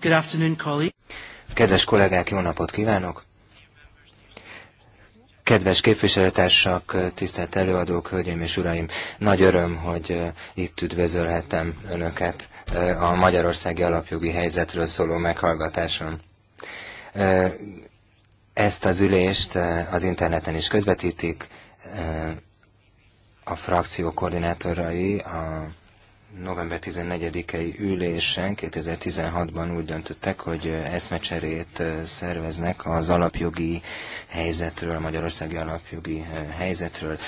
Good afternoon, colleague. Kedves kollégák, jó napot kívánok! Kedves képviselőtársak, tisztelt előadók, hölgyeim és uraim! Nagy öröm, hogy eh, itt üdvözölhetem Önöket eh, a Magyarországi Alapjogi Helyzetről szóló meghallgatáson. Eh, ezt az ülést az interneten is közvetítik, a frakció koordinátorai, a november 14-i ülésen 2016-ban úgy döntöttek, hogy eszmecserét szerveznek az alapjogi helyzetről, a magyarországi alapjogi helyzetről.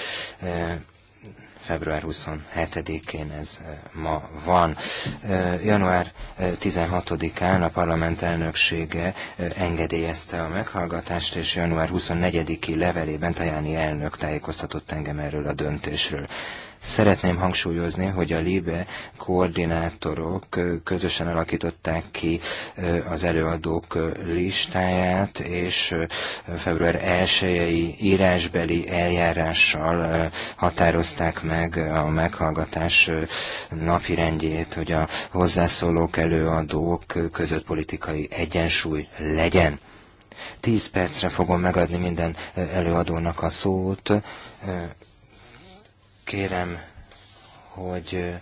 Február 27-én ez ma van. Január 16-án a parlament elnöksége engedélyezte a meghallgatást, és január 24-i levelében Tajáni elnök tájékoztatott engem erről a döntésről. Szeretném hangsúlyozni, hogy a LIBE koordinátorok közösen alakították ki az előadók listáját, és február 1-i írásbeli eljárással határozták meg a meghallgatás napirendjét, hogy a hozzászólók előadók között politikai egyensúly legyen. Tíz percre fogom megadni minden előadónak a szót Kérem, hogy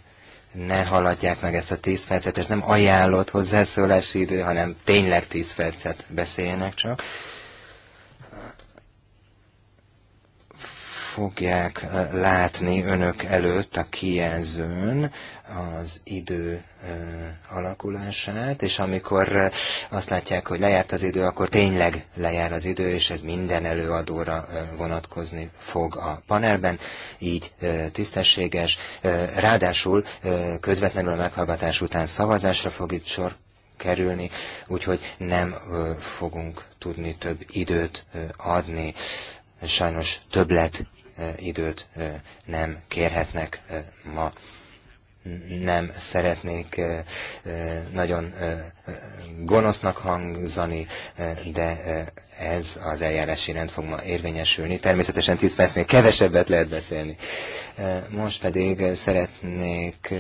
ne haladják meg ezt a 10 percet, ez nem ajánlott hozzászólási idő, hanem tényleg 10 percet beszéljenek csak. fogják eh, látni önök előtt a kijelzőn az idő eh, alakulását, és amikor eh, azt látják, hogy lejárt az idő, akkor tényleg lejár az idő, és ez minden előadóra vonatkozni fog a panelben, így tisztességes. Ráadásul közvetlenül a meghallgatás után szavazásra fog itt sor kerülni, úgyhogy nem fogunk tudni több időt adni. Sajnos többlet időt nem kérhetnek ma nem szeretnék nagyon gonosznak hangzani, de ez az eljárási rend fog ma érvényesülni. Természetesen 10 percnél kevesebbet lehet beszélni. Most pedig szeretnék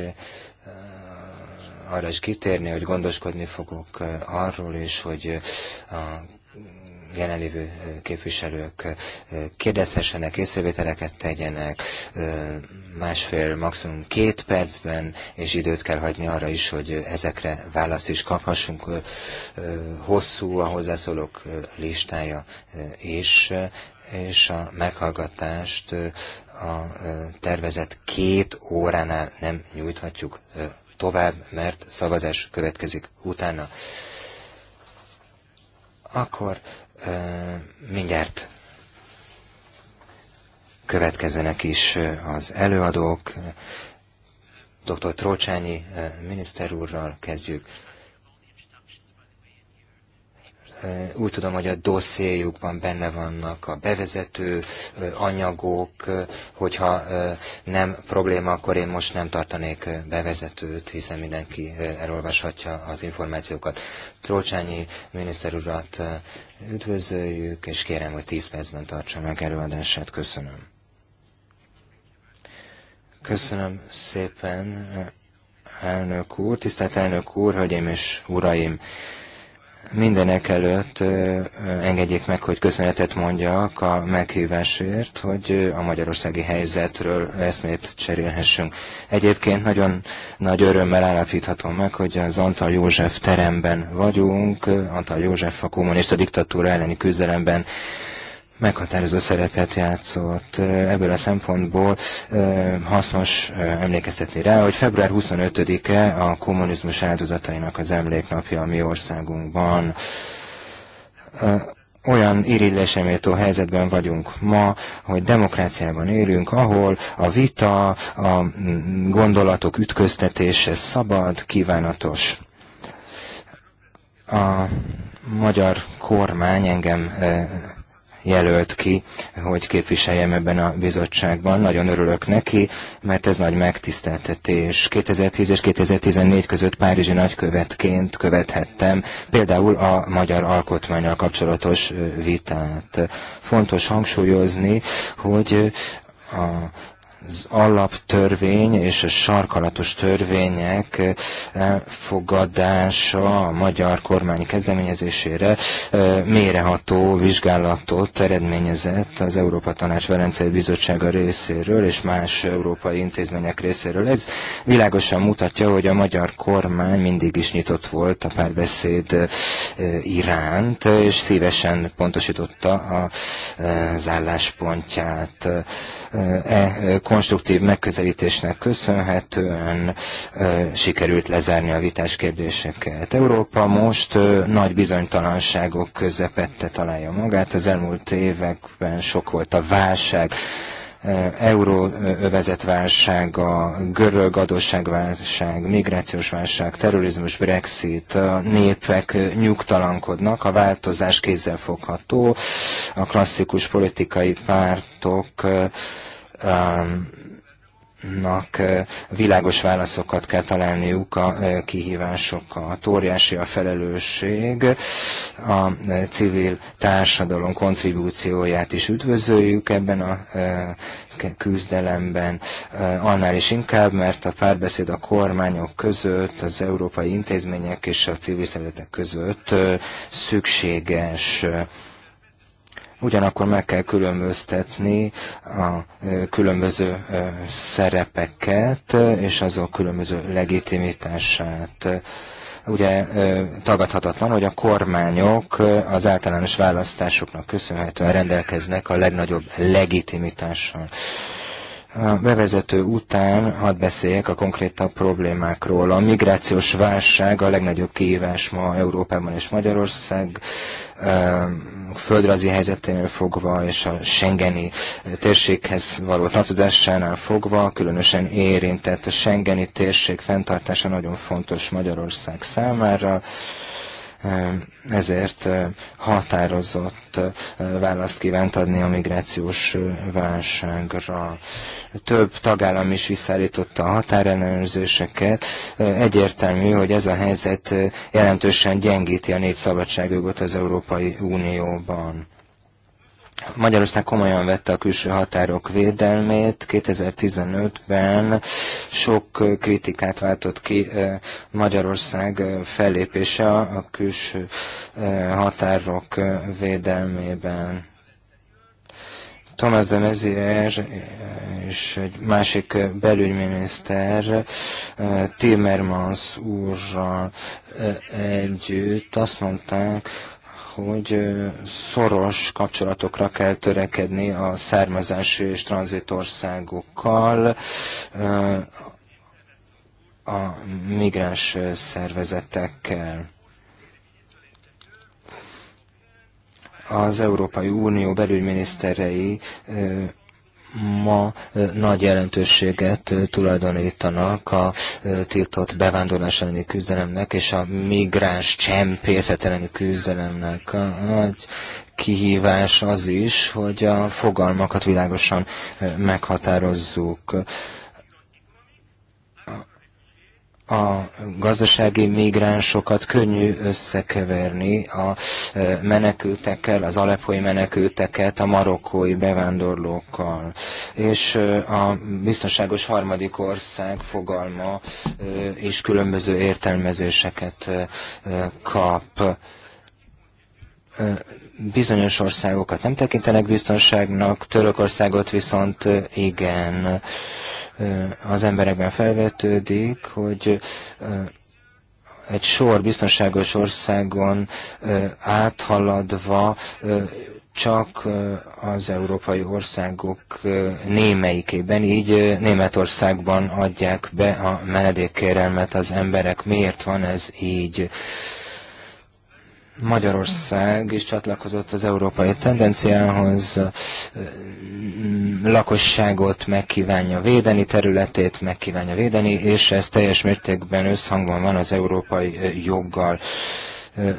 arra is kitérni, hogy gondoskodni fogok arról is, hogy a jelenlévő képviselők kérdezhessenek, észrevételeket tegyenek, másfél, maximum két percben, és időt kell hagyni arra is, hogy ezekre választ is kaphassunk. Hosszú a hozzászólók listája, és és a meghallgatást a tervezett két óránál nem nyújthatjuk tovább, mert szavazás következik utána. Akkor mindjárt következzenek is az előadók. Dr. Trócsányi miniszter úrral kezdjük. Úgy tudom, hogy a dossziéjukban benne vannak a bevezető anyagok, hogyha nem probléma, akkor én most nem tartanék bevezetőt, hiszen mindenki elolvashatja az információkat. Trócsányi miniszter urat Üdvözöljük, és kérem, hogy 10 percben tartsa meg előadását. Köszönöm. Köszönöm szépen, elnök úr, tisztelt elnök úr, hölgyeim és uraim! Mindenek előtt engedjék meg, hogy köszönetet mondjak a meghívásért, hogy a magyarországi helyzetről eszmét cserélhessünk. Egyébként nagyon nagy örömmel állapíthatom meg, hogy az Antal József teremben vagyunk, Antal József a kommunista diktatúra elleni küzdelemben meghatározó szerepet játszott. Ebből a szempontból hasznos emlékeztetni rá, hogy február 25-e a kommunizmus áldozatainak az emléknapja a mi országunkban olyan irilleseméltó helyzetben vagyunk ma, hogy demokráciában élünk, ahol a vita, a gondolatok ütköztetése szabad, kívánatos. A magyar kormány engem jelölt ki, hogy képviseljem ebben a bizottságban. Nagyon örülök neki, mert ez nagy megtiszteltetés. 2010 és 2014 között Párizsi nagykövetként követhettem például a magyar alkotmányal kapcsolatos vitát. Fontos hangsúlyozni, hogy a az alaptörvény és a sarkalatos törvények eh, fogadása a magyar kormány kezdeményezésére eh, méreható vizsgálatot eredményezett az Európa Tanács Velencei Bizottsága részéről és más európai intézmények részéről. Ez világosan mutatja, hogy a magyar kormány mindig is nyitott volt a párbeszéd eh, iránt, és szívesen pontosította az álláspontját. E konstruktív megközelítésnek köszönhetően sikerült lezárni a vitás kérdéseket. Európa most nagy bizonytalanságok közepette találja magát. Az elmúlt években sok volt a válság, a görög adósságválság, migrációs válság, terrorizmus, Brexit, a népek nyugtalankodnak, a változás kézzelfogható, a klasszikus politikai pártok nak eh, világos válaszokat kell találniuk a eh, kihívásokat. Óriási a felelősség, a eh, civil társadalom kontribúcióját is üdvözöljük ebben a küzdelemben, annál is inkább, mert a párbeszéd a kormányok között, az európai intézmények és a civil szervezetek között szükséges Ugyanakkor meg kell különböztetni a e, különböző e, szerepeket e, és azok különböző legitimitását ugye tagadhatatlan, hogy a kormányok az általános választásoknak köszönhetően rendelkeznek a legnagyobb legitimitással. A bevezető után hadd beszéljek a konkrétabb problémákról. A migrációs válság a legnagyobb kihívás ma Európában és Magyarország ehm, földrajzi helyzeténél fogva és a Schengeni térséghez való tartozásánál fogva, különösen érintett a Schengeni térség fenntartása nagyon fontos Magyarország számára ezért határozott választ kívánt adni a migrációs válságra. Több tagállam is visszaállította a határellenőrzéseket. Egyértelmű, hogy ez a helyzet jelentősen gyengíti a négy szabadságjogot az Európai Unióban. Magyarország komolyan vette a külső határok védelmét. 2015-ben sok kritikát váltott ki Magyarország fellépése a külső határok védelmében. Thomas de Mezier és egy másik belügyminiszter Timmermans úrral együtt azt mondták, hogy szoros kapcsolatokra kell törekedni a származási és tranzitországokkal, a migráns szervezetekkel. Az Európai Unió belügyminiszterei ma nagy jelentőséget tulajdonítanak a tiltott bevándorlás elleni küzdelemnek és a migráns csempészet elleni küzdelemnek. A nagy kihívás az is, hogy a fogalmakat világosan meghatározzuk a gazdasági migránsokat könnyű összekeverni a e, menekültekkel, az alepói menekülteket, a marokkói bevándorlókkal. És e, a biztonságos harmadik ország fogalma és e, különböző értelmezéseket kap bizonyos országokat nem tekintenek biztonságnak, Törökországot viszont igen az emberekben felvetődik, hogy egy sor biztonságos országon áthaladva csak az európai országok némelyikében, így Németországban adják be a menedékkérelmet az emberek. Miért van ez így? Magyarország is csatlakozott az európai tendenciához, Mm, lakosságot megkívánja védeni, területét megkívánja védeni, és ez teljes mértékben összhangban van az európai joggal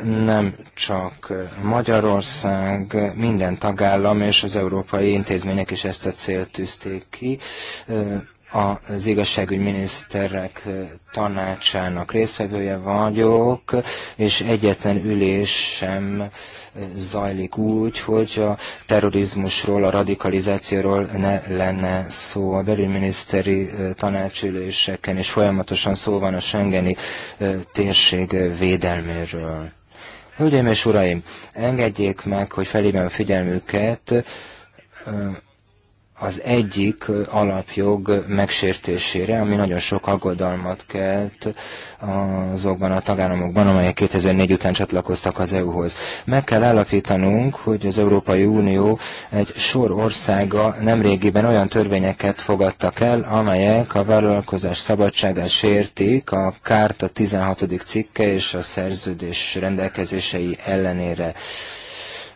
nem csak Magyarország, minden tagállam és az európai intézmények is ezt a célt tűzték ki az miniszterek eh, tanácsának részvevője vagyok, és egyetlen ülés sem eh, zajlik úgy, hogy a terrorizmusról, a radikalizációról ne lenne szó. A belügyminiszteri eh, tanácsüléseken és folyamatosan szó van a Schengeni térség védelméről. Hölgyeim és uraim, engedjék meg, hogy felhívjam a figyelmüket, az egyik alapjog megsértésére, ami nagyon sok aggodalmat kelt azokban a tagállamokban, amelyek 2004 után csatlakoztak az EU-hoz. Meg kell állapítanunk, hogy az Európai Unió egy sor országa nemrégiben olyan törvényeket fogadtak el, amelyek a vállalkozás szabadságát sértik a Kárta 16. cikke és a szerződés rendelkezései ellenére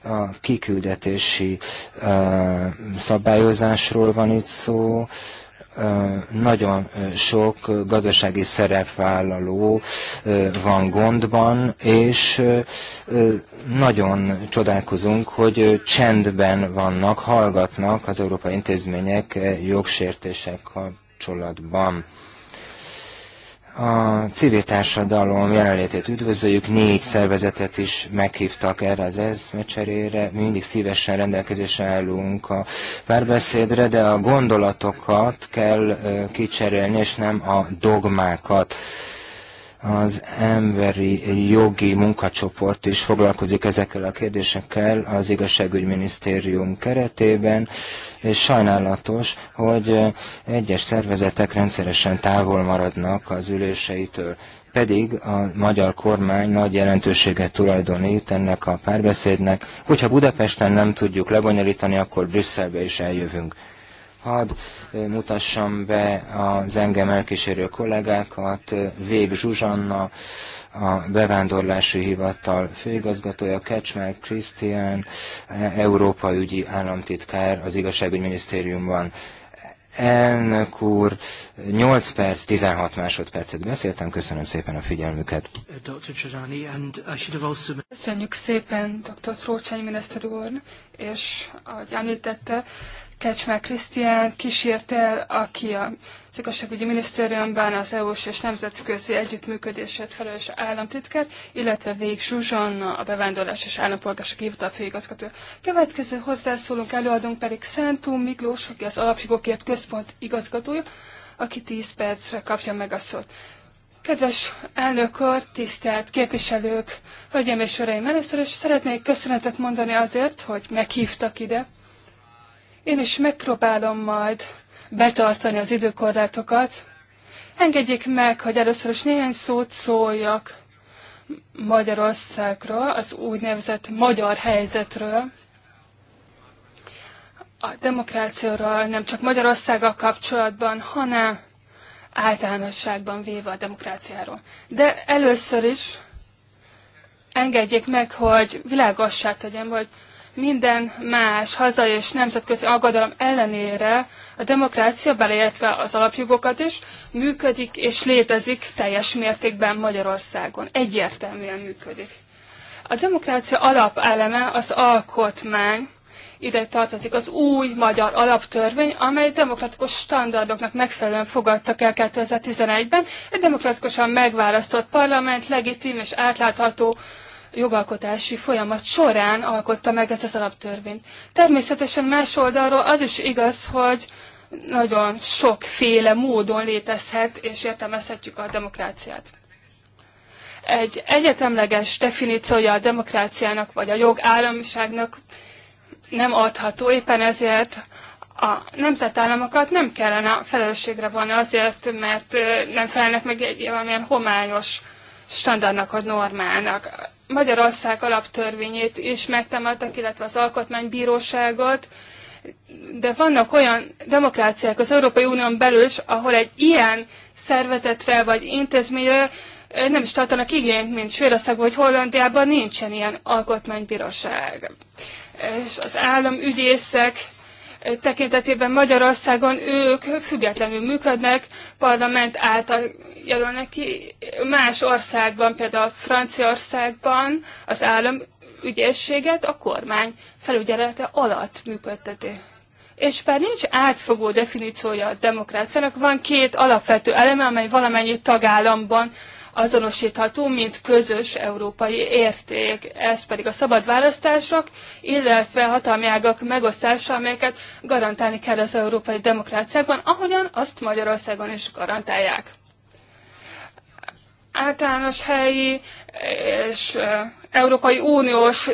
a kiküldetési szabályozásról van itt szó, nagyon sok gazdasági szerepvállaló van gondban, és nagyon csodálkozunk, hogy csendben vannak, hallgatnak az európai intézmények jogsértések kapcsolatban. A civil társadalom jelenlétét üdvözöljük, négy szervezetet is meghívtak erre az eszmecserére, mi mindig szívesen rendelkezésre állunk a párbeszédre, de a gondolatokat kell kicserélni, és nem a dogmákat az emberi jogi munkacsoport is foglalkozik ezekkel a kérdésekkel az igazságügyminisztérium keretében, és sajnálatos, hogy egyes szervezetek rendszeresen távol maradnak az üléseitől pedig a magyar kormány nagy jelentőséget tulajdonít ennek a párbeszédnek. Hogyha Budapesten nem tudjuk lebonyolítani, akkor Brüsszelbe is eljövünk. Hadd mutassam be az engem elkísérő kollégákat, Vég Zsuzsanna, a bevándorlási hivatal főigazgatója, Kecsmer Krisztián, Európa ügyi államtitkár az igazságügyminisztériumban. Elnök úr, 8 perc, 16 másodpercet beszéltem, köszönöm szépen a figyelmüket. Köszönjük szépen dr. Trócsány miniszter úr, és ahogy említette, Kecsmár Krisztián kísért el, aki a az igazságügyi minisztériumban az EU-s és nemzetközi együttműködésért felelős államtitkár, illetve Vég Zsuzsanna, a bevándorlás és állampolgárság hivatal főigazgató. Következő hozzászólunk előadónk pedig Szántó Miklós, aki az Alapjogokért Központ igazgatója, aki 10 percre kapja meg a szót. Kedves elnök úr, tisztelt képviselők, hölgyeim és uraim, először is szeretnék köszönetet mondani azért, hogy meghívtak ide, én is megpróbálom majd betartani az időkorlátokat. Engedjék meg, hogy először is néhány szót szóljak Magyarországról, az úgynevezett magyar helyzetről. A demokrációról nem csak Magyarországgal kapcsolatban, hanem általánosságban véve a demokráciáról. De először is engedjék meg, hogy világossá tegyem, hogy minden más hazai és nemzetközi aggodalom ellenére a demokrácia, beleértve az alapjogokat is, működik és létezik teljes mértékben Magyarországon. Egyértelműen működik. A demokrácia alapeleme az alkotmány, ide tartozik az új magyar alaptörvény, amely demokratikus standardoknak megfelelően fogadtak el 2011-ben. Egy demokratikusan megválasztott parlament legitim és átlátható jogalkotási folyamat során alkotta meg ezt az alaptörvényt. Természetesen más oldalról az is igaz, hogy nagyon sokféle módon létezhet és értelmezhetjük a demokráciát. Egy egyetemleges definíciója a demokráciának vagy a jogállamiságnak nem adható, éppen ezért a nemzetállamokat nem kellene felelősségre vonni azért, mert nem felelnek meg egy valamilyen homályos standardnak vagy normának. Magyarország alaptörvényét is megtámadtak, illetve az alkotmánybíróságot, de vannak olyan demokráciák az Európai Unión belül is, ahol egy ilyen szervezetre vagy intézményre nem is tartanak igényt, mint Svédországban vagy Hollandiában nincsen ilyen alkotmánybíróság. És az államügyészek tekintetében Magyarországon ők függetlenül működnek, parlament által jelölnek ki. Más országban, például Franciaországban az állam ügyészséget a kormány felügyelete alatt működteti. És bár nincs átfogó definíciója a demokráciának, van két alapvető eleme, amely valamennyi tagállamban azonosítható, mint közös európai érték. Ez pedig a szabad választások, illetve hatalmi ágak megosztása, amelyeket garantálni kell az európai demokráciákban, ahogyan azt Magyarországon is garantálják. Általános helyi és Európai Uniós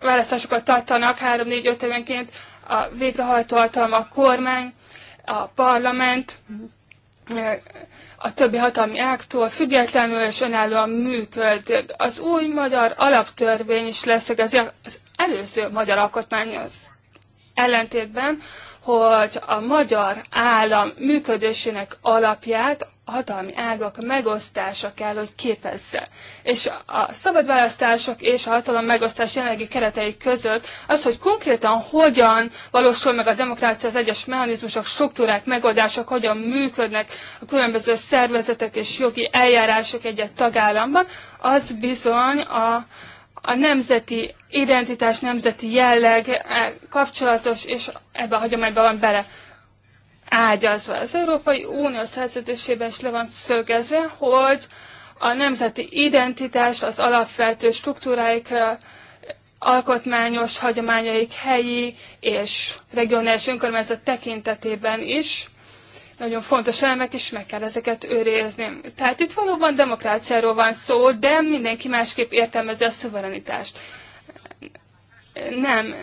választásokat tartanak 3-4-5 évenként a végrehajtó hatalma, a kormány, a parlament, a többi hatalmi ágtól függetlenül és önállóan működött. Az új magyar alaptörvény is leszögezi az előző magyar alkotmányhoz ellentétben, hogy a magyar állam működésének alapját hatalmi ágak megosztása kell, hogy képezze. És a szabad választások és a hatalom megosztás jelenlegi keretei között az, hogy konkrétan hogyan valósul meg a demokrácia, az egyes mechanizmusok, struktúrák, megoldások, hogyan működnek a különböző szervezetek és jogi eljárások egy-egy tagállamban, az bizony a, a nemzeti identitás, nemzeti jelleg eh, kapcsolatos, és ebbe a hagyományban van bele ágyazva. Az Európai Unió szerződésében is le van szögezve, hogy a nemzeti identitás az alapvető struktúráik alkotmányos hagyományaik helyi és regionális önkormányzat tekintetében is nagyon fontos elemek, és meg kell ezeket őrizni. Tehát itt valóban demokráciáról van szó, de mindenki másképp értelmezi a szuverenitást. Nem,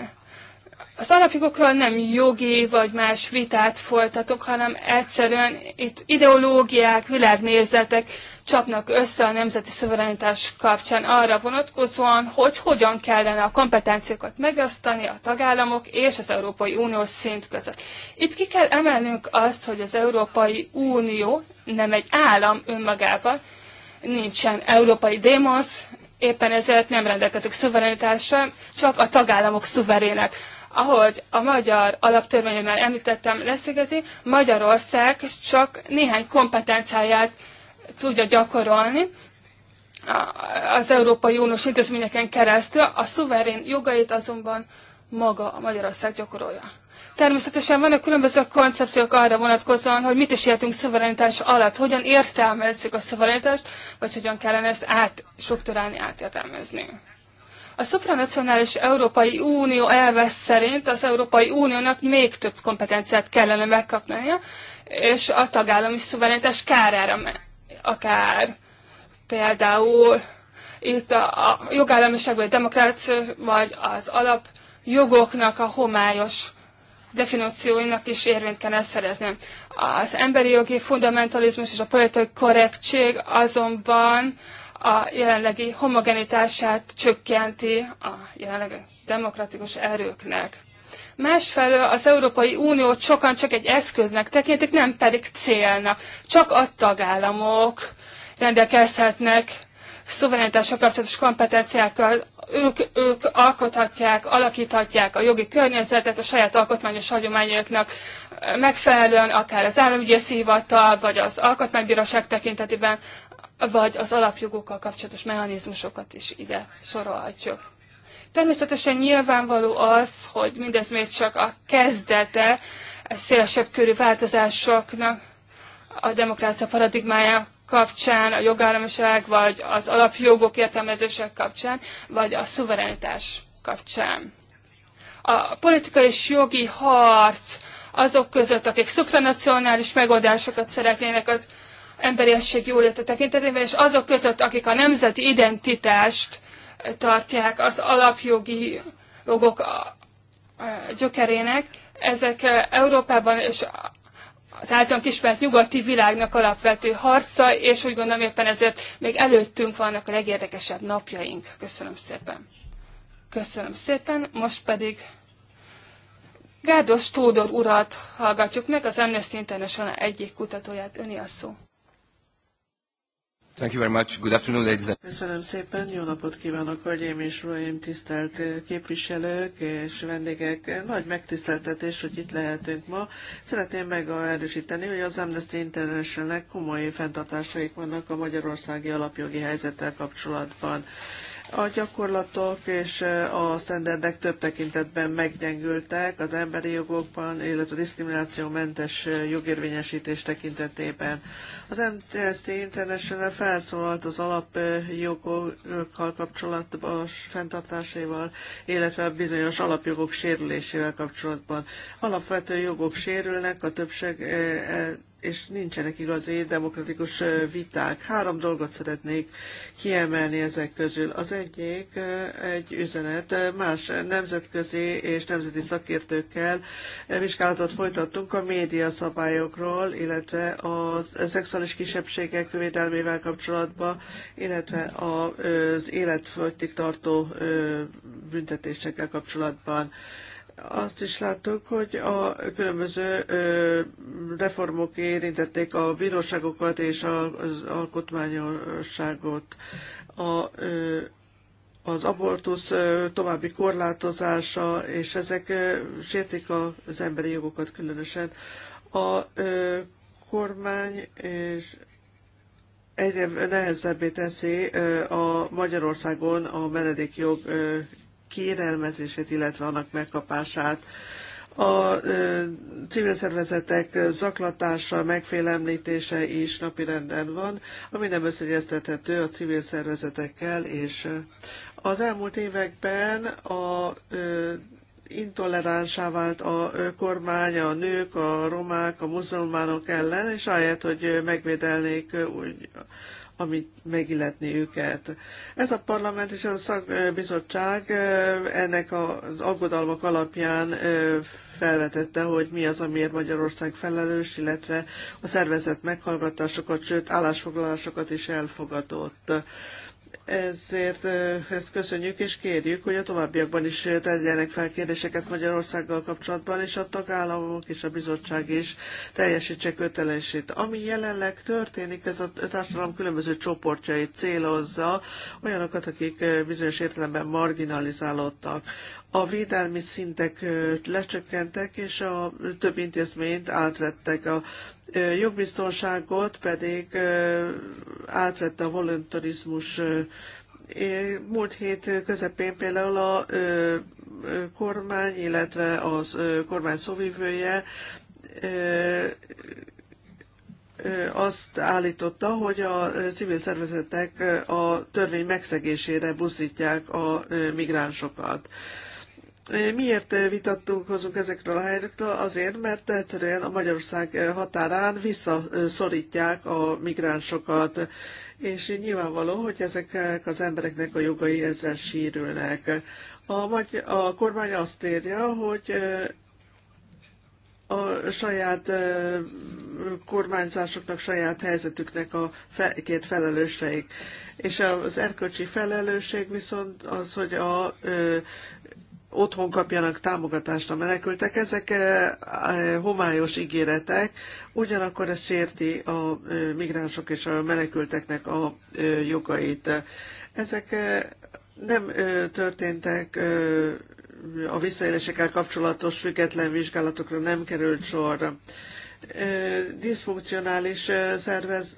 az alapjogokról nem jogi vagy más vitát folytatok, hanem egyszerűen itt ideológiák, világnézetek csapnak össze a nemzeti szuverenitás kapcsán arra vonatkozóan, hogy hogyan kellene a kompetenciákat megosztani a tagállamok és az Európai Unió szint között. Itt ki kell emelnünk azt, hogy az Európai Unió nem egy állam önmagában, nincsen európai démosz, éppen ezért nem rendelkezik szuverenitással, csak a tagállamok szuverének ahogy a magyar alaptörvényben már említettem leszögezi, Magyarország csak néhány kompetenciáját tudja gyakorolni, az Európai Uniós intézményeken keresztül, a szuverén jogait azonban maga a Magyarország gyakorolja. Természetesen vannak különböző koncepciók arra vonatkozóan, hogy mit is értünk szuverenitás alatt, hogyan értelmezzük a szuverenitást, vagy hogyan kellene ezt átstruktúrálni, átértelmezni. A szupranacionális Európai Unió elve szerint az Európai Uniónak még több kompetenciát kellene megkapnia, és a tagállami szuverenitás kárára akár például itt a, a jogállamiság vagy a demokrácia, vagy az alap jogoknak a homályos definícióinak is érvényt kell szerezni. Az emberi jogi fundamentalizmus és a politikai korrektség azonban a jelenlegi homogenitását csökkenti a jelenlegi demokratikus erőknek. Másfelől az Európai Uniót sokan csak egy eszköznek tekintik, nem pedig célnak. Csak a tagállamok rendelkezhetnek szuverenitással kapcsolatos kompetenciákkal, ők, ők alkothatják, alakíthatják a jogi környezetet a saját alkotmányos hagyományoknak megfelelően, akár az államügyi hivatal, vagy az alkotmánybíróság tekintetében, vagy az alapjogokkal kapcsolatos mechanizmusokat is ide sorolhatjuk. Természetesen nyilvánvaló az, hogy mindez még csak a kezdete a szélesebb körű változásoknak a demokrácia paradigmája kapcsán, a jogállamiság, vagy az alapjogok értelmezések kapcsán, vagy a szuverenitás kapcsán. A politikai és jogi harc azok között, akik szupranacionális megoldásokat szeretnének, az emberiesség jóléte tekintetében, és azok között, akik a nemzeti identitást tartják az alapjogi jogok gyökerének, ezek e, Európában és az általunk ismert nyugati világnak alapvető harca, és úgy gondolom éppen ezért még előttünk vannak a legérdekesebb napjaink. Köszönöm szépen. Köszönöm szépen, most pedig Gárdos Tódor urat hallgatjuk meg, az Amnesty International egyik kutatóját. Öni a szó. Thank you very much. Good afternoon, ladies and Köszönöm szépen, jó napot kívánok, hölgyeim és uraim, tisztelt képviselők és vendégek. Nagy megtiszteltetés, hogy itt lehetünk ma. Szeretném erősíteni, hogy az Amnesty Internationalnek komoly fenntartásaik vannak a magyarországi alapjogi helyzettel kapcsolatban. A gyakorlatok és a standardek több tekintetben meggyengültek az emberi jogokban, illetve a diszkriminációmentes jogérvényesítés tekintetében. Az Amnesty International felszólalt az alapjogokkal kapcsolatos fenntartásával, illetve a bizonyos alapjogok sérülésével kapcsolatban. Alapvető jogok sérülnek, a többség és nincsenek igazi demokratikus viták. Három dolgot szeretnék kiemelni ezek közül. Az egyik egy üzenet, más nemzetközi és nemzeti szakértőkkel vizsgálatot folytattunk a média szabályokról, illetve a szexuális kisebbségek védelmével kapcsolatban, illetve az életfogytig tartó büntetésekkel kapcsolatban azt is láttuk, hogy a különböző reformok érintették a bíróságokat és az alkotmányosságot. A, az abortusz további korlátozása, és ezek sértik az emberi jogokat különösen. A kormány és egyre nehezebbé teszi a Magyarországon a menedékjog kérelmezését, illetve annak megkapását. A ö, civil szervezetek zaklatása, megfélemlítése is napirenden van, ami nem összegyeztethető a civil szervezetekkel, és az elmúlt években a ö, intoleránsá vált a kormány, a nők, a romák, a muzulmánok ellen, és ahelyett, hogy megvédelnék úgy amit megilletni őket. Ez a parlament és ez a szakbizottság ennek az aggodalmak alapján felvetette, hogy mi az, amiért Magyarország felelős, illetve a szervezet meghallgatásokat, sőt állásfoglalásokat is elfogadott. Ezért ezt köszönjük és kérjük, hogy a továbbiakban is tegyenek fel kérdéseket Magyarországgal kapcsolatban, és a tagállamok és a bizottság is teljesítse kötelesét. Ami jelenleg történik, ez a társadalom különböző csoportjait célozza, olyanokat, akik bizonyos értelemben marginalizálódtak a védelmi szintek lecsökkentek, és a több intézményt átvettek a jogbiztonságot pedig átvette a voluntarizmus. Múlt hét közepén például a kormány, illetve az kormány szóvívője azt állította, hogy a civil szervezetek a törvény megszegésére buzdítják a migránsokat. Miért vitattunk hozunk ezekről a helyekről? Azért, mert egyszerűen a Magyarország határán visszaszorítják a migránsokat, és nyilvánvaló, hogy ezek az embereknek a jogai ezzel sérülnek. A, magy- a kormány azt írja, hogy a saját kormányzásoknak, saját helyzetüknek a két felelősseik. És az erkölcsi felelősség viszont az, hogy a otthon kapjanak támogatást a menekültek. Ezek eh, eh, homályos ígéretek, ugyanakkor ez sérti a eh, migránsok és a menekülteknek a jogait. Ezek nem történtek a visszaélésekkel kapcsolatos független vizsgálatokra nem került sor diszfunkcionális szervez,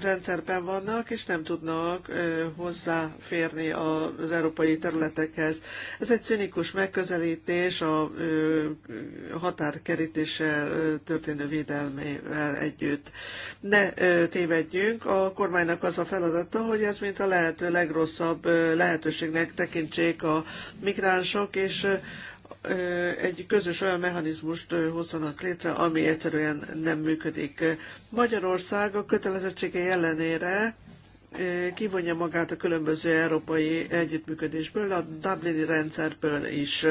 rendszerben vannak, és nem tudnak hozzáférni az európai területekhez. Ez egy cinikus megközelítés a határkerítéssel történő védelmével együtt. Ne tévedjünk, a kormánynak az a feladata, hogy ez mint a lehető legrosszabb lehetőségnek tekintsék a migránsok, és egy közös olyan mechanizmust hozzanak létre, ami egyszerűen nem működik. Magyarország a kötelezettsége ellenére kivonja magát a különböző európai együttműködésből, a Dublini rendszerből is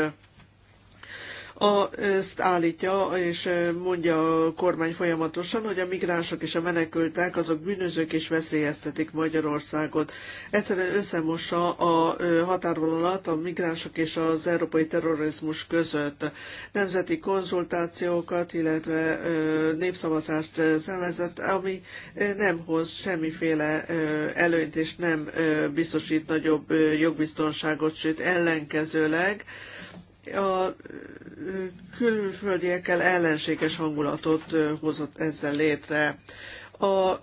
a, ezt állítja és mondja a kormány folyamatosan, hogy a migránsok és a menekültek azok bűnözők és veszélyeztetik Magyarországot. Egyszerűen összemossa a határvonalat a migránsok és az európai terrorizmus között. Nemzeti konzultációkat, illetve népszavazást szervezett, ami nem hoz semmiféle előnyt és nem biztosít nagyobb jogbiztonságot, sőt ellenkezőleg a külföldiekkel ellenséges hangulatot hozott ezzel létre. A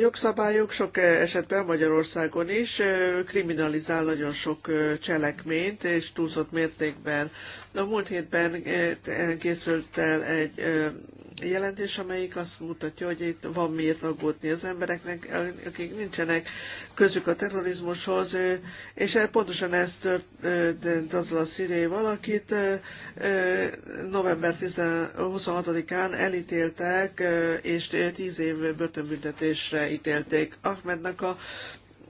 jogszabályok sok esetben Magyarországon is kriminalizál nagyon sok cselekményt, és túlzott mértékben. A múlt hétben készült el egy jelentés, amelyik azt mutatja, hogy itt van miért aggódni az embereknek, akik nincsenek közük a terrorizmushoz, és e- pontosan ez történt azzal a szíriai valakit. E- e- november 26-án elítéltek, és 10 év börtönbüntetésre ítélték. Ahmednak a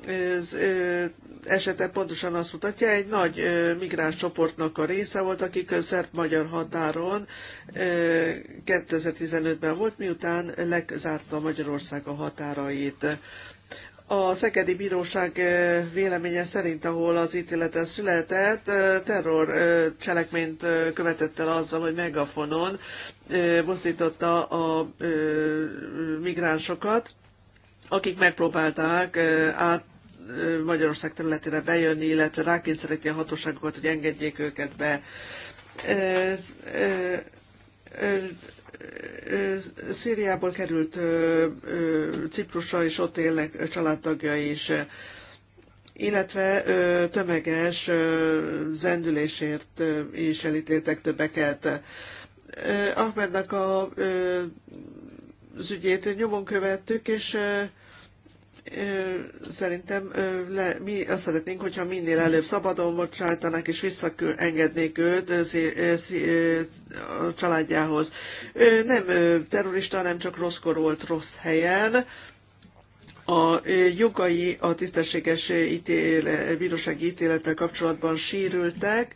az esete pontosan azt mutatja, egy nagy migráns csoportnak a része volt, akik szerb-magyar határon 2015-ben volt, miután lezárta Magyarország a határait. A Szekedi Bíróság véleménye szerint, ahol az ítélete született, terror cselekményt követett el azzal, hogy megafonon mozdította a migránsokat, akik megpróbálták át Magyarország területére bejönni, illetve rákényszeríti a hatóságokat, hogy engedjék őket be. Ez, Szíriából került Ciprusra, és ott élnek családtagja is, illetve tömeges zendülésért is elítéltek többeket. Ahmednak a az ügyét nyomon követtük, és szerintem le, mi azt szeretnénk, hogyha minél előbb szabadon bocsájtanak és visszaengednék őt szí, szí, a családjához. nem terrorista, nem csak rosszkor volt rossz helyen. A jogai a tisztességes ítéle, bírósági ítélettel kapcsolatban sírültek,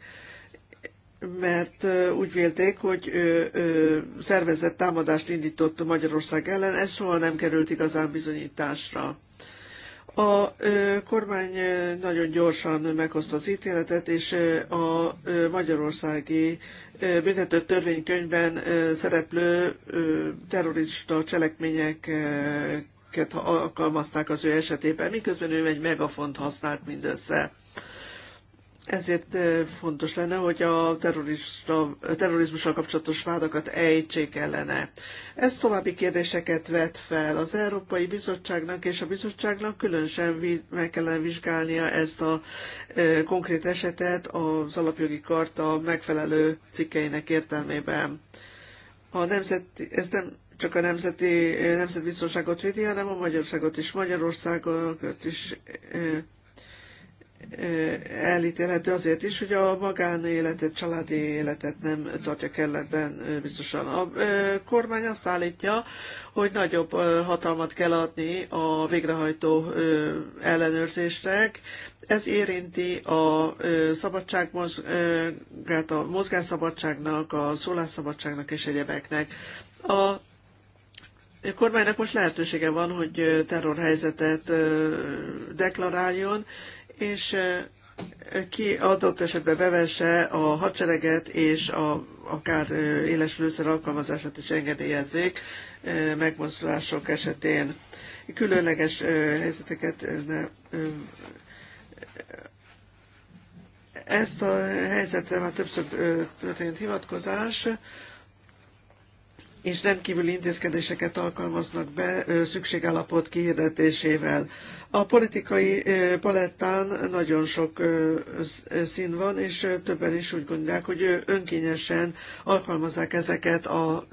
mert úgy vélték, hogy ő, ő, szervezett támadást indított Magyarország ellen, ez soha nem került igazán bizonyításra. A kormány nagyon gyorsan meghozta az ítéletet, és a magyarországi büntető törvénykönyvben szereplő terrorista cselekményeket alkalmazták az ő esetében, miközben ő egy megafont használt mindössze. Ezért fontos lenne, hogy a terrorizmussal kapcsolatos vádakat ejtsék ellene. Ez további kérdéseket vet fel. Az Európai Bizottságnak és a bizottságnak különösen meg kellene vizsgálnia ezt a konkrét esetet az alapjogi karta megfelelő cikkeinek értelmében. A nemzeti, ez nem csak a nemzeti, nemzetbiztonságot védi, hanem a Magyarországot is, Magyarországot is elítélhető azért is, hogy a magánéletet, családi életet nem tartja kelletben biztosan. A kormány azt állítja, hogy nagyobb hatalmat kell adni a végrehajtó ellenőrzésnek. Ez érinti a szabadságmozgát, a mozgásszabadságnak, a szólásszabadságnak és egyebeknek. A a kormánynak most lehetősége van, hogy terrorhelyzetet deklaráljon, és ki adott esetben bevesse a hadsereget és a, akár éles lőszer alkalmazását is engedélyezzék megmozdulások esetén. Különleges helyzeteket ne, ezt a helyzetre már többször történt hivatkozás és rendkívüli intézkedéseket alkalmaznak be szükségállapot kihirdetésével. A politikai palettán nagyon sok szín van, és többen is úgy gondolják, hogy önkényesen alkalmazzák ezeket a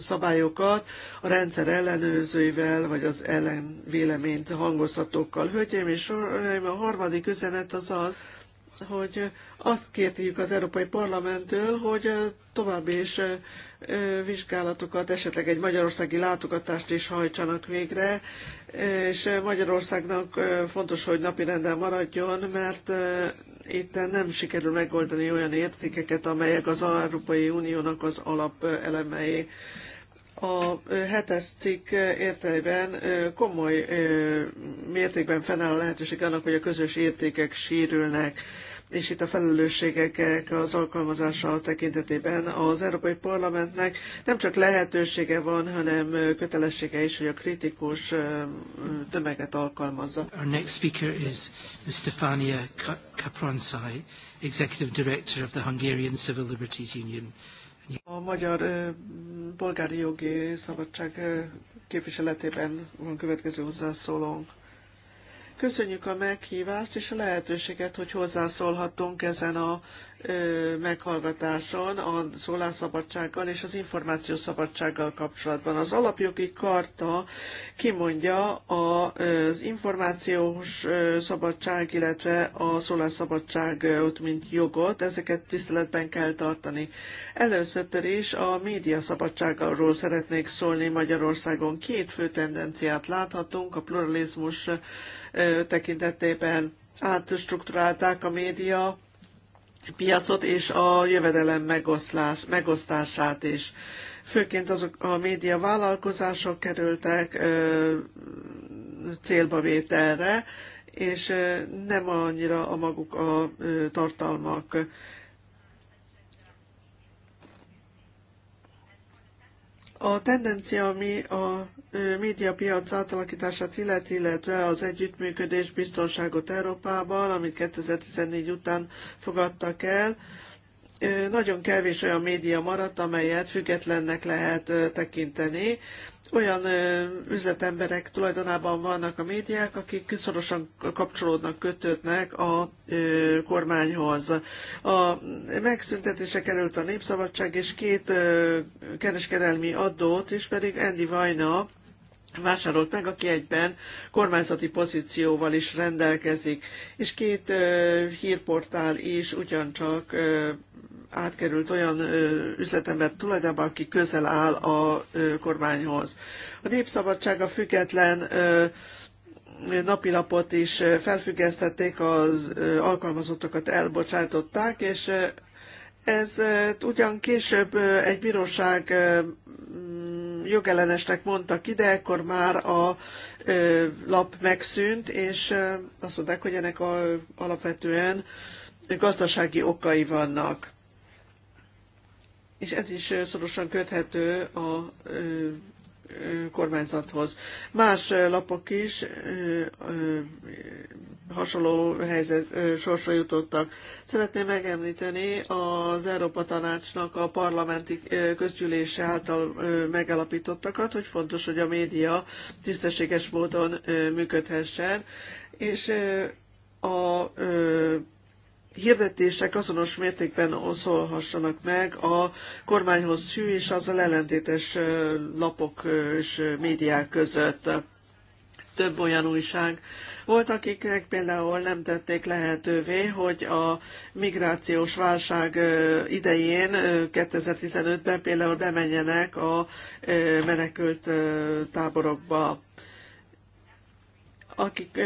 szabályokat a rendszer ellenőrzőivel, vagy az ellenvéleményt hangoztatókkal. Hölgyeim és uraim, a harmadik üzenet az az, hogy azt kértjük az Európai Parlamenttől, hogy további is vizsgálatokat, esetleg egy magyarországi látogatást is hajtsanak végre, és Magyarországnak fontos, hogy napirenden maradjon, mert itt nem sikerül megoldani olyan értékeket, amelyek az Európai Uniónak az alapelemei. A hetes cikk értelében komoly mértékben fennáll a lehetőség annak, hogy a közös értékek sérülnek és itt a felelősségek az alkalmazása tekintetében az Európai Parlamentnek nem csak lehetősége van, hanem kötelessége is, hogy a kritikus tömeget alkalmazza. Our next speaker is Stefania Kapronsai, Executive Director of the Hungarian Civil Liberties Union. A Magyar Polgári Jogi Szabadság képviseletében van következő hozzászólónk. Köszönjük a meghívást és a lehetőséget, hogy hozzászólhatunk ezen a ö, meghallgatáson a szólásszabadsággal és az információszabadsággal kapcsolatban. Az alapjogi karta kimondja a, az információs szabadság, illetve a szólásszabadságot, mint jogot, ezeket tiszteletben kell tartani. Először is a média szabadságról szeretnék szólni Magyarországon. Két fő tendenciát láthatunk, a pluralizmus tekintetében átstruktúrálták a média piacot és a jövedelem megoszlás, megosztását is. Főként azok a média vállalkozások kerültek ö, célba vételre, és nem annyira a maguk a tartalmak. A tendencia, ami a médiapiac átalakítását illeti, illetve az együttműködés biztonságot Európában, amit 2014 után fogadtak el, nagyon kevés olyan média maradt, amelyet függetlennek lehet tekinteni olyan üzletemberek tulajdonában vannak a médiák, akik szorosan kapcsolódnak, kötődnek a kormányhoz. A megszüntetése került a népszabadság és két kereskedelmi adót is, pedig Andy Vajna vásárolt meg, aki egyben kormányzati pozícióval is rendelkezik, és két ö, hírportál is ugyancsak ö, átkerült olyan ö, üzletember tulajdonban, aki közel áll a ö, kormányhoz. A Népszabadság a független ö, napilapot is felfüggesztették, az ö, alkalmazottakat elbocsátották, és ö, ez ugyan később egy bíróság jogellenesnek ki, ide, ekkor már a lap megszűnt, és azt mondták, hogy ennek a, alapvetően gazdasági okai vannak. És ez is szorosan köthető a kormányzathoz. Más lapok is hasonló helyzet sorsra jutottak. Szeretném megemlíteni az Európa Tanácsnak a parlamenti közgyűlése által megalapítottakat, hogy fontos, hogy a média tisztességes módon működhessen, és a hirdetések azonos mértékben szólhassanak meg a kormányhoz hű és az ellentétes lapok és médiák között több olyan újság volt, akiknek például nem tették lehetővé, hogy a migrációs válság idején 2015-ben például bemenjenek a menekült táborokba. Akik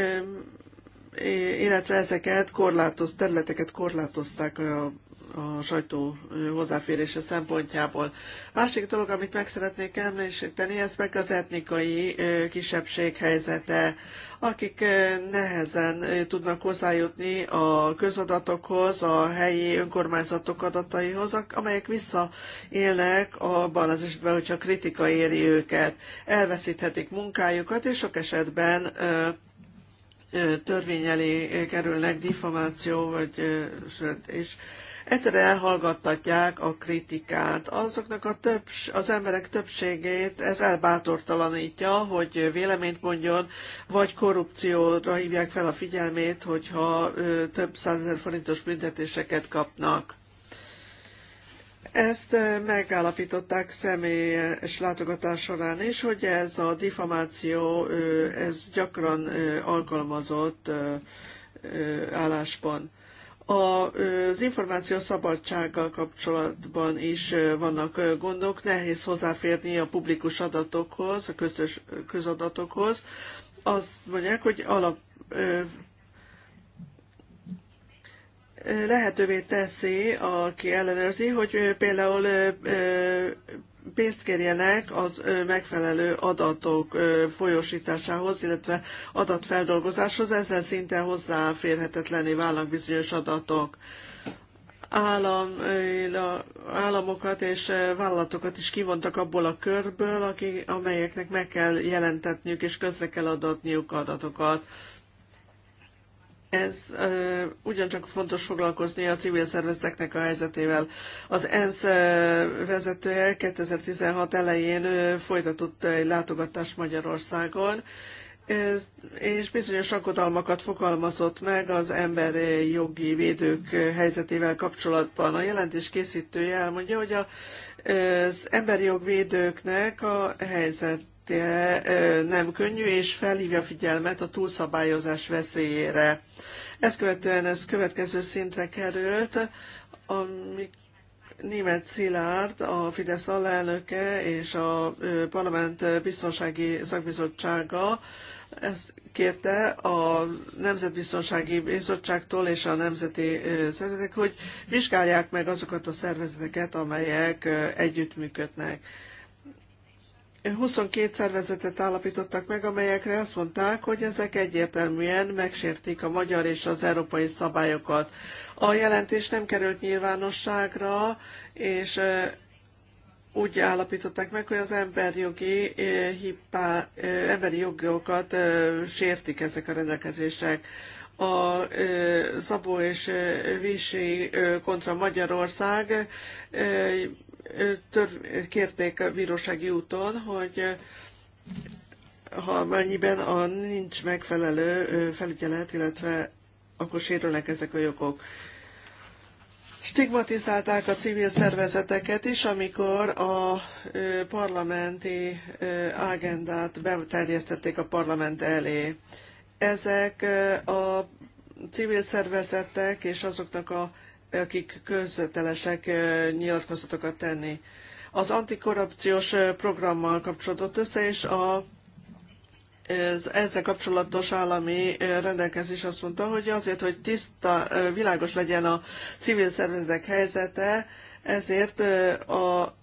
illetve ezeket korlátoz, területeket korlátozták a a sajtó hozzáférése szempontjából. Másik dolog, amit meg szeretnék említeni, ez meg az etnikai kisebbség helyzete, akik nehezen tudnak hozzájutni a közadatokhoz, a helyi önkormányzatok adataihoz, amelyek visszaélnek abban az esetben, hogyha kritika éri őket. Elveszíthetik munkájukat, és sok esetben törvény elé kerülnek diffamáció, vagy, és egyszerre elhallgattatják a kritikát. Azoknak a többs, az emberek többségét ez elbátortalanítja, hogy véleményt mondjon, vagy korrupcióra hívják fel a figyelmét, hogyha több százezer forintos büntetéseket kapnak. Ezt megállapították személyes látogatás során is, hogy ez a difamáció, ez gyakran alkalmazott álláspont. Az információ szabadsággal kapcsolatban is vannak gondok, nehéz hozzáférni a publikus adatokhoz, a közös közadatokhoz. Azt mondják, hogy alap lehetővé teszi, aki ellenőrzi, hogy például pénzt kérjenek az megfelelő adatok folyósításához, illetve adatfeldolgozáshoz, ezzel szinte hozzáférhetetlené válnak bizonyos adatok. Állam, államokat és vállalatokat is kivontak abból a körből, akik, amelyeknek meg kell jelentetniük és közre kell adatniuk adatokat ez ö, ugyancsak fontos foglalkozni a civil szervezeteknek a helyzetével. Az ENSZ vezetője 2016 elején ö, folytatott egy látogatást Magyarországon, ez, és bizonyos aggodalmakat fogalmazott meg az emberi jogi védők helyzetével kapcsolatban. A jelentés készítője elmondja, hogy a, az emberi jogvédőknek a helyzet nem könnyű, és felhívja a figyelmet a túlszabályozás veszélyére. Ezt követően ez következő szintre került, amik német Szilárd, a Fidesz alelnöke és a Parlament Biztonsági Szakbizottsága ezt kérte a Nemzetbiztonsági Bizottságtól és a nemzeti szervezetek, hogy vizsgálják meg azokat a szervezeteket, amelyek együttműködnek. 22 szervezetet állapítottak meg, amelyekre azt mondták, hogy ezek egyértelműen megsértik a magyar és az európai szabályokat. A jelentés nem került nyilvánosságra, és úgy állapították meg, hogy az emberjogi, hippá, emberi jogokat sértik ezek a rendelkezések. A Szabó és Visi kontra Magyarország tör, kérték a bírósági úton, hogy ha mennyiben a nincs megfelelő felügyelet, illetve akkor sérülnek ezek a jogok. Stigmatizálták a civil szervezeteket is, amikor a parlamenti agendát beterjesztették a parlament elé. Ezek a civil szervezetek és azoknak a akik közvetelesek nyilatkozatokat tenni. Az antikorrupciós programmal kapcsolódott össze, és a ez, ezzel kapcsolatos állami rendelkezés azt mondta, hogy azért, hogy tiszta, világos legyen a civil szervezetek helyzete, ezért a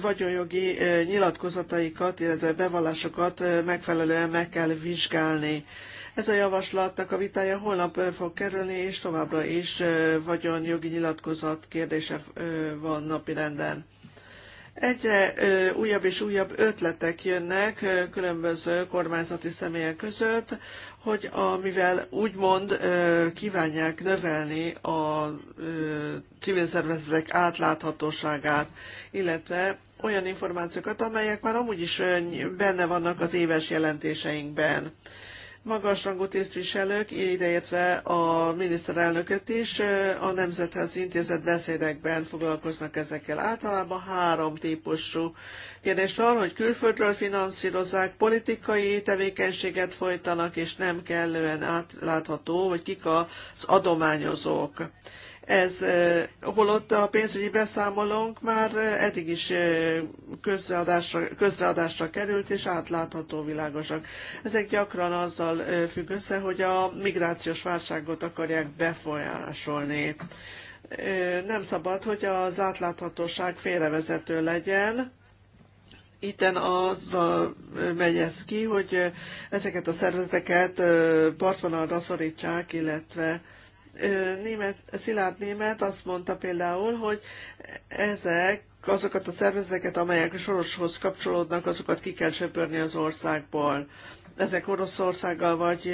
vagyonjogi nyilatkozataikat, illetve bevallásokat megfelelően meg kell vizsgálni. Ez a javaslatnak a vitája holnap fog kerülni, és továbbra is vagyonjogi nyilatkozat kérdése van napirenden. Egyre újabb és újabb ötletek jönnek különböző kormányzati személyek között, hogy amivel úgymond kívánják növelni a civil szervezetek átláthatóságát, illetve olyan információkat, amelyek már amúgy is benne vannak az éves jelentéseinkben magasrangú tisztviselők, ideértve a miniszterelnököt is, a Nemzethez intézett beszédekben foglalkoznak ezekkel. Általában három típusú kérdés van, hogy külföldről finanszírozzák, politikai tevékenységet folytanak, és nem kellően átlátható, hogy kik az adományozók. Ez holott a pénzügyi beszámolónk már eddig is közreadásra, közreadásra került, és átlátható világosak. Ezek gyakran azzal függ össze, hogy a migrációs válságot akarják befolyásolni. Nem szabad, hogy az átláthatóság félrevezető legyen, itten azra megy ez ki, hogy ezeket a szervezeteket partvonalra szorítsák, illetve német, Szilárd német azt mondta például, hogy ezek azokat a szervezeteket, amelyek a soroshoz kapcsolódnak, azokat ki kell söpörni az országból. Ezek Oroszországgal vagy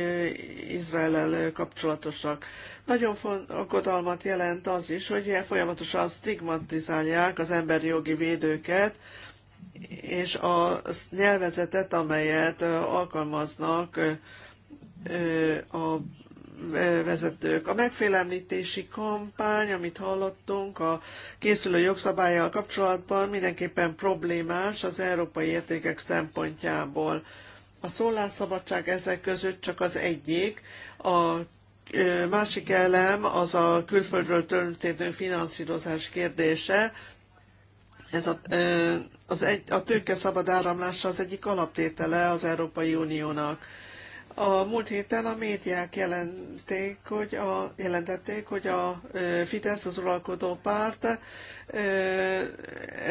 izrael kapcsolatosak. Nagyon aggodalmat jelent az is, hogy folyamatosan stigmatizálják az emberi jogi védőket, és a nyelvezetet, amelyet alkalmaznak a vezetők. A megfélemlítési kampány, amit hallottunk a készülő jogszabályjal kapcsolatban, mindenképpen problémás az európai értékek szempontjából. A szólásszabadság ezek között csak az egyik, a másik elem az a külföldről történő finanszírozás kérdése. Ez a, az egy, a tőke szabad áramlása az egyik alaptétele az Európai Uniónak a múlt héten a médiák jelenték, hogy a, jelentették, hogy a Fidesz, az uralkodó párt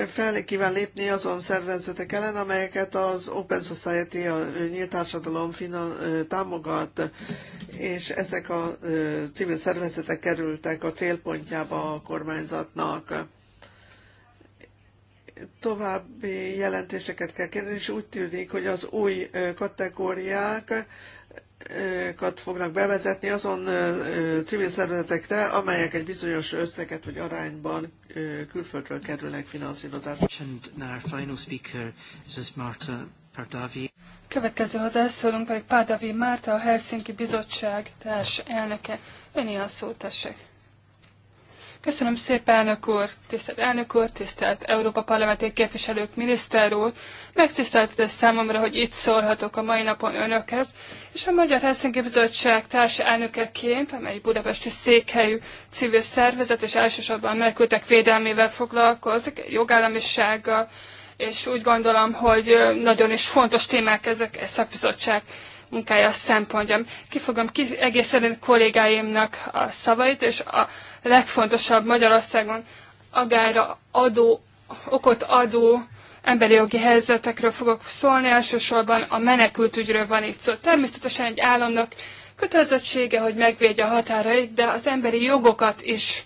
fel kíván lépni azon szervezetek ellen, amelyeket az Open Society, a nyílt társadalom fina, támogat, és ezek a civil szervezetek kerültek a célpontjába a kormányzatnak további jelentéseket kell kérni, és úgy tűnik, hogy az új kategóriákat fognak bevezetni azon civil szervezetekre, amelyek egy bizonyos összeget vagy arányban külföldről kerülnek finanszírozásra. Következő hozzászólunk pedig Pádavi Márta, a Helsinki Bizottság társ elnöke. Öné a szót, tessék. Köszönöm szépen, elnök úr, tisztelt elnök úr, tisztelt Európa Parlamenti képviselők, miniszter úr. ez számomra, hogy itt szólhatok a mai napon önökhez, és a Magyar Helsinki Bizottság társa elnökeként, amely budapesti székhelyű civil szervezet, és elsősorban menekültek védelmével foglalkozik, jogállamisággal, és úgy gondolom, hogy nagyon is fontos témák ezek e a bizottság munkája szempontja. Ki fogom a kollégáimnak a szavait, és a legfontosabb Magyarországon agára adó, okot adó emberi jogi helyzetekről fogok szólni, elsősorban a ügyről van itt szó. Természetesen egy államnak kötelezettsége, hogy megvédje a határait, de az emberi jogokat is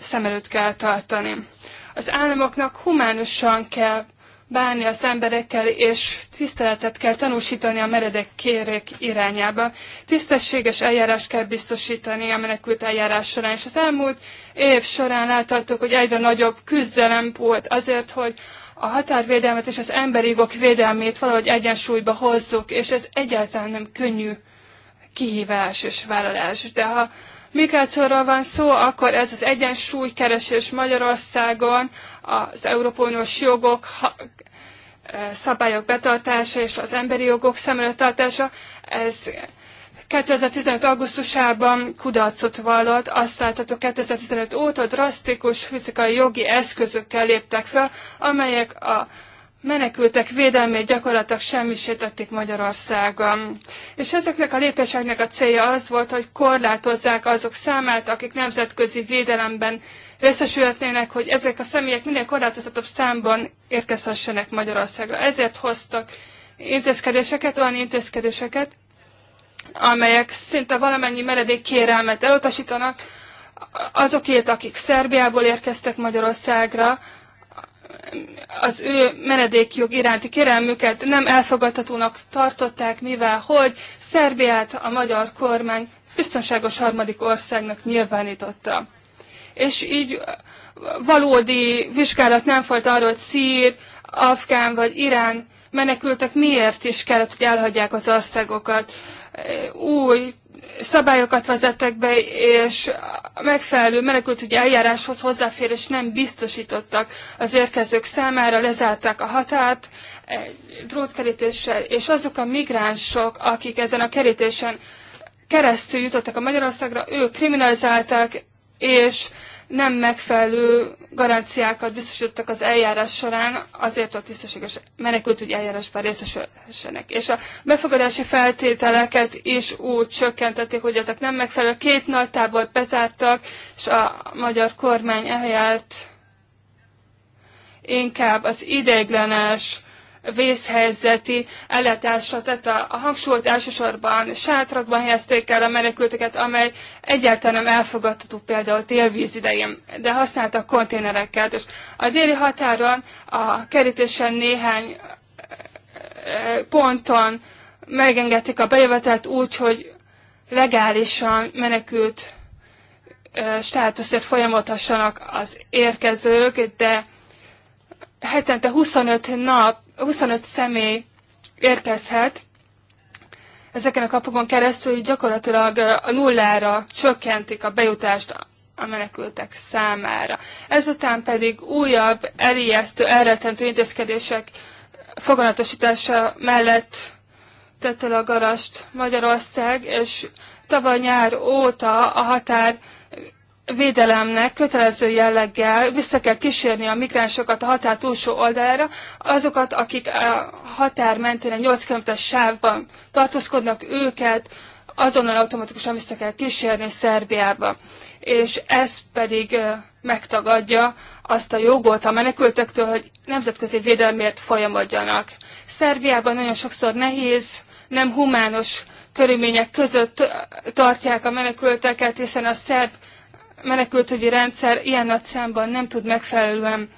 szem előtt kell tartani. Az államoknak humánusan kell bánni az emberekkel, és tiszteletet kell tanúsítani a meredek kérék irányába. Tisztességes eljárás kell biztosítani a menekült eljárás során, és az elmúlt év során láthattuk, hogy egyre nagyobb küzdelem volt azért, hogy a határvédelmet és az emberi jogok védelmét valahogy egyensúlyba hozzuk, és ez egyáltalán nem könnyű kihívás és vállalás. De ha migrációról van szó, akkor ez az egyensúlykeresés Magyarországon, az Európónos jogok, szabályok betartása és az emberi jogok szem tartása, ez 2015. augusztusában kudarcot vallott, azt látható 2015 óta drasztikus fizikai jogi eszközökkel léptek fel, amelyek a menekültek védelmét gyakorlatilag semmisítették Magyarországon. És ezeknek a lépéseknek a célja az volt, hogy korlátozzák azok számát, akik nemzetközi védelemben részesülhetnének, hogy ezek a személyek minél korlátozatabb számban érkezhessenek Magyarországra. Ezért hoztak intézkedéseket, olyan intézkedéseket, amelyek szinte valamennyi meredék kérelmet elutasítanak, azokért, akik Szerbiából érkeztek Magyarországra, az ő menedékjog iránti kérelmüket nem elfogadhatónak tartották, mivel hogy Szerbiát a magyar kormány biztonságos harmadik országnak nyilvánította. És így valódi vizsgálat nem folyt arról, hogy Szír, Afgán vagy Irán menekültek miért is kellett, hogy elhagyják az országokat. Új szabályokat vezettek be, és megfelelő menekültügyi eljáráshoz hozzáférés nem biztosítottak az érkezők számára, lezárták a határt e, drótkerítéssel, és azok a migránsok, akik ezen a kerítésen keresztül jutottak a Magyarországra, ők kriminalizálták, és nem megfelelő garanciákat biztosítottak az eljárás során azért, hogy tisztességes menekültügyi eljárásban részesülhessenek. És a befogadási feltételeket is úgy csökkentették, hogy ezek nem megfelelő. Két nagy tábort bezártak, és a magyar kormány ehelyett inkább az ideiglenes vészhelyzeti ellátásra tett a, a hangsúlyt elsősorban sátrakban helyezték el a menekülteket, amely egyáltalán nem elfogadható például télvíz idején, de használtak konténereket. És a déli határon a kerítésen néhány ponton megengedték a bejövetet úgy, hogy legálisan menekült státuszért folyamatosanak az érkezők, de hetente 25 nap 25 személy érkezhet ezeken a kapukon keresztül, hogy gyakorlatilag a nullára csökkentik a bejutást a menekültek számára. Ezután pedig újabb elijesztő, elrettentő intézkedések foganatosítása mellett tette le a garast Magyarország, és tavaly nyár óta a határ védelemnek kötelező jelleggel vissza kell kísérni a migránsokat a határ túlsó oldalára, azokat, akik a határ mentén a 8 km sávban tartózkodnak őket, azonnal automatikusan vissza kell kísérni Szerbiába. És ez pedig megtagadja azt a jogot a menekültektől, hogy nemzetközi védelmért folyamodjanak. Szerbiában nagyon sokszor nehéz, nem humános körülmények között tartják a menekülteket, hiszen a szerb menekültügyi rendszer ilyen nagy számban nem tud megfelelően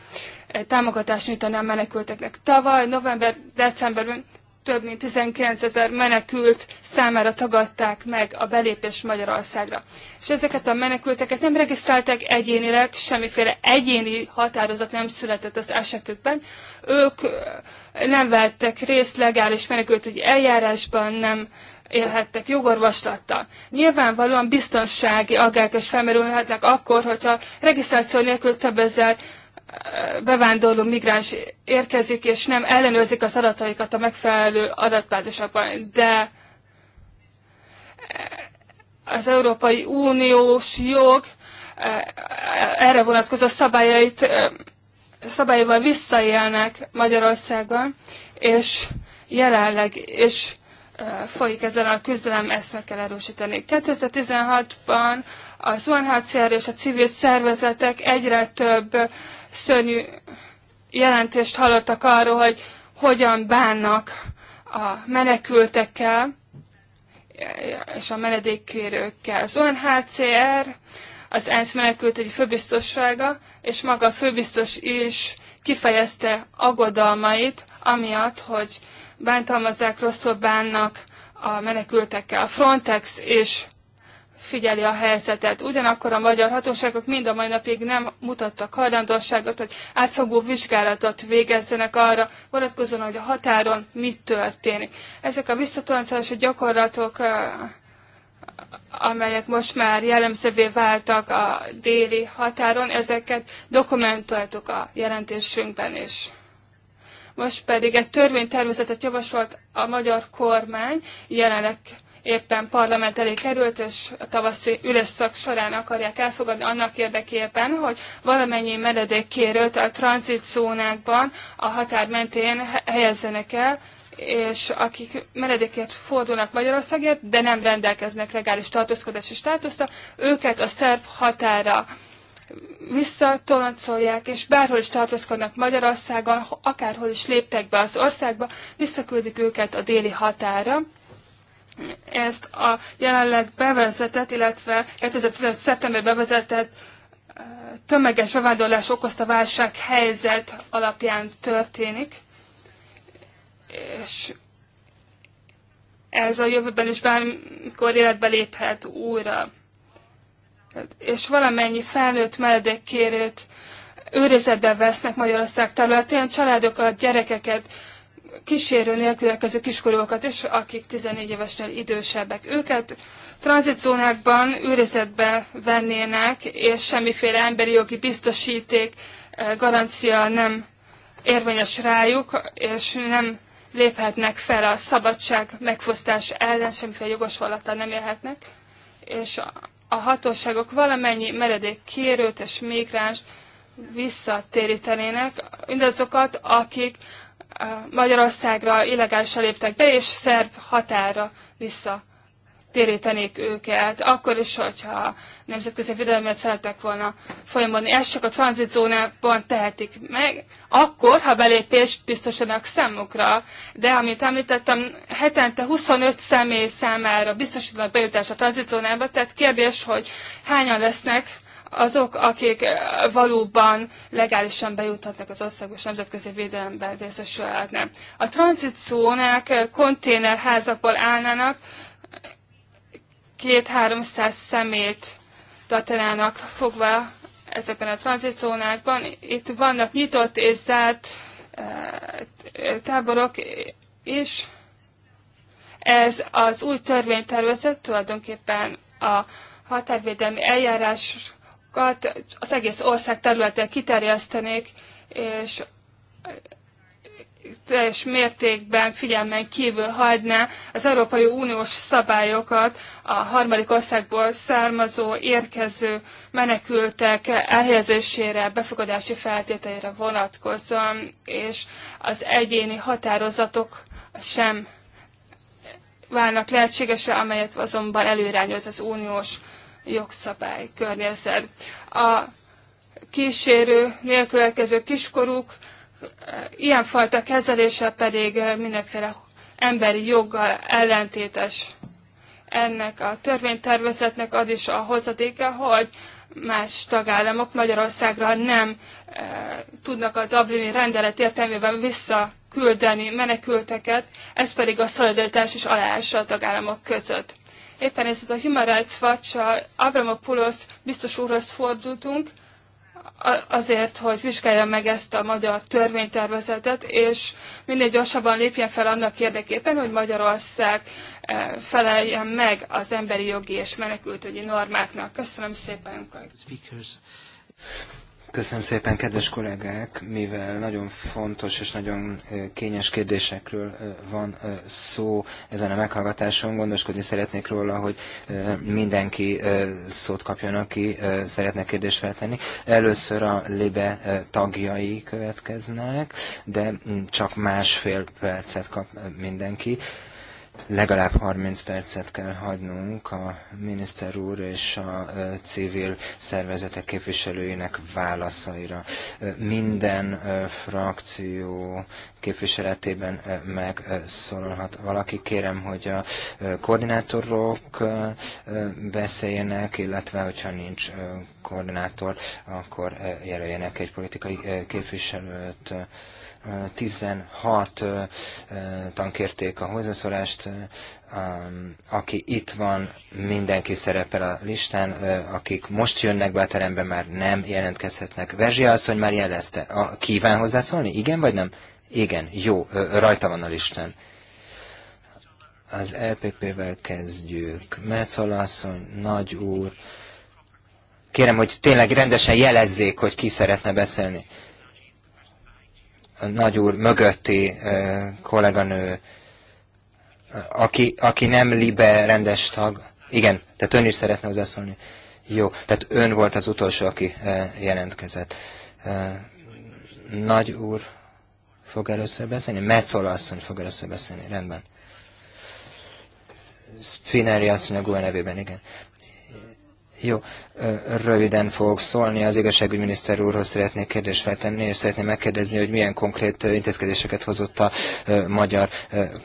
eh, támogatást nyújtani a menekülteknek. Tavaly, november, decemberben több mint 19 ezer menekült számára tagadták meg a belépés Magyarországra. És ezeket a menekülteket nem regisztrálták egyénileg, semmiféle egyéni határozat nem született az esetükben. Ők eh, nem vettek részt legális menekültügyi eljárásban, nem élhettek jogorvoslattal. Nyilvánvalóan biztonsági aggályok is felmerülhetnek akkor, hogyha regisztráció nélkül több ezer eh, bevándorló migráns érkezik, és nem ellenőrzik az adataikat a megfelelő adatbázisokban. De eh, az Európai Uniós jog eh, erre vonatkozó szabályait, szabályival visszaélnek Magyarországon, és jelenleg, és folyik ezzel a küzdelem, ezt meg kell erősíteni. 2016-ban az UNHCR és a civil szervezetek egyre több szörnyű jelentést hallottak arról, hogy hogyan bánnak a menekültekkel és a menedékkérőkkel. Az UNHCR, az ENSZ menekültügyi főbiztossága és maga a főbiztos is kifejezte aggodalmait, amiatt, hogy bántalmazzák, rosszul bánnak a menekültekkel. A Frontex és figyeli a helyzetet. Ugyanakkor a magyar hatóságok mind a mai napig nem mutattak hajlandóságot, hogy átfogó vizsgálatot végezzenek arra, vonatkozóan, hogy a határon mit történik. Ezek a visszatoloncolási gyakorlatok, eh, amelyek most már jellemzővé váltak a déli határon, ezeket dokumentáltuk a jelentésünkben is most pedig egy törvénytervezetet javasolt a magyar kormány, jelenleg éppen parlament elé került, és a tavaszi ülésszak során akarják elfogadni annak érdekében, hogy valamennyi kérőt a tranzitzónákban a határ mentén helyezzenek el, és akik menedékért fordulnak Magyarországért, de nem rendelkeznek legális tartózkodási státusza őket a szerb határa visszatoloncolják, és bárhol is tartózkodnak Magyarországon, akárhol is léptek be az országba, visszaküldik őket a déli határa. Ezt a jelenleg bevezetett, illetve 2015. szeptember bevezetett tömeges bevándorlás okozta válság helyzet alapján történik, és ez a jövőben is bármikor életbe léphet újra és valamennyi felnőtt meredékkérőt őrizetbe vesznek Magyarország területén, családokat, gyerekeket, kísérő nélkülelkező kiskorúakat, és akik 14 évesnél idősebbek. Őket tranzitzónákban őrizetbe vennének, és semmiféle emberi jogi biztosíték, eh, garancia nem érvényes rájuk, és nem léphetnek fel a szabadság megfosztás ellen, semmiféle jogos nem élhetnek, és a hatóságok valamennyi meredék kérőt és migráns visszatérítenének mindazokat, akik eh, Magyarországra illegálisan léptek be, és szerb határa vissza térítenék őket, akkor is, hogyha nemzetközi védelmet szerettek volna folyamodni. Ezt csak a tranzitzónában tehetik meg, akkor, ha belépést biztosanak számukra. De, amit említettem, hetente 25 személy számára biztosítanak bejutást a tranzitzónába, tehát kérdés, hogy hányan lesznek azok, akik valóban legálisan bejuthatnak az országos nemzetközi védelemben részesülhetnek. A tranzitzónák konténerházakból állnának, két-háromszáz szemét tartanának fogva ezekben a tranzitzónákban. Itt vannak nyitott és zárt eh, táborok is. Ez az új törvénytervezet tulajdonképpen a határvédelmi eljárásokat az egész ország területén kiterjesztenék, és teljes mértékben figyelmen kívül hagyná az Európai Uniós szabályokat a harmadik országból származó, érkező menekültek elhelyezésére, befogadási feltételére vonatkozóan, és az egyéni határozatok sem válnak lehetségesre, amelyet azonban előirányoz az uniós jogszabály környezet. A kísérő nélkülkező kiskorúk ilyenfajta kezelése pedig mindenféle emberi joggal ellentétes ennek a törvénytervezetnek az is a hozadéka, hogy más tagállamok Magyarországra nem e, tudnak a Dublini rendelet értelmében visszaküldeni menekülteket, ez pedig a szolidaritás is aláássa a tagállamok között. Éppen ez a Human Rights Watch-sal Avramopoulos biztos úrhoz fordultunk, azért, hogy vizsgálja meg ezt a magyar törvénytervezetet, és minél gyorsabban lépjen fel annak érdekében, hogy Magyarország eh, feleljen meg az emberi jogi és menekültügyi normáknak. Köszönöm szépen. Speakers. Köszönöm szépen, kedves kollégák, mivel nagyon fontos és nagyon kényes kérdésekről van szó ezen a meghallgatáson, gondoskodni szeretnék róla, hogy mindenki szót kapjon, aki szeretne kérdést feltenni. Először a LIBE tagjai következnek, de mm, csak másfél percet kap mindenki legalább 30 percet kell hagynunk a miniszter úr és a civil szervezetek képviselőinek válaszaira. Minden frakció képviseletében megszólalhat valaki. Kérem, hogy a koordinátorok beszéljenek, illetve hogyha nincs koordinátor, akkor jelöljenek egy politikai képviselőt. 16 tankérték a hozzászólást, aki itt van, mindenki szerepel a listán, akik most jönnek be a terembe, már nem jelentkezhetnek. Verzsia asszony már jelezte. A, kíván hozzászólni? Igen vagy nem? Igen, jó, rajta van a listán. Az LPP-vel e kezdjük. Metzola asszony, nagy úr. Kérem, hogy tényleg rendesen jelezzék, hogy ki szeretne beszélni nagy úr mögötti kolléganő, aki, aki nem libe rendes tag, igen, tehát ön is szeretne hozzászólni. Jó, tehát ön volt az utolsó, aki jelentkezett. Nagy úr fog először beszélni, Metzola asszony fog először beszélni, rendben. Spinelli asszony a Gua e nevében, igen. Jó, röviden fogok szólni. Az igazságügyminiszter úrhoz szeretnék kérdést feltenni, és szeretném megkérdezni, hogy milyen konkrét intézkedéseket hozott a magyar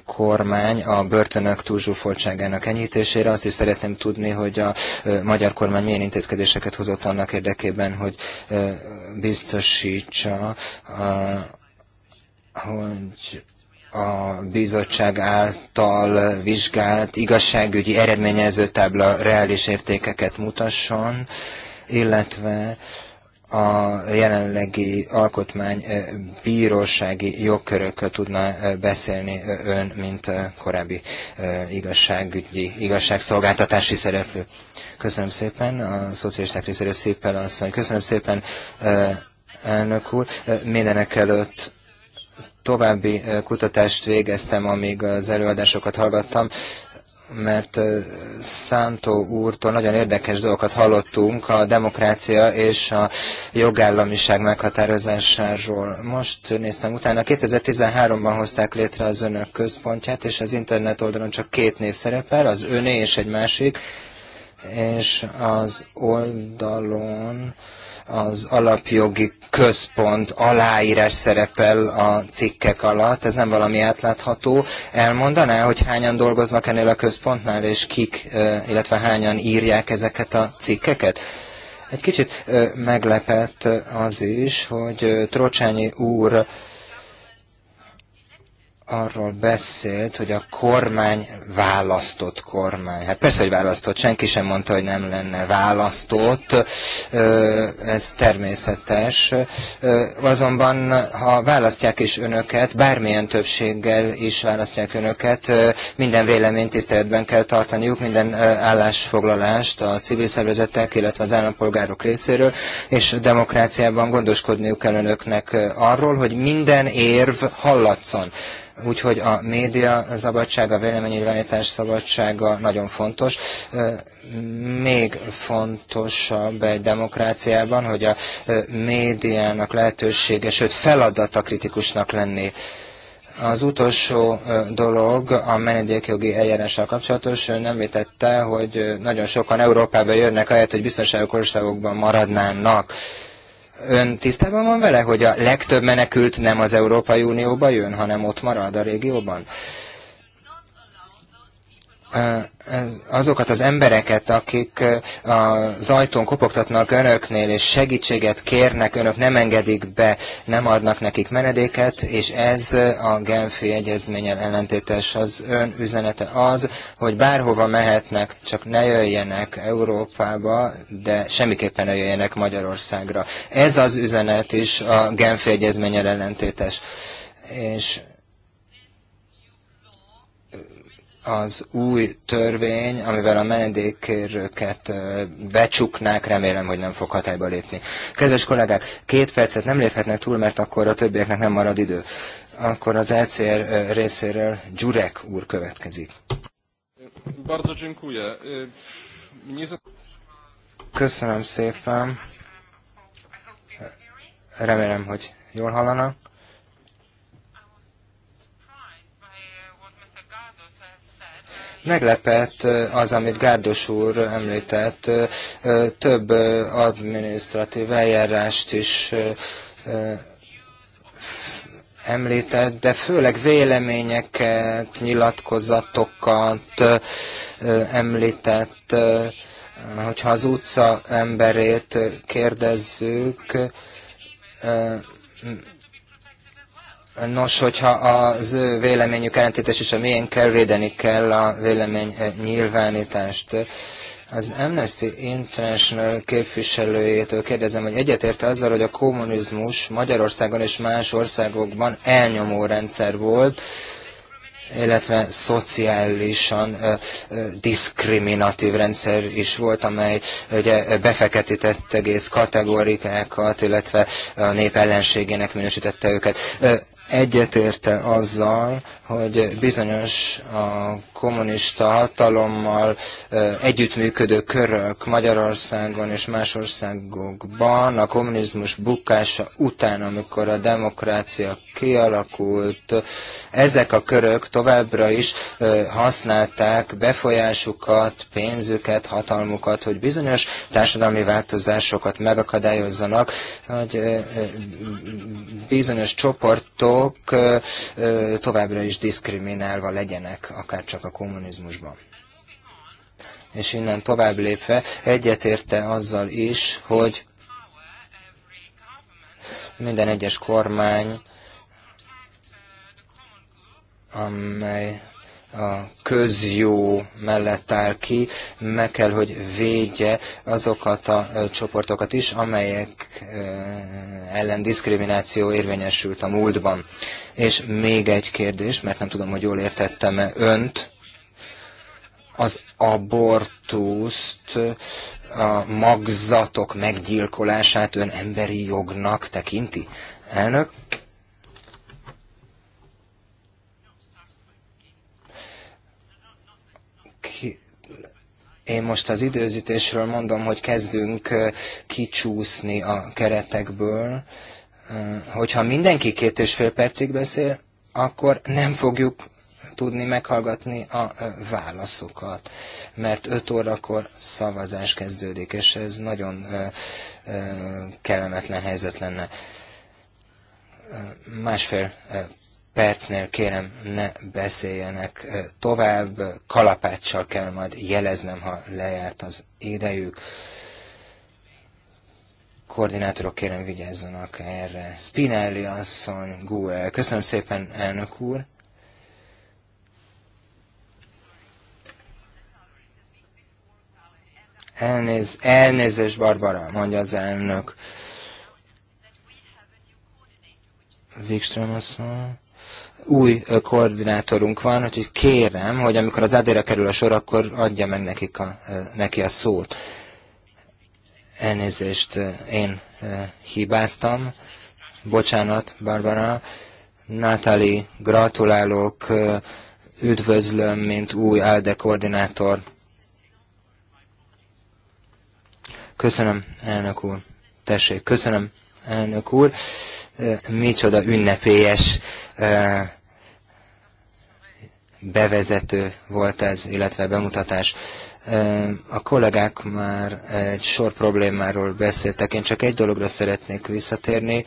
kormány a börtönök túlzsúfoltságának enyhítésére. Azt is szeretném tudni, hogy a magyar kormány milyen intézkedéseket hozott annak érdekében, hogy biztosítsa, hogy a bizottság által vizsgált igazságügyi eredményező tábla reális értékeket mutasson, illetve a jelenlegi alkotmány eh, bírósági jogkörökről tudna eh, beszélni eh, ön, mint korábbi igazságügyi, igazságszolgáltatási szereplő. Köszönöm szépen, a szocialisták részéről szépen asszony. Köszönöm szépen, elnök úr. Mindenek előtt további kutatást végeztem, amíg az előadásokat hallgattam, mert Szántó úrtól nagyon érdekes dolgokat hallottunk a demokrácia és a jogállamiság meghatározásáról. Most néztem utána, 2013-ban hozták létre az önök központját, és az internet oldalon csak két név szerepel, az öné és egy másik, és az oldalon az alapjogi központ aláírás szerepel a cikkek alatt, ez nem valami átlátható. Elmondaná, hogy hányan dolgoznak ennél a központnál, és kik, illetve hányan írják ezeket a cikkeket? Egy kicsit meglepett az is, hogy Trocsányi úr arról beszélt, hogy a kormány választott kormány. Hát persze, hogy választott, senki sem mondta, hogy nem lenne választott, ez természetes. Azonban, ha választják is önöket, bármilyen többséggel is választják önöket, minden véleményt tiszteletben kell tartaniuk, minden állásfoglalást a civil szervezetek, illetve az állampolgárok részéről, és demokráciában gondoskodniuk kell önöknek arról, hogy minden érv hallatszon Úgyhogy a média szabadsága, a véleménynyilvánítás szabadsága nagyon fontos. Még fontosabb egy demokráciában, hogy a médiának lehetősége, sőt feladata kritikusnak lenni. Az utolsó dolog a menedékjogi eljárással kapcsolatos. nem vétette, hogy nagyon sokan Európába jönnek, ahelyett, hogy biztonságos országokban maradnának. Ön tisztában van vele, hogy a legtöbb menekült nem az Európai Unióba jön, hanem ott marad a régióban? azokat az embereket, akik az ajtón kopogtatnak önöknél, és segítséget kérnek, önök nem engedik be, nem adnak nekik menedéket, és ez a Genfi egyezménnyel ellentétes az ön üzenete az, hogy bárhova mehetnek, csak ne jöjjenek Európába, de semmiképpen ne jöjjenek Magyarországra. Ez az üzenet is a Genfi egyezménnyel ellentétes. És az új törvény, amivel a menedékkérőket becsuknák, remélem, hogy nem fog hatályba lépni. Kedves kollégák, két percet nem léphetnek túl, mert akkor a többieknek nem marad idő. Akkor az LCR részéről Gyurek úr következik. Bardzo dziękuję. Köszönöm szépen. Remélem, hogy jól hallanak. Meglepett eh, az, amit Gárdos úr említett, eh, eh, több administratív eljárást is említett, de főleg véleményeket, nyilatkozatokat említett, hogyha az utca emberét kérdezzük, Nos, hogyha az ő véleményük ellentétes és a kell védeni kell a vélemény eh, nyilvánítást. Az Amnesty International képviselőjétől kérdezem, hogy egyetérte azzal, hogy a kommunizmus Magyarországon és más országokban elnyomó rendszer volt, illetve szociálisan ö, eh, ö, eh, diszkriminatív rendszer is volt, amely ugye, befeketített egész kategórikákat, illetve a nép ellenségének minősítette őket. Ö, egyetérte azzal, hogy bizonyos a kommunista hatalommal együttműködő körök Magyarországon és más országokban a kommunizmus bukása után, amikor a demokrácia kialakult, ezek a körök továbbra is használták befolyásukat, pénzüket, hatalmukat, hogy bizonyos társadalmi változásokat megakadályozzanak, hogy bizonyos csoportok azok továbbra is diszkriminálva legyenek, akár csak a kommunizmusban és innen tovább lépve egyetérte azzal is, hogy minden egyes kormány, amely a közjó mellett áll ki, meg kell, hogy védje azokat a csoportokat is, amelyek ellen diszkrimináció érvényesült a múltban. És még egy kérdés, mert nem tudom, hogy jól értettem-e önt, az abortuszt, a magzatok meggyilkolását ön emberi jognak tekinti? Elnök? Én most az időzítésről mondom, hogy kezdünk kicsúszni a keretekből. Hogyha mindenki két és fél percig beszél, akkor nem fogjuk tudni meghallgatni a válaszokat, mert 5 órakor szavazás kezdődik, és ez nagyon kellemetlen helyzet lenne. Másfél percnél kérem ne beszéljenek tovább, kalapáccsal kell majd jeleznem, ha lejárt az idejük. Koordinátorok kérem vigyázzanak erre. Spinelli asszony, Google. Köszönöm szépen, elnök úr. Elnéz, elnézés, Barbara, mondja az elnök. Wikström asszony új koordinátorunk van, úgyhogy kérem, hogy amikor az Adéra kerül a sor, akkor adja meg nekik a, neki a szót. Elnézést, én hibáztam. Bocsánat, Barbara. Natali, gratulálok, üdvözlöm, mint új ALDE koordinátor. Köszönöm, elnök úr. Tessék, köszönöm, elnök úr. Micsoda ünnepélyes bevezető volt ez, illetve bemutatás. A kollégák már egy sor problémáról beszéltek, én csak egy dologra szeretnék visszatérni.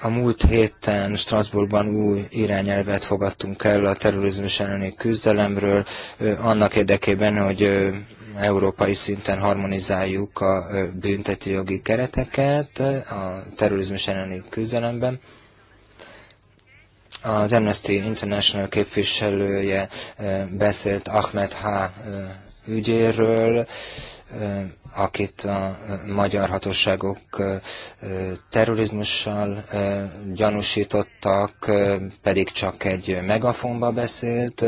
A múlt héten Strasbourgban új irányelvet fogadtunk el a terrorizmus elleni küzdelemről, annak érdekében, hogy európai szinten harmonizáljuk a büntetőjogi kereteket a terrorizmus elleni küzdelemben az Amnesty International képviselője eh, beszélt Ahmed H. Eh, ügyéről, eh, akit a magyar hatóságok terrorizmussal gyanúsítottak, pedig csak egy megafonba beszélt.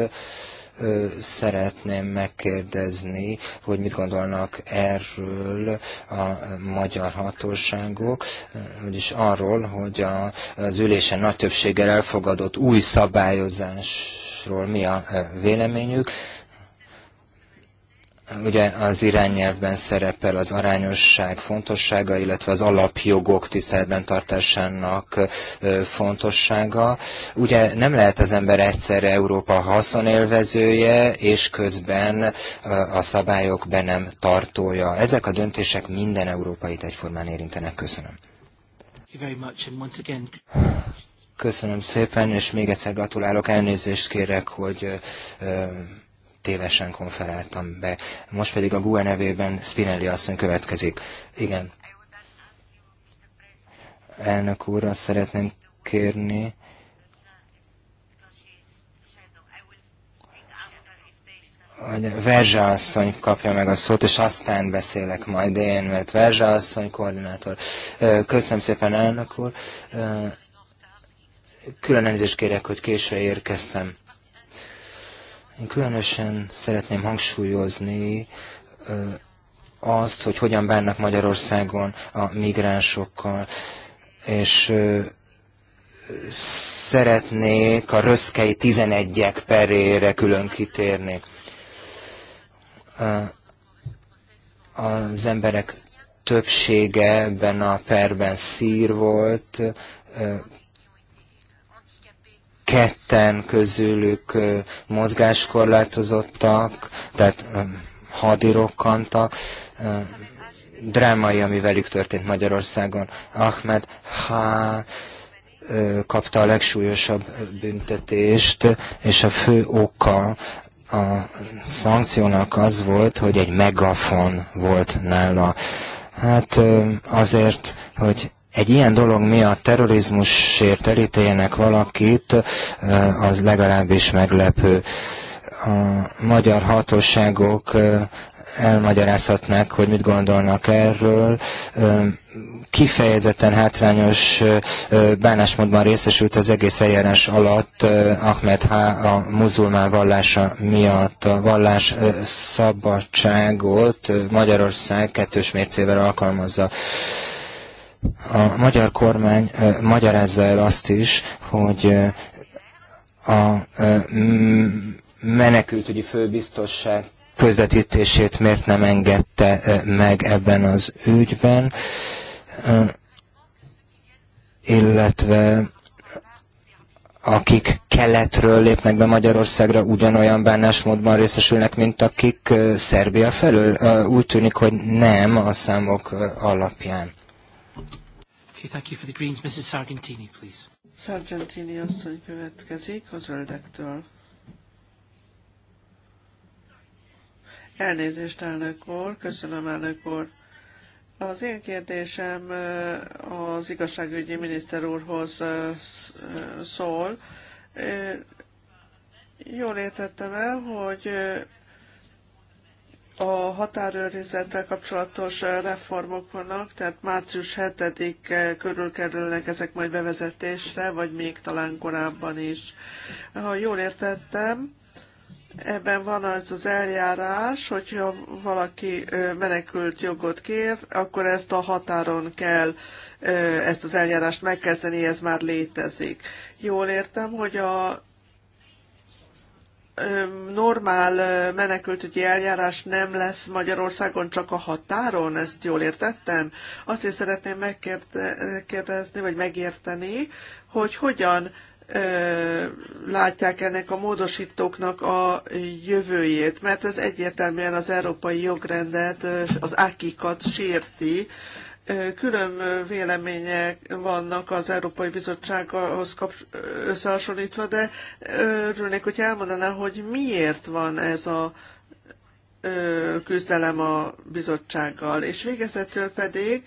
Szeretném megkérdezni, hogy mit gondolnak erről a magyar hatóságok, vagyis arról, hogy a, az ülésen nagy többséggel elfogadott új szabályozásról mi a véleményük, Ugye az irányelvben szerepel az arányosság fontossága, illetve az alapjogok tiszteletben tartásának fontossága. Ugye nem lehet az ember egyszerre Európa haszonélvezője, és közben a szabályok be nem tartója. Ezek a döntések minden európait egyformán érintenek. Köszönöm. Köszönöm szépen, és még egyszer gratulálok, elnézést kérek, hogy tévesen konferáltam be. Most pedig a GUE nevében Spinelli asszony következik. Igen. Elnök úr, azt szeretném kérni, hogy Verzsa asszony kapja meg a szót, és aztán beszélek majd én, mert Verzsa asszony koordinátor. Köszönöm szépen, elnök úr. Külön kérek, hogy késő érkeztem. Én különösen szeretném hangsúlyozni azt, hogy hogyan bánnak Magyarországon a migránsokkal, és szeretnék a röszkei tizenegyek perére külön kitérni. Az emberek többsége ebben a perben szír volt, ketten közülük mozgáskorlátozottak, tehát hadirokkantak. Drámai, ami velük történt Magyarországon. Ahmed H. kapta a legsúlyosabb büntetést, és a fő oka a szankciónak az volt, hogy egy megafon volt nála. Hát azért, hogy egy ilyen dolog miatt terrorizmusért elítéljenek valakit, az legalábbis meglepő. A magyar hatóságok elmagyarázhatnák, hogy mit gondolnak erről. Kifejezetten hátrányos bánásmódban részesült az egész eljárás alatt Ahmed H. a muzulmán vallása miatt a vallás szabadságot Magyarország kettős mércével alkalmazza. A magyar kormány magyarázza el azt is, hogy a menekültügyi főbiztosság közvetítését miért nem engedte meg ebben az ügyben, illetve akik keletről lépnek be Magyarországra, ugyanolyan bánásmódban részesülnek, mint akik Szerbia felől? Úgy tűnik, hogy nem a számok alapján. Okay, thank you for the Greens. Mrs. Sargentini, please. Sargentini asszony következik a zöldektől. Elnézést, elnök úr. Köszönöm, elnök úr. Az én kérdésem az igazságügyi miniszter úrhoz szól. Jól értettem el, hogy a határőrizettel kapcsolatos eh, reformok vannak, tehát március 7 körül kerülnek ezek majd bevezetésre, vagy még talán korábban is. Ha jól értettem, Ebben van az az eljárás, hogyha valaki eh, menekült jogot kér, akkor ezt a határon kell, eh, ezt az eljárást megkezdeni, ez már létezik. Jól értem, hogy a normál menekültügyi eljárás nem lesz Magyarországon, csak a határon, ezt jól értettem? Azt is szeretném megkérdezni, vagy megérteni, hogy hogyan látják ennek a módosítóknak a jövőjét, mert ez egyértelműen az európai jogrendet, az ákikat sérti, külön vélemények vannak az Európai Bizottsághoz összehasonlítva, de örülnék, hogy elmondaná, hogy miért van ez a küzdelem a bizottsággal. És végezetül pedig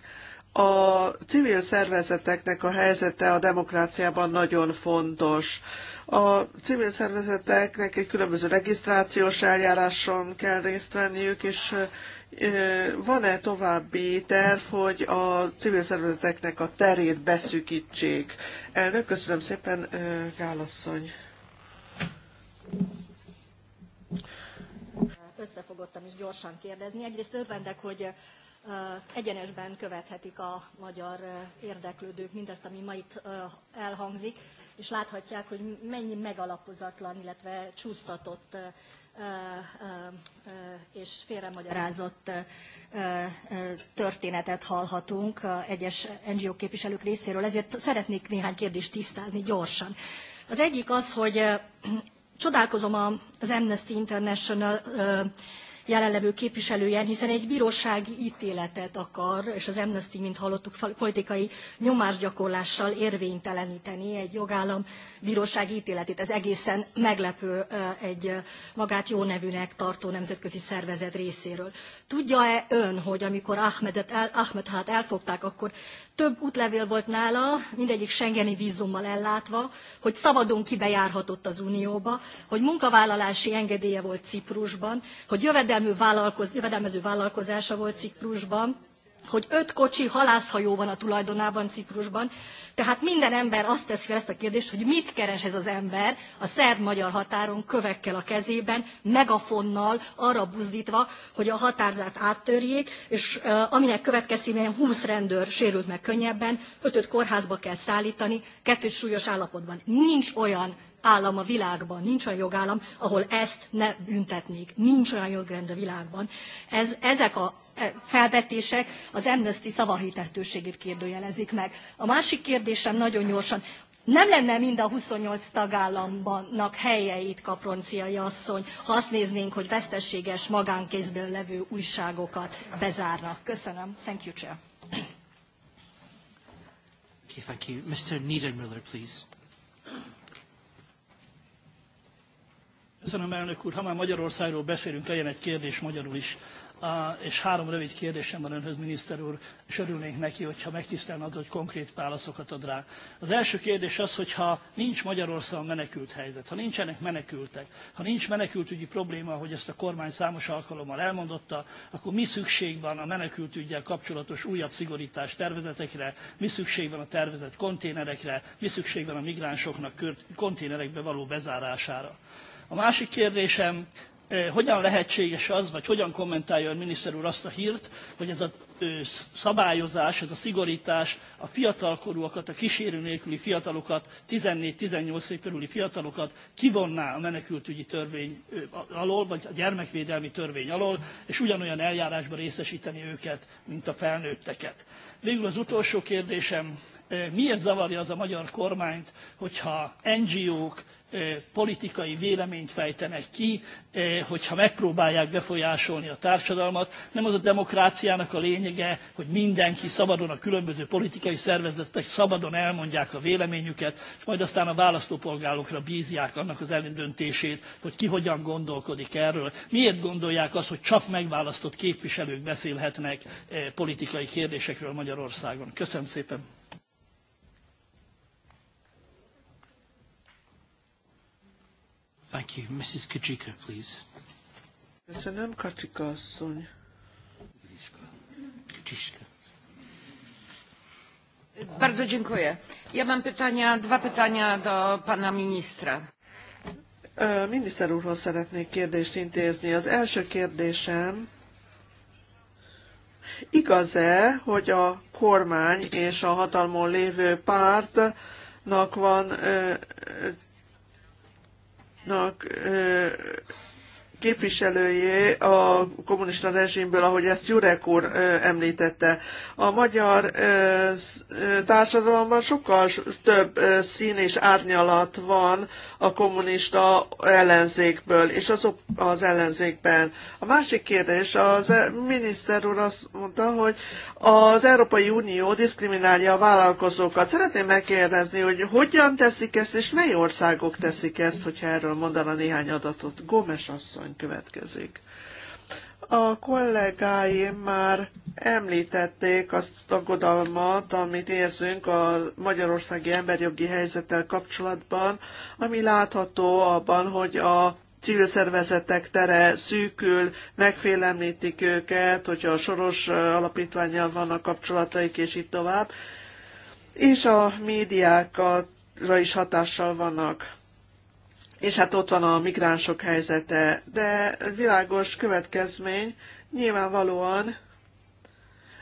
a civil szervezeteknek a helyzete a demokráciában nagyon fontos. A civil szervezeteknek egy különböző regisztrációs eljáráson kell részt venniük, és van-e további terv, hogy a civil szervezeteknek a terét beszűkítsék? Elnök, köszönöm szépen, Gálasszony. Összefogottam is gyorsan kérdezni. Egyrészt örvendek, hogy egyenesben követhetik a magyar érdeklődők mindezt, ami ma itt elhangzik, és láthatják, hogy mennyi megalapozatlan, illetve csúsztatott és félremagyarázott történetet hallhatunk egyes NGO képviselők részéről, ezért szeretnék néhány kérdést tisztázni gyorsan. Az egyik az, hogy csodálkozom az Amnesty International jelenlevő képviselőjen, hiszen egy bírósági ítéletet akar, és az Amnesty, mint hallottuk, politikai nyomásgyakorlással érvényteleníteni egy jogállam bíróság ítéletét. Ez egészen meglepő egy magát jó nevűnek tartó nemzetközi szervezet részéről. Tudja-e ön, hogy amikor Ahmedet el, Ahmed hát elfogták, akkor több útlevél volt nála, mindegyik Schengeni vízummal ellátva, hogy szabadon kibejárhatott az Unióba, hogy munkavállalási engedélye volt Ciprusban, hogy jövedelmű vállalkoz, jövedelmező vállalkozása volt Ciprusban, hogy öt kocsi halászhajó van a tulajdonában Ciprusban, tehát minden ember azt teszi fel ezt a kérdést, hogy mit keres ez az ember a szerb-magyar határon kövekkel a kezében, megafonnal arra buzdítva, hogy a határzárt áttörjék, és uh, aminek következtében 20 rendőr sérült meg könnyebben, ötöt kórházba kell szállítani, kettőt súlyos állapotban. Nincs olyan állam a világban, nincs olyan jogállam, ahol ezt ne büntetnék. Nincs olyan jogrend a világban. Ez, ezek a e, felvetések az Amnesty szavahitettőségét kérdőjelezik meg. A másik kérdésem nagyon gyorsan, nem lenne mind a 28 tagállamnak helye itt kapronciai asszony, ha azt néznénk, hogy vesztességes magánkézből levő újságokat bezárnak. Köszönöm. Thank you, Chair. Okay, thank you. Mr. Niedermüller, please. Köszönöm, elnök úr. Ha már Magyarországról beszélünk, legyen egy kérdés magyarul is. és három rövid kérdésem van önhöz, miniszter úr, és örülnénk neki, hogyha megtisztelne az, hogy konkrét válaszokat ad rá. Az első kérdés az, hogy ha nincs Magyarországon menekült helyzet, ha nincsenek menekültek, ha nincs menekültügyi probléma, ahogy ezt a kormány számos alkalommal elmondotta, akkor mi szükség van a menekültügyel kapcsolatos újabb szigorítás tervezetekre, mi szükség van a tervezett konténerekre, mi szükség van a migránsoknak konténerekbe való bezárására. A másik kérdésem, hogyan lehetséges az, vagy hogyan kommentálja a miniszter úr azt a hírt, hogy ez a szabályozás, ez a szigorítás a fiatalkorúakat, a kísérő nélküli fiatalokat, 14-18 év körüli fiatalokat kivonná a menekültügyi törvény alól, vagy a gyermekvédelmi törvény alól, és ugyanolyan eljárásban részesíteni őket, mint a felnőtteket. Végül az utolsó kérdésem, miért zavarja az a magyar kormányt, hogyha NGO-k, politikai véleményt fejtenek ki, hogyha megpróbálják befolyásolni a társadalmat. Nem az a demokráciának a lényege, hogy mindenki szabadon, a különböző politikai szervezetek szabadon elmondják a véleményüket, és majd aztán a választópolgárokra bízják annak az eldöntését, hogy ki hogyan gondolkodik erről. Miért gondolják azt, hogy csak megválasztott képviselők beszélhetnek politikai kérdésekről Magyarországon? Köszönöm szépen! Thank you. Mrs. Kajika, please. Köszönöm, Kajika asszony. Kajiska. Bardzo dziękuję. Ja mam pytania, dwa pytania do pana ministra. Miniszter úrhoz szeretnék kérdést intézni. Az első kérdésem, igaz-e, hogy a kormány és a hatalmon lévő pártnak van nak képviselőjé a kommunista rezsimből, ahogy ezt Jurek úr említette. A magyar társadalomban sokkal több szín és árnyalat van a kommunista ellenzékből, és az, az ellenzékben. A másik kérdés, az miniszter úr azt mondta, hogy az Európai Unió diszkriminálja a vállalkozókat. Szeretném megkérdezni, hogy hogyan teszik ezt, és mely országok teszik ezt, hogyha erről mondana néhány adatot. Gómez asszony következik. A kollégáim már említették azt aggodalmat, amit érzünk a magyarországi emberjogi helyzettel kapcsolatban, ami látható abban, hogy a civil szervezetek tere szűkül, megfélemlítik őket, hogyha a soros alapítványjal vannak kapcsolataik, és így tovább. És a médiákra is hatással vannak és hát ott van a migránsok helyzete, de világos következmény nyilvánvalóan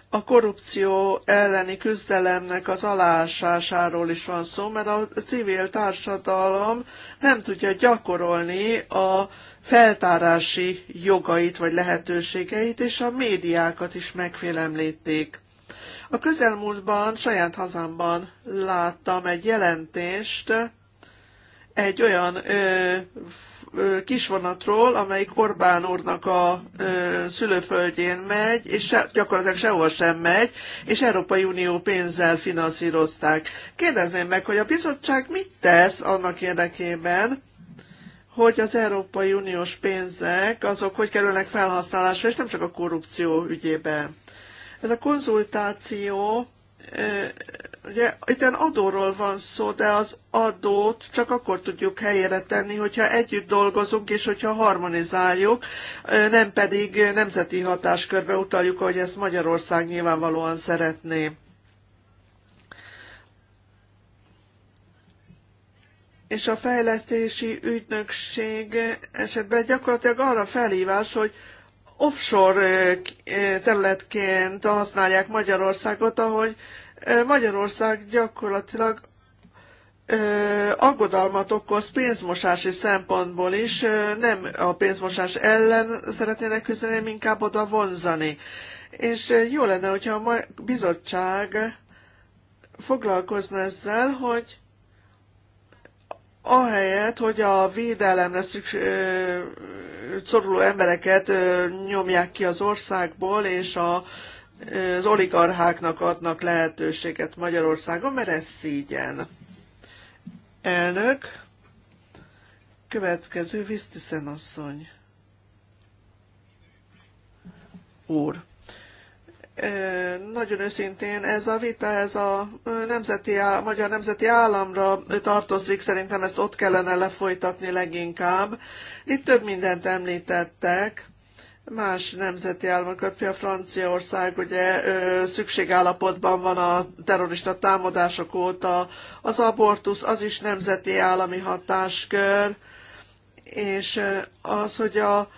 a korrupció elleni küzdelemnek az alásásáról is van szó, mert a civil társadalom nem tudja gyakorolni a feltárási jogait vagy lehetőségeit, és a médiákat is megfélemlítik. A közelmúltban saját hazámban láttam egy jelentést, egy olyan ö, ö, kisvonatról, amelyik Orbán úrnak a ö, szülőföldjén megy, és se, gyakorlatilag sehol sem megy, és Európai Unió pénzzel finanszírozták. Kérdezném meg, hogy a bizottság mit tesz annak érdekében, hogy az Európai Uniós pénzek azok hogy kerülnek felhasználásra, és nem csak a korrupció ügyében. Ez a konzultáció ugye itt adóról van szó, de az adót csak akkor tudjuk helyére tenni, hogyha együtt dolgozunk, és hogyha harmonizáljuk, nem pedig nemzeti hatáskörbe utaljuk, ahogy ezt Magyarország nyilvánvalóan szeretné. És a fejlesztési ügynökség esetben gyakorlatilag arra felhívás, hogy offshore területként használják Magyarországot, ahogy Magyarország gyakorlatilag aggodalmat okoz pénzmosási szempontból is, nem a pénzmosás ellen szeretnének küzdeni, inkább oda vonzani. És jó lenne, hogyha a bizottság foglalkozna ezzel, hogy ahelyett, hogy a védelemre szükség, szoruló embereket nyomják ki az országból, és a, az oligarcháknak adnak lehetőséget Magyarországon, mert ez szígyen. Elnök, következő Visztiszen asszony. Úr nagyon őszintén ez a vita, ez a nemzeti, magyar nemzeti államra tartozik, szerintem ezt ott kellene lefolytatni leginkább, itt több mindent említettek, más nemzeti államokat, például Franciaország ugye ö, szükségállapotban van a terrorista támadások óta, az abortusz az is nemzeti állami hatáskör, és az, hogy a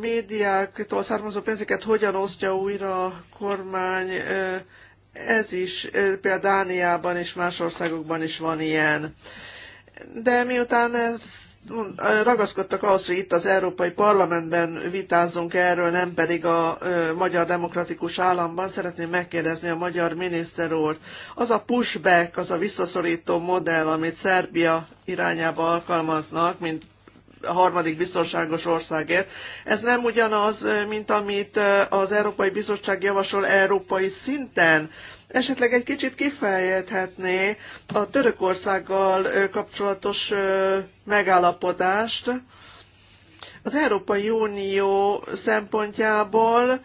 médiáktól származó pénzeket hogyan osztja újra a kormány, ez is például Dániában és más országokban is van ilyen. De miután ez ragaszkodtak ahhoz, hogy itt az Európai Parlamentben vitázunk erről, nem pedig a Magyar Demokratikus Államban. Szeretném megkérdezni a magyar miniszter úr. Az a pushback, az a visszaszorító modell, amit Szerbia irányába alkalmaznak, mint a harmadik biztonságos országért. Ez nem ugyanaz, mint amit az Európai Bizottság javasol európai szinten, esetleg egy kicsit kifejthetné a Törökországgal kapcsolatos megállapodást. Az Európai Unió szempontjából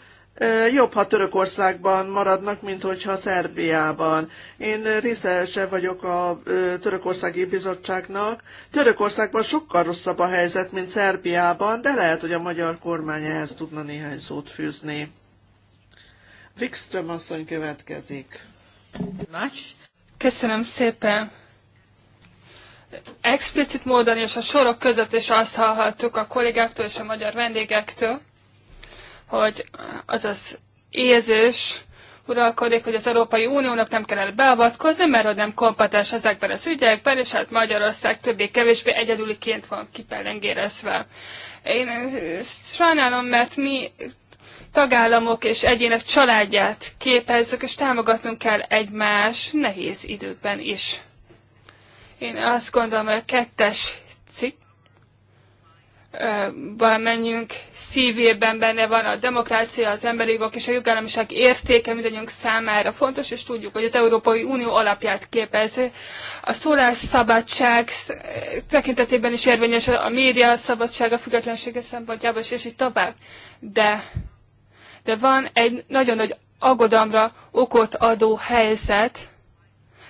jobb, ha Törökországban maradnak, mint hogyha Szerbiában. Én részese vagyok a Törökországi Bizottságnak. Törökországban sokkal rosszabb a helyzet, mint Szerbiában, de lehet, hogy a magyar kormány ehhez tudna néhány szót fűzni. Wikström asszony következik. Nagy. Köszönöm szépen. Explicit módon és a sorok között is azt hallhattuk a kollégáktól és a magyar vendégektől, hogy az az érzés uralkodik, hogy az Európai Uniónak nem kellett beavatkozni, mert hogy nem kompetens ezekben az ügyekben, és hát Magyarország többé-kevésbé egyedüliként van kipellengérezve. Én eh, sajnálom, mert mi tagállamok és egyének családját képezzük, és támogatnunk kell egymás nehéz időkben is. Én azt gondolom, hogy a kettes cikk menjünk szívében benne van a demokrácia, az emberi jogok és a jogállamiság értéke mindannyiunk számára fontos, és tudjuk, hogy az Európai Unió alapját képezi. A szólásszabadság tekintetében is érvényes a média szabadsága, függetlensége szempontjából, és, és így tovább. De de van egy nagyon nagy aggodalomra okot adó helyzet,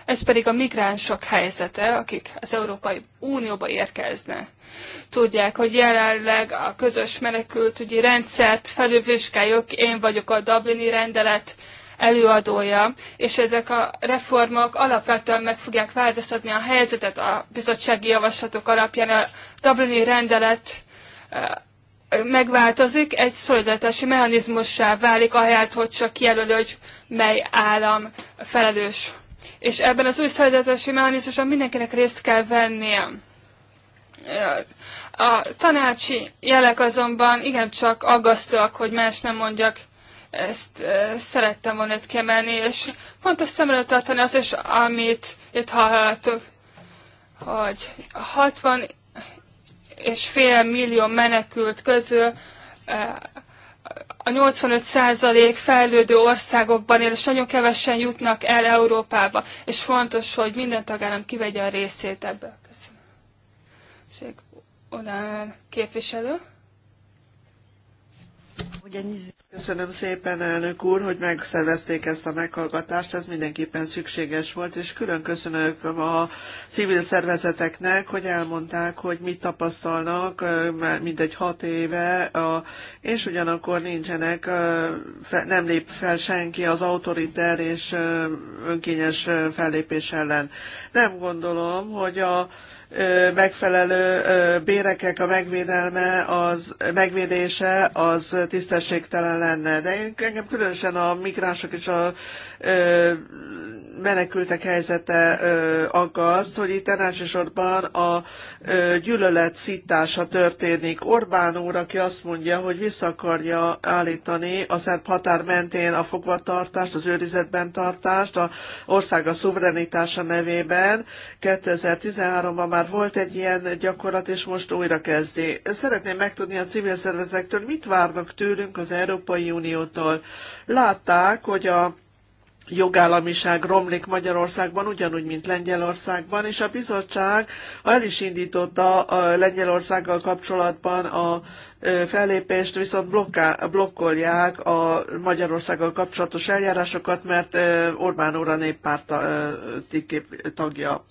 ez pedig a migránsok helyzete, akik az Európai Unióba érkeznek. Tudják, hogy jelenleg a közös menekültügyi rendszert felülvizsgáljuk, én vagyok a Dublini rendelet előadója, és ezek a reformok alapvetően meg fogják változtatni a helyzetet a bizottsági javaslatok alapján. A Dublini rendelet megváltozik, egy szolidaritási mechanizmussá válik, ahelyett, hogy csak kijelöli, hogy mely állam felelős. És ebben az új szolidaritási mechanizmuson mindenkinek részt kell vennie. A tanácsi jelek azonban igencsak aggasztóak, hogy más nem mondjak, ezt e, szerettem volna itt kiemelni, és fontos szemre tartani az is, amit itt hallhattuk, hogy 60 és fél millió menekült közül eh, a 85% fejlődő országokban él, és nagyon kevesen jutnak el Európába, és fontos, hogy minden tagállam kivegye a részét ebből. Köszönöm. Odán képviselő. Köszönöm szépen, elnök úr, hogy megszervezték ezt a meghallgatást, ez mindenképpen szükséges volt, és külön köszönök a civil szervezeteknek, hogy elmondták, hogy mit tapasztalnak, már mindegy hat éve, és ugyanakkor nincsenek, nem lép fel senki az autoriter és önkényes fellépés ellen. Nem gondolom, hogy a megfelelő bérekek a megvédelme, az megvédése az tisztességtelen lenne. De engem különösen a migránsok és a menekültek helyzete aggaszt, hogy itt elsősorban a gyűlölet szítása történik. Orbán úr, aki azt mondja, hogy vissza akarja állítani a szerb határ mentén a fogvatartást, az őrizetben tartást, a ország a szuverenitása nevében. 2013-ban már volt egy ilyen gyakorlat, és most újra kezdi. Szeretném megtudni a civil szervezetektől, mit várnak tőlünk az Európai Uniótól. Látták, hogy a jogállamiság romlik Magyarországban, ugyanúgy, mint Lengyelországban, és a bizottság el is indította a Lengyelországgal kapcsolatban a fellépést, viszont blokká, blokkolják a Magyarországgal kapcsolatos eljárásokat, mert Orbán úr a néppárt tagja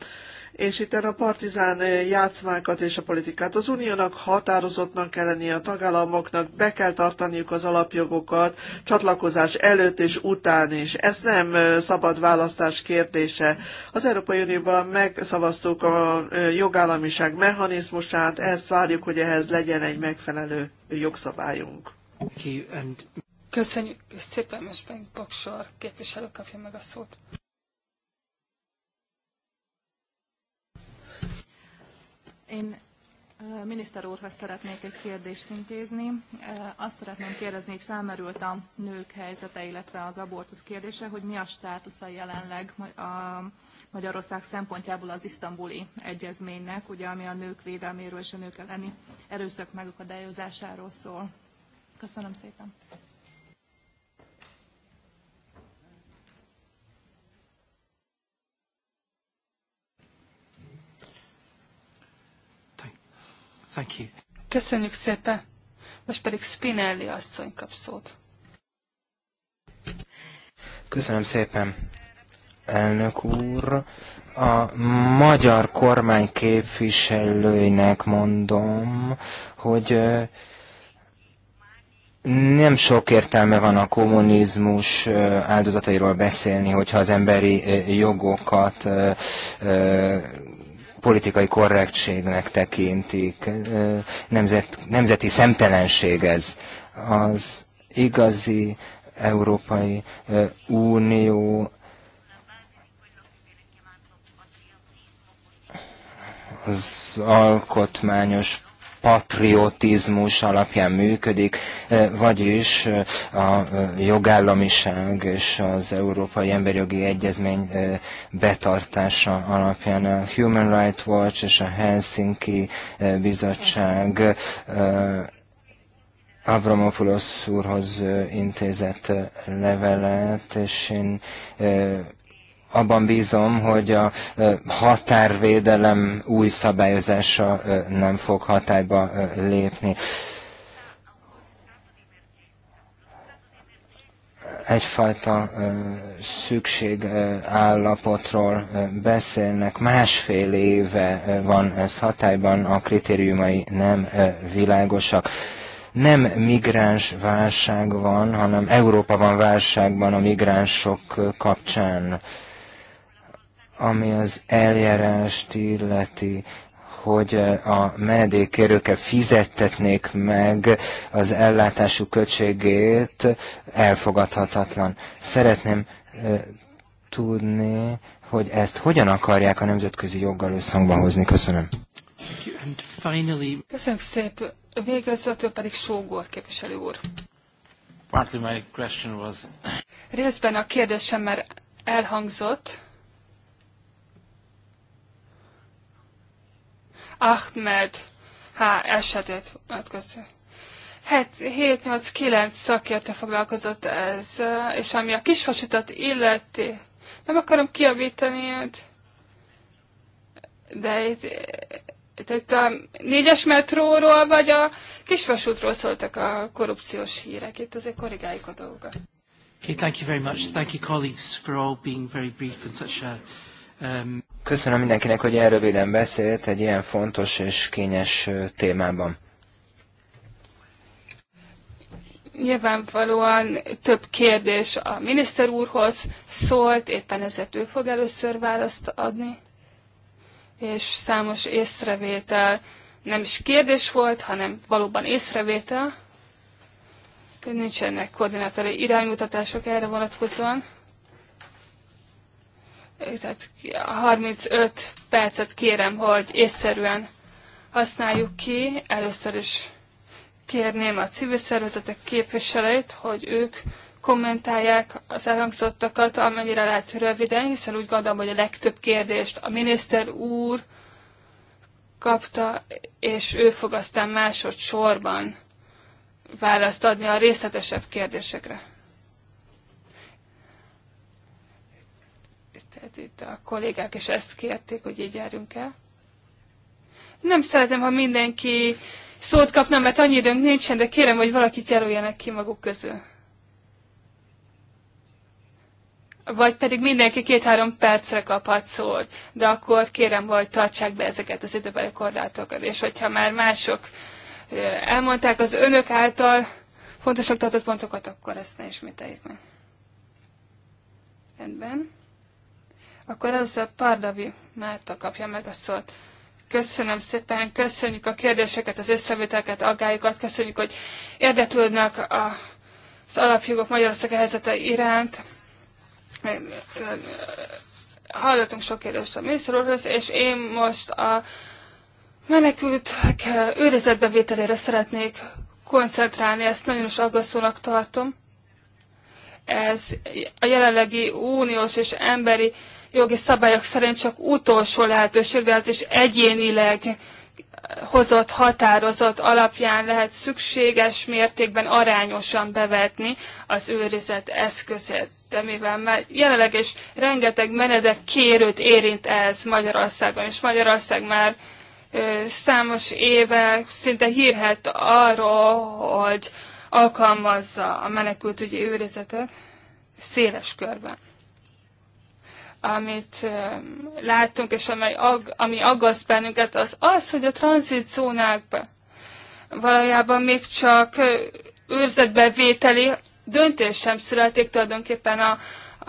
és itt a partizán játszmákat és a politikát. Az uniónak határozottnak kell lennie, a tagállamoknak be kell tartaniuk az alapjogokat csatlakozás előtt és után is. Ez nem szabad választás kérdése. Az Európai Unióban megszavaztuk a jogállamiság mechanizmusát, ezt várjuk, hogy ehhez legyen egy megfelelő jogszabályunk. Köszönjük szépen, most pedig Boksor képviselő kapja meg a szót. Én miniszter úrhoz szeretnék egy kérdést intézni. Azt szeretném kérdezni, hogy felmerült a nők helyzete, illetve az abortusz kérdése, hogy mi a státusza jelenleg a Magyarország szempontjából az isztambuli egyezménynek, ugye, ami a nők védelméről és a nők elleni erőszak megakadályozásáról szól. Köszönöm szépen. Thank you. Köszönjük szépen. Most pedig Spinelli asszony kap szót. Köszönöm szépen, elnök úr. A magyar kormány képviselőinek mondom, hogy nem sok értelme van a kommunizmus áldozatairól beszélni, hogyha az emberi jogokat politikai korrektségnek tekintik. Nemzet, nemzeti szemtelenség ez. Az igazi Európai Unió az alkotmányos patriotizmus alapján működik, eh, vagyis eh, a eh, jogállamiság és az Európai Emberjogi Egyezmény betartása alapján a Human Rights Watch és a Helsinki Bizottság Avramopoulos úrhoz intézett levelet, és én abban bízom, hogy a határvédelem új szabályozása nem fog hatályba lépni. egyfajta szükségállapotról beszélnek. Másfél éve van ez hatályban, a kritériumai nem világosak. Nem migráns válság van, hanem Európa van válságban a migránsok kapcsán. Ami az eljárást illeti, hogy eh, a menedékkérőkkel fizettetnék meg az ellátású költségét, elfogadhatatlan. Szeretném eh, tudni, hogy ezt hogyan akarják a nemzetközi joggal összhangba hozni. Köszönöm. Köszönöm szép. Végezetül pedig Sógor képviselő úr. my was... Részben a kérdésem már elhangzott, Ahmed H. esetét vonatkozóan. 7-8-9 szakértő foglalkozott ez, és ami a kisvasutat illeti, nem akarom kiavítani őt, de itt, itt, itt a négyes metróról vagy a kisvasútról szóltak a korrupciós hírek, itt azért korrigáljuk a dolgokat. Okay, thank you very much. Thank you, colleagues, for all being very brief and such a... Um... Köszönöm mindenkinek, hogy erről röviden beszélt egy ilyen fontos és kényes témában. Nyilvánvalóan több kérdés a miniszter úrhoz szólt, éppen ezért ő fog először választ adni, és számos észrevétel nem is kérdés volt, hanem valóban észrevétel. Nincsenek koordinátori iránymutatások erre vonatkozóan tehát 35 percet kérem, hogy észszerűen használjuk ki. Először is kérném a civil szervezetek képviselőit, hogy ők kommentálják az elhangzottakat, amennyire lehet röviden, hiszen úgy gondolom, hogy a legtöbb kérdést a miniszter úr kapta, és ő fog aztán másodszorban választ adni a részletesebb kérdésekre. hát itt a kollégák is ezt kérték, hogy így járjunk el. Nem szeretem, ha mindenki szót kapna, mert annyi időnk nincsen, de kérem, hogy valakit jelöljenek ki maguk közül. Vagy pedig mindenki két-három percre kaphat szót, de akkor kérem, hogy tartsák be ezeket az időbeli korlátokat, és hogyha már mások elmondták az önök által fontosak tartott pontokat, akkor ezt ne ismételjük meg. Rendben. Akkor először Pardavi Márta kapja meg a szót. Köszönöm szépen, köszönjük a kérdéseket, az észrevételket, aggályokat, köszönjük, hogy érdeklődnek a, az alapjogok Magyarország helyzete iránt. Hallottunk sok kérdést a miniszter és én most a menekültek őrizetbevételére szeretnék koncentrálni, ezt nagyon is aggasztónak tartom. Ez a jelenlegi uniós és emberi jogi szabályok szerint csak utolsó lehetőség, lehet, és egyénileg hozott határozott alapján lehet szükséges mértékben arányosan bevetni az őrizet eszközét. De mivel már jelenleg is rengeteg menedek kérőt érint ez Magyarországon, és Magyarország már számos éve szinte hírhet arról, hogy alkalmazza a menekültügyi őrizetet széles körben amit látunk és amely ag, ami aggaszt bennünket, az az, hogy a zónákban valójában még csak őrzetbevételi döntés sem születik tulajdonképpen a,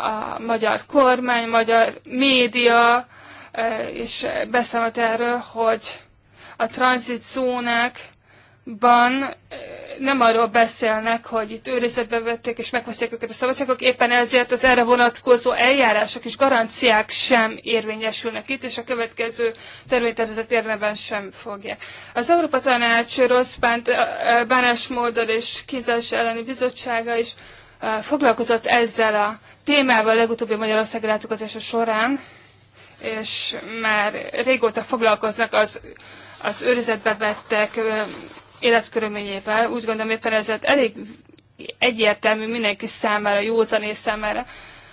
a magyar kormány, a magyar média, és beszámolt erről, hogy a zónák ban eh, nem arról beszélnek, hogy itt őrizetbe vették és megveszték őket a szabadságok, éppen ezért az erre vonatkozó eljárások és garanciák sem érvényesülnek itt, és a következő törvénytervezet érveben sem fogják. Az Európa Tanács rossz bánt, eh, eh, bánásmóddal és kintás elleni bizottsága is foglalkozott ezzel a témával a legutóbbi Magyarországi látogatása során, és már régóta foglalkoznak az, az őrizetbe vettek életkörülményével. Úgy gondolom éppen ezért elég egyértelmű mindenki számára, és számára,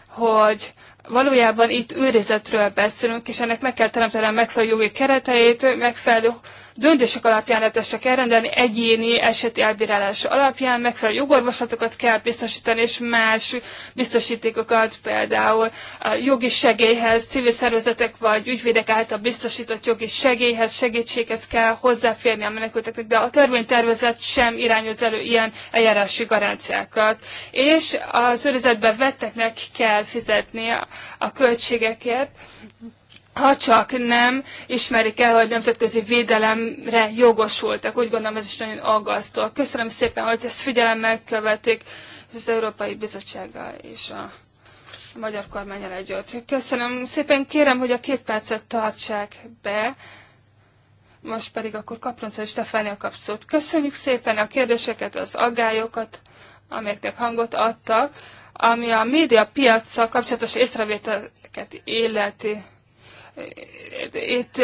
hogy valójában itt őrizetről beszélünk, és ennek meg kell teremteni a megfelelő jogi kereteit, megfelelő döntések alapján csak elrendelni, egyéni eseti elbírálás alapján megfelelő jogorvoslatokat kell biztosítani, és más biztosítékokat, például a jogi segélyhez, civil szervezetek vagy ügyvédek által biztosított jogi segélyhez, segítséghez kell hozzáférni a menekülteknek, de a törvénytervezet sem irányoz elő ilyen eljárási garanciákat. És az őrizetben vetteknek kell fizetni a költségekért, ha csak nem ismerik el, hogy nemzetközi védelemre jogosultak. Úgy gondolom, ez is nagyon aggasztó. Köszönöm szépen, hogy ezt figyelemmel követik az Európai Bizottsággal és a magyar kormányal együtt. Köszönöm szépen, kérem, hogy a két percet tartsák be. Most pedig akkor Kapronca és Stefánia kap szót. Köszönjük szépen a kérdéseket, az aggályokat, amelyeknek hangot adtak, ami a média piacsal kapcsolatos észrevételeket életi itt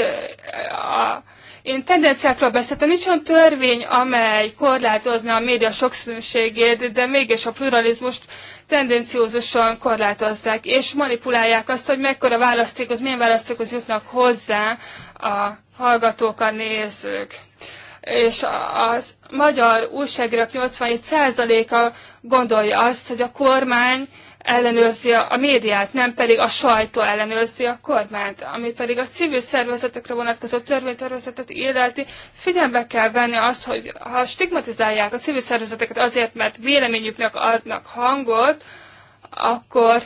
a, én tendenciákról beszéltem, nincs olyan törvény, amely korlátozna a média sokszínűségét, de mégis a pluralizmust tendenciózusan korlátozzák, és manipulálják azt, hogy mekkora választékhoz, milyen választékhoz jutnak hozzá a hallgatók, a nézők. És az magyar újságírók 87%-a gondolja azt, hogy a kormány ellenőrzi a médiát, nem pedig a sajtó ellenőrzi a kormányt, ami pedig a civil szervezetekre vonatkozó törvénytervezetet illeti. Figyelembe kell venni azt, hogy ha stigmatizálják a civil szervezeteket azért, mert véleményüknek adnak hangot, akkor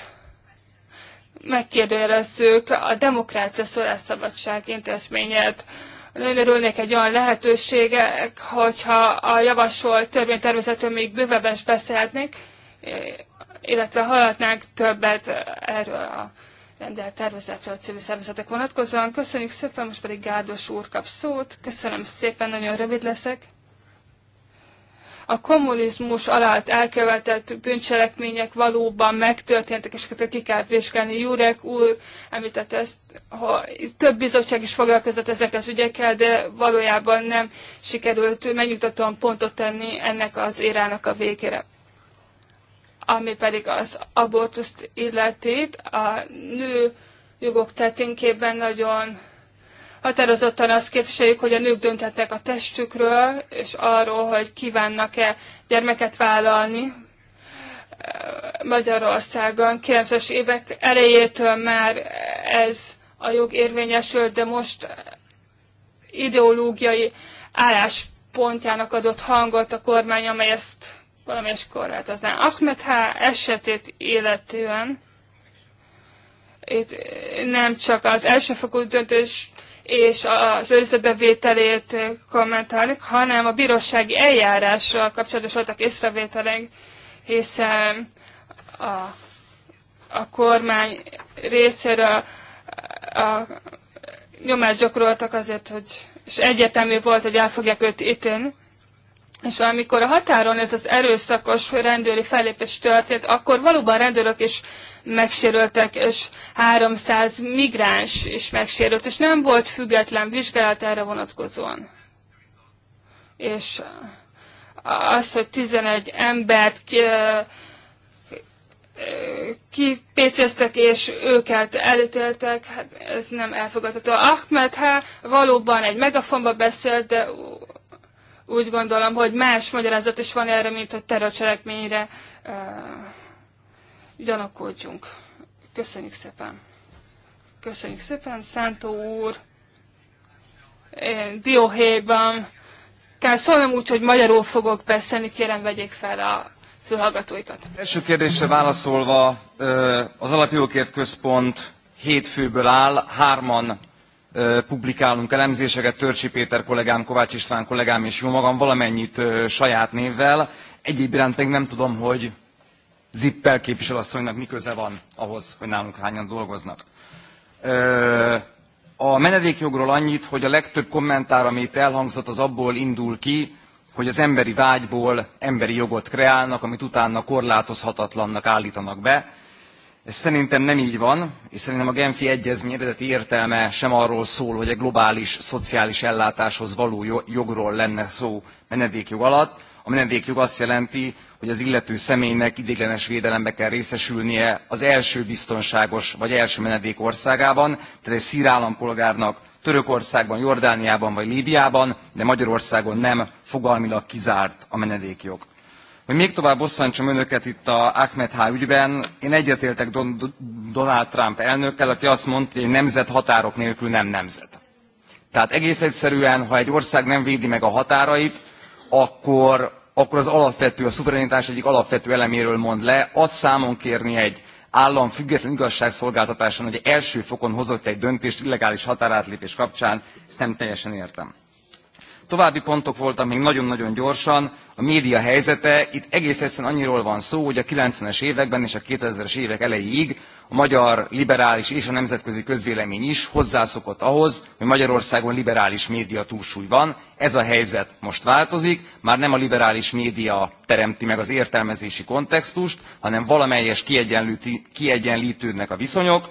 megkérdőjelezzük a demokrácia szólásszabadság intézményét. Nagyon örülnék egy olyan lehetőségek, hogyha a javasolt törvénytervezetről még bővebben is beszélhetnénk, illetve hallhatnánk többet erről a rendelt tervezetről a civil szervezetek vonatkozóan. Köszönjük szépen, most pedig Gárdos úr kap szót. Köszönöm szépen, nagyon rövid leszek. A kommunizmus alatt elkövetett bűncselekmények valóban megtörténtek, és ki kell vizsgálni. Jurek úr említette ezt, ha több bizottság is foglalkozott ezekkel az ügyekkel, de valójában nem sikerült megnyugtatóan pontot tenni ennek az érának a végére ami pedig az abortuszt illeti, a nő jogok tetinkében nagyon határozottan azt képviseljük, hogy a nők dönthetnek a testükről, és arról, hogy kívánnak-e gyermeket vállalni. Magyarországon 90-es évek elejétől már ez a jog érvényesült, de most ideológiai álláspontjának adott hangot a kormány, amely ezt valamelyes korlátozná. Ahmed H. esetét illetően itt nem csak az elsőfokú döntés és az őrizetbevételét kommentálni, hanem a bírósági eljárással kapcsolatos voltak észrevételek, hiszen a, a kormány részéről a, a nyomást gyakoroltak azért, hogy és egyetemű volt, hogy el fogják őt ítélni. És amikor a határon ez az erőszakos rendőri fellépés történt, akkor valóban rendőrök is megsérültek, és 300 migráns is megsérült, és nem volt független vizsgálat erre vonatkozóan. És az, hogy 11 embert kipécéztek és őket elítéltek, hát ez nem elfogadható. Ahmed ha valóban egy megafonba beszélt, de úgy gondolom, hogy más magyarázat is van erre, mint hogy terrorcselekményre uh, gyanakodjunk. Köszönjük szépen. Köszönjük szépen, Szántó úr. dióhéjban kell szólnom úgy, hogy magyarul fogok beszélni, kérem vegyék fel a fülhallgatóikat. Első kérdésre válaszolva, az Alapjókért Központ hét főből áll, hárman publikálunk elemzéseket, Törcsi Péter kollégám, Kovács István kollégám és jó magam valamennyit saját névvel. Egyéb iránt pedig nem tudom, hogy Zippel képviselőasszonynak mi köze van ahhoz, hogy nálunk hányan dolgoznak. A menedékjogról annyit, hogy a legtöbb kommentár, ami itt elhangzott, az abból indul ki, hogy az emberi vágyból emberi jogot kreálnak, amit utána korlátozhatatlannak állítanak be. Ez szerintem nem így van, és szerintem a Genfi Egyezmény eredeti értelme sem arról szól, hogy a globális szociális ellátáshoz való jogról lenne szó menedékjog alatt. A menedékjog azt jelenti, hogy az illető személynek idéglenes védelembe kell részesülnie az első biztonságos vagy első menedék országában, tehát egy szír állampolgárnak Törökországban, Jordániában vagy Líbiában, de Magyarországon nem fogalmilag kizárt a menedékjog. Hogy még tovább bosszantsam önöket itt a Ahmed H. ügyben, én egyetértek Don- Don- Donald Trump elnökkel, aki azt mondta, hogy egy nemzet határok nélkül nem nemzet. Tehát egész egyszerűen, ha egy ország nem védi meg a határait, akkor, akkor az alapvető, a szuverenitás egyik alapvető eleméről mond le, azt számon kérni egy állam független igazságszolgáltatáson, hogy első fokon hozott egy döntést illegális határátlépés kapcsán, ezt nem teljesen értem. További pontok voltak még nagyon-nagyon gyorsan. A média helyzete, itt egész egyszerűen annyiról van szó, hogy a 90-es években és a 2000-es évek elejéig a magyar liberális és a nemzetközi közvélemény is hozzászokott ahhoz, hogy Magyarországon liberális média túlsúly van. Ez a helyzet most változik, már nem a liberális média teremti meg az értelmezési kontextust, hanem valamelyes kiegyenlítődnek a viszonyok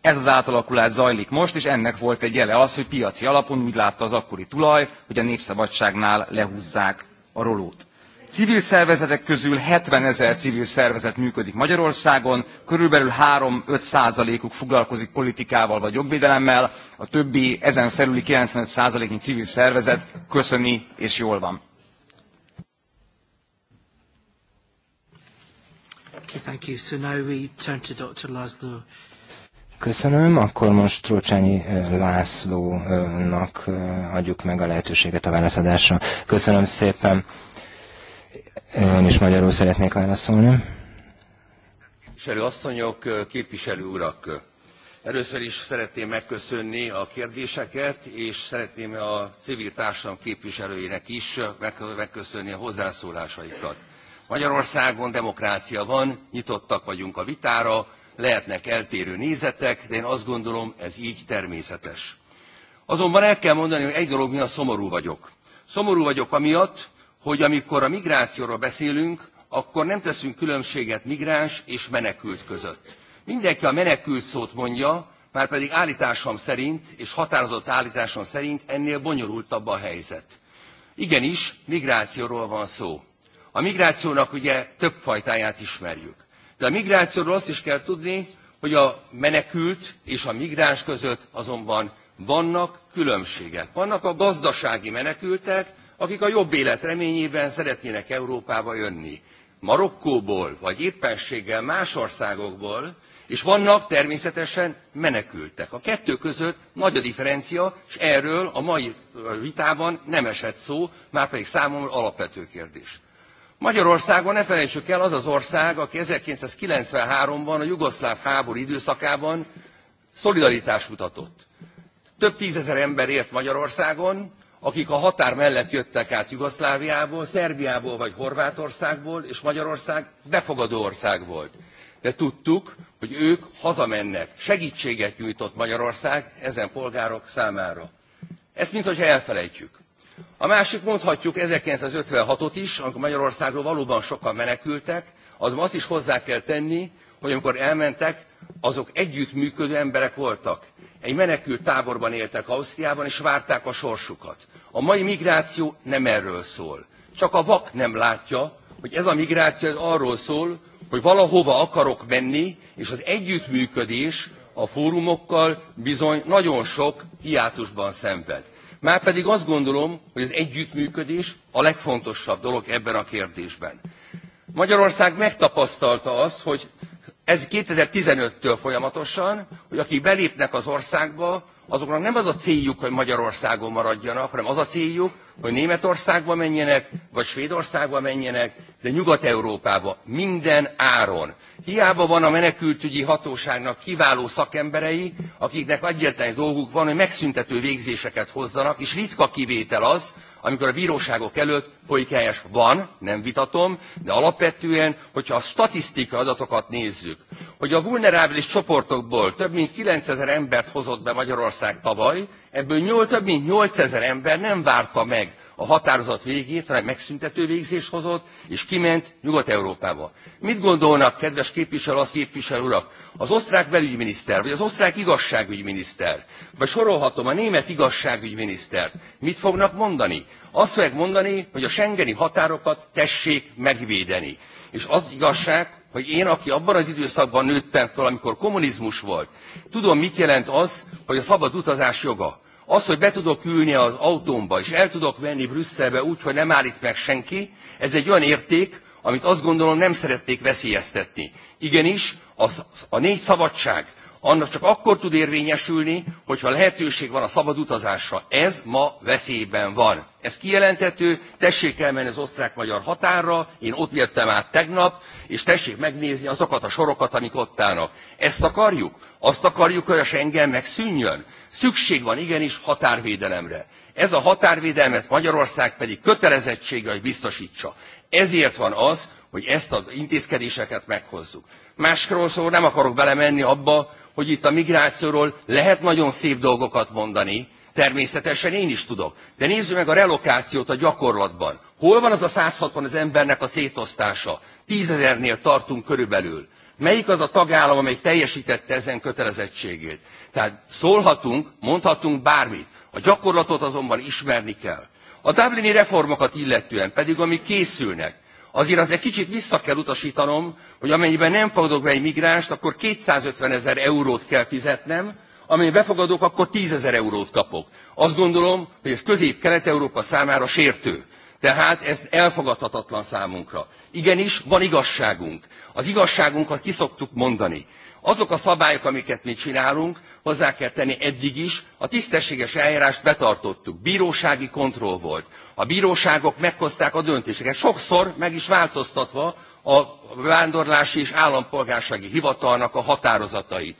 ez az átalakulás zajlik most, és ennek volt egy jele az, hogy piaci alapon úgy látta az akkori tulaj, hogy a népszabadságnál lehúzzák a rolót. Civil szervezetek közül 70 ezer civil szervezet működik Magyarországon, körülbelül 3-5 százalékuk foglalkozik politikával vagy jogvédelemmel, a többi ezen felüli 95 százaléknyi civil szervezet köszöni és jól van. Okay, thank you. So now we turn to Dr. Laszlo Köszönöm, akkor most Trócsányi eh, Lászlónak eh, adjuk meg a lehetőséget a válaszadásra. Köszönöm szépen. Én is magyarul szeretnék válaszolni. Képviselő asszonyok, eh, képviselő urak! Először is szeretném megköszönni a kérdéseket, és szeretném a civil társadalom képviselőinek is megköszönni a hozzászólásaikat. Magyarországon demokrácia van, nyitottak vagyunk a vitára, lehetnek eltérő nézetek, de én azt gondolom, ez így természetes. Azonban el kell mondani, hogy egy dolog miatt szomorú vagyok. Szomorú vagyok amiatt, hogy amikor a migrációról beszélünk, akkor nem teszünk különbséget migráns és menekült között. Mindenki a menekült szót mondja, már pedig állításom szerint, és határozott állításom szerint ennél bonyolultabb a helyzet. Igenis, migrációról van szó. A migrációnak ugye több fajtáját ismerjük. De a migrációról azt is kell tudni, hogy a menekült és a migráns között azonban vannak különbségek. Vannak a gazdasági menekültek, akik a jobb élet reményében szeretnének Európába jönni. Marokkóból, vagy éppenséggel más országokból, és vannak természetesen menekültek. A kettő között nagy a differencia, és erről a mai vitában nem esett szó, már pedig számomra alapvető kérdés. Magyarországon ne felejtsük el az az ország, aki 1993-ban a jugoszláv háború időszakában szolidaritást mutatott. Több tízezer ember élt Magyarországon, akik a határ mellett jöttek át Jugoszláviából, Szerbiából vagy Horvátországból, és Magyarország befogadó ország volt. De tudtuk, hogy ők hazamennek. Segítséget nyújtott Magyarország ezen polgárok számára. Ezt mintha elfelejtjük. A másik mondhatjuk 1956-ot is, amikor Magyarországról valóban sokan menekültek, az azt is hozzá kell tenni, hogy amikor elmentek, azok együttműködő emberek voltak. Egy menekült táborban éltek Ausztriában, és várták a sorsukat. A mai migráció nem erről szól. Csak a vak nem látja, hogy ez a migráció ez arról szól, hogy valahova akarok menni, és az együttműködés a fórumokkal bizony nagyon sok hiátusban szenved. Márpedig azt gondolom, hogy az együttműködés a legfontosabb dolog ebben a kérdésben. Magyarország megtapasztalta azt, hogy ez 2015-től folyamatosan, hogy akik belépnek az országba, azoknak nem az a céljuk, hogy Magyarországon maradjanak, hanem az a céljuk, hogy Németországba menjenek, vagy Svédországba menjenek, de Nyugat-Európába minden áron. Hiába van a menekültügyi hatóságnak kiváló szakemberei, akiknek egyetlen dolguk van, hogy megszüntető végzéseket hozzanak, és ritka kivétel az, amikor a bíróságok előtt politikájás van, nem vitatom, de alapvetően, hogyha a statisztika adatokat nézzük, hogy a vulnerábilis csoportokból több mint 9000 embert hozott be Magyarország tavaly, Ebből nyolc, több mint 8000 ember nem várta meg a határozat végét, hanem megszüntető végzés hozott, és kiment Nyugat-Európába. Mit gondolnak, kedves képviselő, azt képviselő urak, az osztrák belügyminiszter, vagy az osztrák igazságügyminiszter, vagy sorolhatom a német igazságügyminisztert, mit fognak mondani? Azt fogják mondani, hogy a Schengeni határokat tessék megvédeni. És az igazság, hogy én, aki abban az időszakban nőttem fel, amikor kommunizmus volt, tudom, mit jelent az, hogy a szabad utazás joga. Az, hogy be tudok ülni az autómba, és el tudok menni Brüsszelbe úgy, hogy nem állít meg senki, ez egy olyan érték, amit azt gondolom nem szerették veszélyeztetni. Igenis, az, a négy szabadság, annak csak akkor tud érvényesülni, hogyha lehetőség van a szabad utazásra. Ez ma veszélyben van. Ez kijelenthető, tessék elmenni az osztrák-magyar határra, én ott jöttem át tegnap, és tessék megnézni azokat a sorokat, amik ott állnak. Ezt akarjuk? Azt akarjuk, hogy a Schengen megszűnjön? Szükség van igenis határvédelemre. Ez a határvédelmet Magyarország pedig kötelezettsége, hogy biztosítsa. Ezért van az, hogy ezt az intézkedéseket meghozzuk. Másról szó nem akarok belemenni abba, hogy itt a migrációról lehet nagyon szép dolgokat mondani, természetesen én is tudok. De nézzük meg a relokációt a gyakorlatban. Hol van az a 160 az embernek a szétosztása? Tízezernél tartunk körülbelül. Melyik az a tagállam, amely teljesítette ezen kötelezettségét? Tehát szólhatunk, mondhatunk bármit. A gyakorlatot azonban ismerni kell. A Dublini reformokat illetően pedig, amik készülnek, azért az egy kicsit vissza kell utasítanom, hogy amennyiben nem fogadok be egy migránst, akkor 250 ezer eurót kell fizetnem, amennyiben befogadok, akkor 10 ezer eurót kapok. Azt gondolom, hogy ez közép-kelet-európa számára sértő. Tehát ez elfogadhatatlan számunkra. Igenis, van igazságunk. Az igazságunkat ki szoktuk mondani. Azok a szabályok, amiket mi csinálunk, hozzá kell tenni eddig is, a tisztességes eljárást betartottuk. Bírósági kontroll volt. A bíróságok meghozták a döntéseket, sokszor meg is változtatva a vándorlási és állampolgársági hivatalnak a határozatait.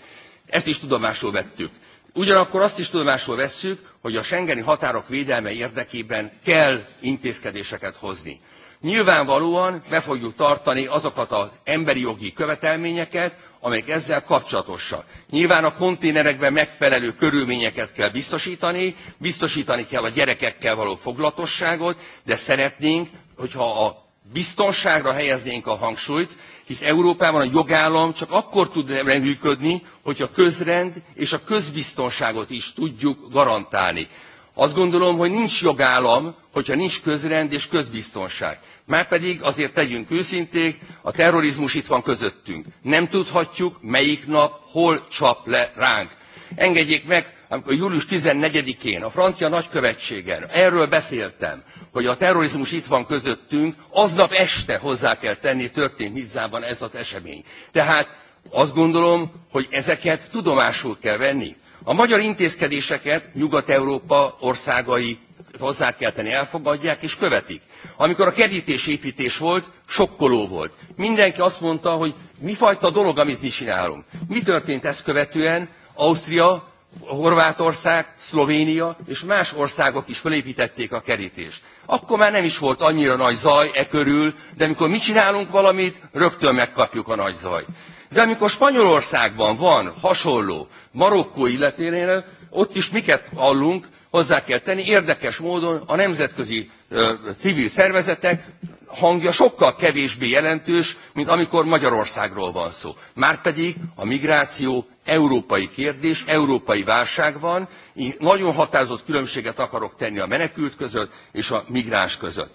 Ezt is tudomásul vettük. Ugyanakkor azt is tudomásul vesszük, hogy a Schengeni határok védelme érdekében kell intézkedéseket hozni. Nyilvánvalóan be fogjuk tartani azokat az emberi jogi követelményeket, amelyek ezzel kapcsolatosak. Nyilván a konténerekben megfelelő körülményeket kell biztosítani, biztosítani kell a gyerekekkel való foglatosságot, de szeretnénk, hogyha a biztonságra helyeznénk a hangsúlyt, hisz Európában a jogállam csak akkor tud működni, hogyha a közrend és a közbiztonságot is tudjuk garantálni. Azt gondolom, hogy nincs jogállam, hogyha nincs közrend és közbiztonság. Márpedig azért tegyünk őszinték, a terrorizmus itt van közöttünk. Nem tudhatjuk, melyik nap hol csap le ránk. Engedjék meg, amikor július 14-én a francia nagykövetségen erről beszéltem, hogy a terrorizmus itt van közöttünk, aznap este hozzá kell tenni, történt Nizzában ez az esemény. Tehát azt gondolom, hogy ezeket tudomásul kell venni. A magyar intézkedéseket Nyugat-Európa országai hozzá kell tenni, elfogadják és követik. Amikor a kerítés építés volt, sokkoló volt. Mindenki azt mondta, hogy mi fajta dolog, amit mi csinálunk. Mi történt ezt követően? Ausztria Horvátország, Szlovénia és más országok is felépítették a kerítést. Akkor már nem is volt annyira nagy zaj e körül, de amikor mi csinálunk valamit, rögtön megkapjuk a nagy zajt. De amikor Spanyolországban van hasonló marokkó illeténél, ott is miket hallunk, hozzá kell tenni, érdekes módon a nemzetközi ö, civil szervezetek hangja sokkal kevésbé jelentős, mint amikor Magyarországról van szó. Márpedig a migráció európai kérdés, európai válság van, én nagyon határozott különbséget akarok tenni a menekült között és a migráns között.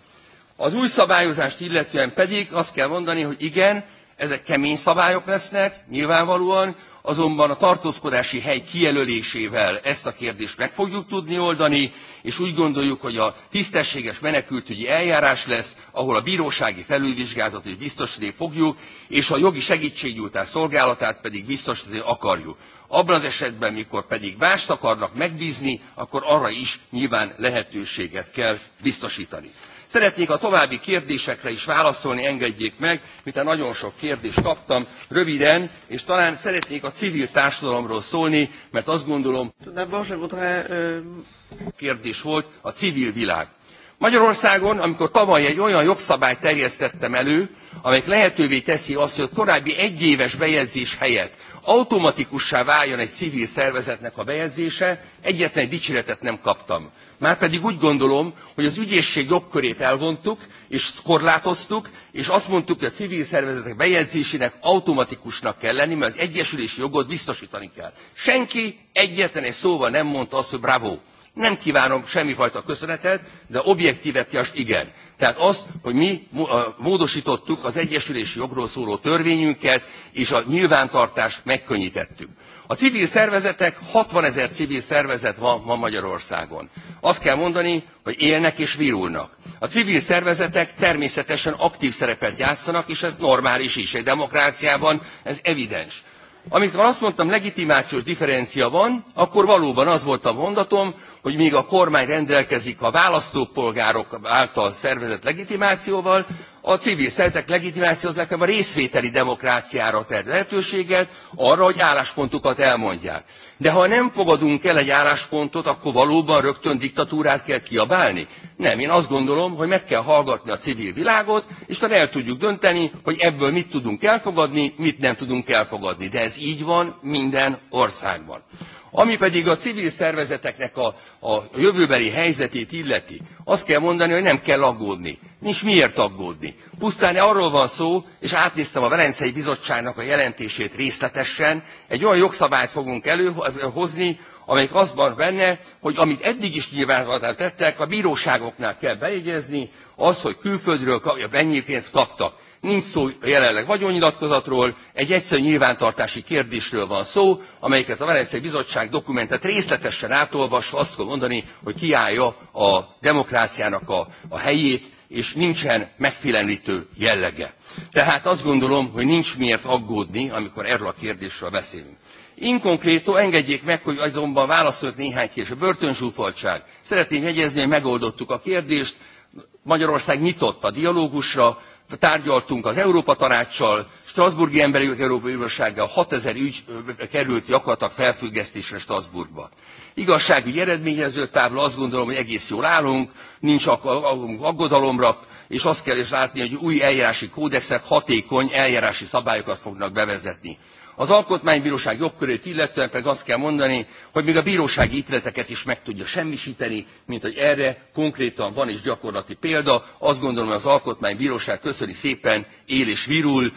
Az új szabályozást illetően pedig azt kell mondani, hogy igen, ezek kemény szabályok lesznek, nyilvánvalóan, azonban a tartózkodási hely kijelölésével ezt a kérdést meg fogjuk tudni oldani, és úgy gondoljuk, hogy a tisztességes menekültügyi eljárás lesz, ahol a bírósági felülvizsgálatot is biztosítani fogjuk, és a jogi segítségnyújtás szolgálatát pedig biztosítani akarjuk. Abban az esetben, mikor pedig mást akarnak megbízni, akkor arra is nyilván lehetőséget kell biztosítani. Szeretnék a további kérdésekre is válaszolni, engedjék meg, a nagyon sok kérdést kaptam, röviden, és talán szeretnék a civil társadalomról szólni, mert azt gondolom, euh, kérdés volt a civil világ. Magyarországon, amikor tavaly egy olyan jogszabályt terjesztettem elő, amely lehetővé teszi azt, hogy a korábbi egyéves bejegyzés helyett automatikussá váljon egy civil szervezetnek a bejegyzése, egyetlen dicséretet nem kaptam. Márpedig úgy gondolom, hogy az ügyészség jogkörét elvontuk, és korlátoztuk, és azt mondtuk, hogy a civil szervezetek bejegyzésének automatikusnak kell lenni, mert az egyesülési jogot biztosítani kell. Senki egyetlen egy szóval nem mondta azt, hogy bravo. Nem kívánom semmifajta köszönetet, de objektívet jast igen. Tehát azt, hogy mi módosítottuk az egyesülési jogról szóló törvényünket, és a nyilvántartást megkönnyítettük. A civil szervezetek, 60 ezer civil szervezet van ma Magyarországon. Azt kell mondani, hogy élnek és virulnak. A civil szervezetek természetesen aktív szerepet játszanak, és ez normális is. Egy demokráciában ez evidens. Amikor azt mondtam, legitimációs differencia van, akkor valóban az volt a mondatom, hogy míg a kormány rendelkezik a választópolgárok által szervezett legitimációval, a civil szervezetek legitimációhoz nekem a részvételi demokráciára tett lehetőséget, arra, hogy álláspontokat elmondják. De ha nem fogadunk el egy álláspontot, akkor valóban rögtön diktatúrát kell kiabálni? Nem, én azt gondolom, hogy meg kell hallgatni a civil világot, és akkor el tudjuk dönteni, hogy ebből mit tudunk elfogadni, mit nem tudunk elfogadni. De ez így van minden országban. Ami pedig a civil szervezeteknek a, a jövőbeli helyzetét illeti, azt kell mondani, hogy nem kell aggódni. Nincs miért aggódni. Pusztán arról van szó, és átnéztem a Velencei Bizottságnak a jelentését részletesen, egy olyan jogszabályt fogunk előhozni, eh, amelyik azt van benne, hogy amit eddig is nyilvánvalóan tettek, a bíróságoknál kell bejegyezni, az, hogy külföldről mennyi pénzt kaptak nincs szó jelenleg vagyonnyilatkozatról, egy egyszerű nyilvántartási kérdésről van szó, amelyeket a Velencei Bizottság dokumentet részletesen átolvasva azt kell mondani, hogy kiállja a demokráciának a, a helyét, és nincsen megfélemlítő jellege. Tehát azt gondolom, hogy nincs miért aggódni, amikor erről a kérdésről beszélünk. Inkonkrétó, engedjék meg, hogy azonban válaszolt néhány kérdés. A börtönzsúfoltság. Szeretném jegyezni, hogy megoldottuk a kérdést, Magyarország nyitott a dialógusra, tárgyaltunk az Európa Tanácssal, Strasburgi Emberi Jogok Európai Bírósággal 6000 ügy került gyakorlatilag felfüggesztésre Strasbourgba. Igazságügyi eredményező tábla, azt gondolom, hogy egész jól állunk, nincs aggodalomra, és azt kell is látni, hogy új eljárási kódexek hatékony eljárási szabályokat fognak bevezetni. Az alkotmánybíróság jogkörét illetően pedig azt kell mondani, hogy még a bírósági ítéleteket is meg tudja semmisíteni, mint hogy erre konkrétan van is gyakorlati példa. Azt gondolom, hogy az alkotmánybíróság köszöni szépen, él és virul.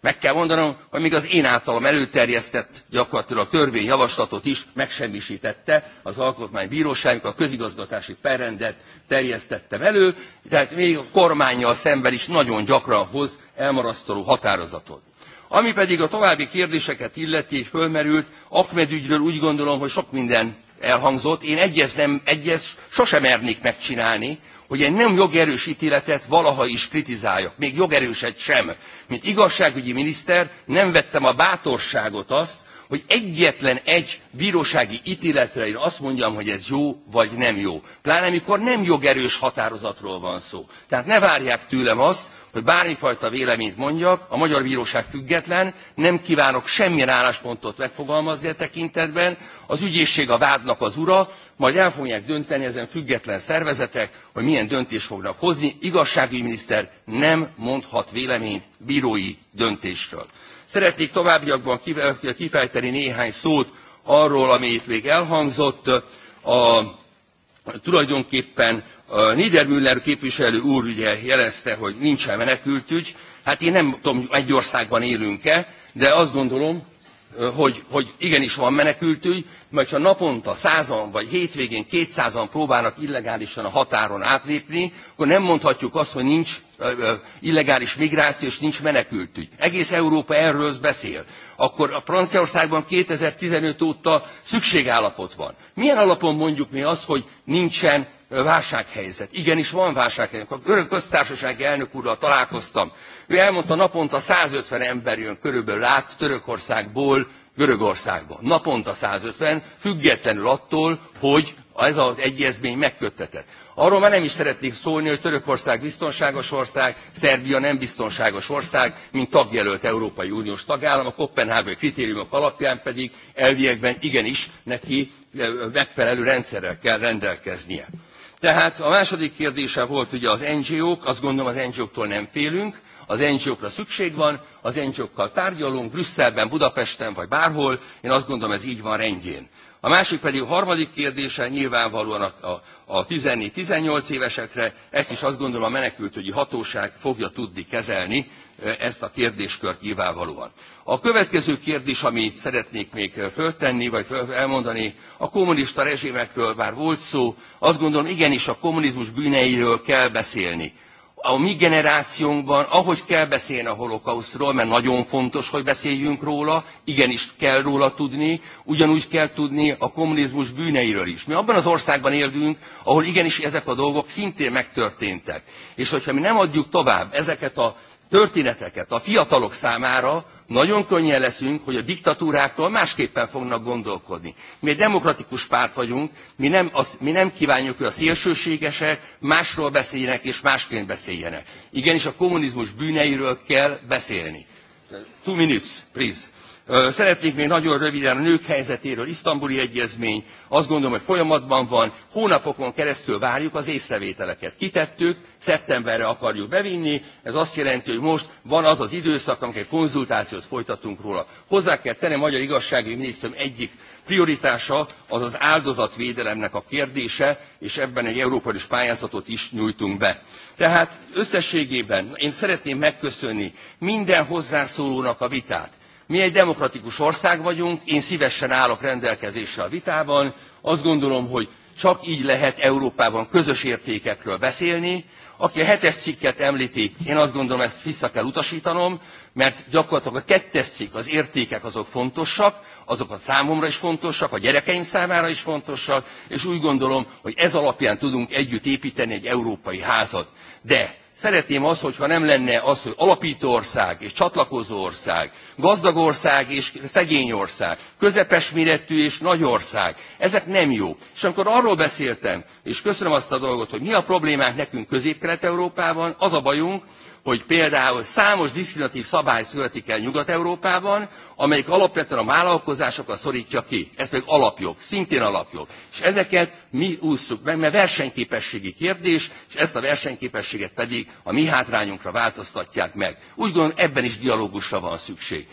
Meg kell mondanom, hogy még az én általam előterjesztett gyakorlatilag törvényjavaslatot is megsemmisítette az alkotmánybíróság, a közigazgatási perrendet terjesztettem elő, tehát még a kormányjal szemben is nagyon gyakran hoz elmarasztaló határozatot. Ami pedig a további kérdéseket illeti, így fölmerült, Akmed ügyről úgy gondolom, hogy sok minden elhangzott. Én egyes, nem, egyes sosem mernék megcsinálni, hogy egy nem jogerős ítéletet valaha is kritizáljak, még jogerőset sem. Mint igazságügyi miniszter nem vettem a bátorságot azt, hogy egyetlen egy bírósági ítéletre én azt mondjam, hogy ez jó vagy nem jó. Pláne amikor nem jogerős határozatról van szó. Tehát ne várják tőlem azt, hogy bármifajta véleményt mondjak, a Magyar Bíróság független, nem kívánok semmilyen álláspontot megfogalmazni a e tekintetben, az ügyészség a vádnak az ura, majd el fogják dönteni ezen független szervezetek, hogy milyen döntés fognak hozni. Igazságügyminiszter nem mondhat véleményt bírói döntésről. Szeretnék továbbiakban kifejteni néhány szót arról, ami itt még elhangzott, a, tulajdonképpen a Niedermüller képviselő úr ugye jelezte, hogy nincsen menekültügy. Hát én nem tudom, egy országban élünk-e, de azt gondolom, hogy, hogy igenis van menekültügy, mert ha naponta százan vagy hétvégén kétszázan próbálnak illegálisan a határon átlépni, akkor nem mondhatjuk azt, hogy nincs illegális migráció és nincs menekültügy. Egész Európa erről beszél. Akkor a Franciaországban 2015 óta szükségállapot van. Milyen alapon mondjuk mi azt, hogy nincsen válsághelyzet. Igenis van válsághelyzet. A görög köztársasági elnök úrral találkoztam. Ő elmondta, naponta 150 ember jön körülbelül át Törökországból Görögországba. Naponta 150, függetlenül attól, hogy ez az egyezmény megköttetett. Arról már nem is szeretnék szólni, hogy Törökország biztonságos ország, Szerbia nem biztonságos ország, mint tagjelölt Európai Uniós tagállam, a kopenhágai kritériumok alapján pedig elviekben igenis neki eh, megfelelő rendszerrel kell rendelkeznie. Tehát a második kérdése volt ugye az NGO-k, azt gondolom az NGO-któl nem félünk, az NGO-kra szükség van, az NGO-kkal tárgyalunk, Brüsszelben, Budapesten vagy bárhol, én azt gondolom ez így van rendjén. A másik pedig a harmadik kérdése nyilvánvalóan a, a, a 14-18 évesekre. Ezt is azt gondolom a menekültügyi hatóság fogja tudni kezelni ezt a kérdéskört nyilvánvalóan. A következő kérdés, amit szeretnék még föltenni, vagy elmondani, a kommunista rezsimekről már volt szó, azt gondolom igenis a kommunizmus bűneiről kell beszélni a mi generációnkban, ahogy kell beszélni a holokausztról, mert nagyon fontos, hogy beszéljünk róla, igenis kell róla tudni, ugyanúgy kell tudni a kommunizmus bűneiről is. Mi abban az országban élünk, ahol igenis ezek a dolgok szintén megtörténtek. És hogyha mi nem adjuk tovább ezeket a történeteket a fiatalok számára, nagyon könnyen leszünk, hogy a diktatúrákkal másképpen fognak gondolkodni. Mi egy demokratikus párt vagyunk, mi nem, az, mi nem kívánjuk, hogy a szélsőségesek másról beszéljenek és másként beszéljenek. Igenis a kommunizmus bűneiről kell beszélni. Two minutes, please. Szeretnék még nagyon röviden a nők helyzetéről, isztambuli egyezmény, azt gondolom, hogy folyamatban van, hónapokon keresztül várjuk az észrevételeket. Kitettük, szeptemberre akarjuk bevinni, ez azt jelenti, hogy most van az az időszak, amikor konzultációt folytatunk róla. Hozzá kell tenni a Magyar Igazsági Minisztérium egyik prioritása az az áldozatvédelemnek a kérdése, és ebben egy európai pályázatot is nyújtunk be. Tehát összességében én szeretném megköszönni minden hozzászólónak a vitát. Mi egy demokratikus ország vagyunk, én szívesen állok rendelkezésre a vitában. Azt gondolom, hogy csak így lehet Európában közös értékekről beszélni. Aki a hetes cikket említi, én azt gondolom, ezt vissza kell utasítanom, mert gyakorlatilag a kettes cikk, az értékek azok fontosak, azok a számomra is fontosak, a gyerekeim számára is fontosak, és úgy gondolom, hogy ez alapján tudunk együtt építeni egy európai házat. De Szeretném azt, hogyha nem lenne az, hogy alapító ország és csatlakozó ország, gazdag ország és szegény ország, közepes méretű és nagy ország. Ezek nem jó. És amikor arról beszéltem, és köszönöm azt a dolgot, hogy mi a problémánk nekünk Közép-Kelet-Európában, az a bajunk, hogy például számos diszkriminatív szabály születik el Nyugat-Európában, amelyik alapvetően a vállalkozásokat szorítja ki. Ez meg alapjog, szintén alapjog. És ezeket mi ússzuk meg, mert versenyképességi kérdés, és ezt a versenyképességet pedig a mi hátrányunkra változtatják meg. Úgy gondolom, ebben is dialógusra van szükség.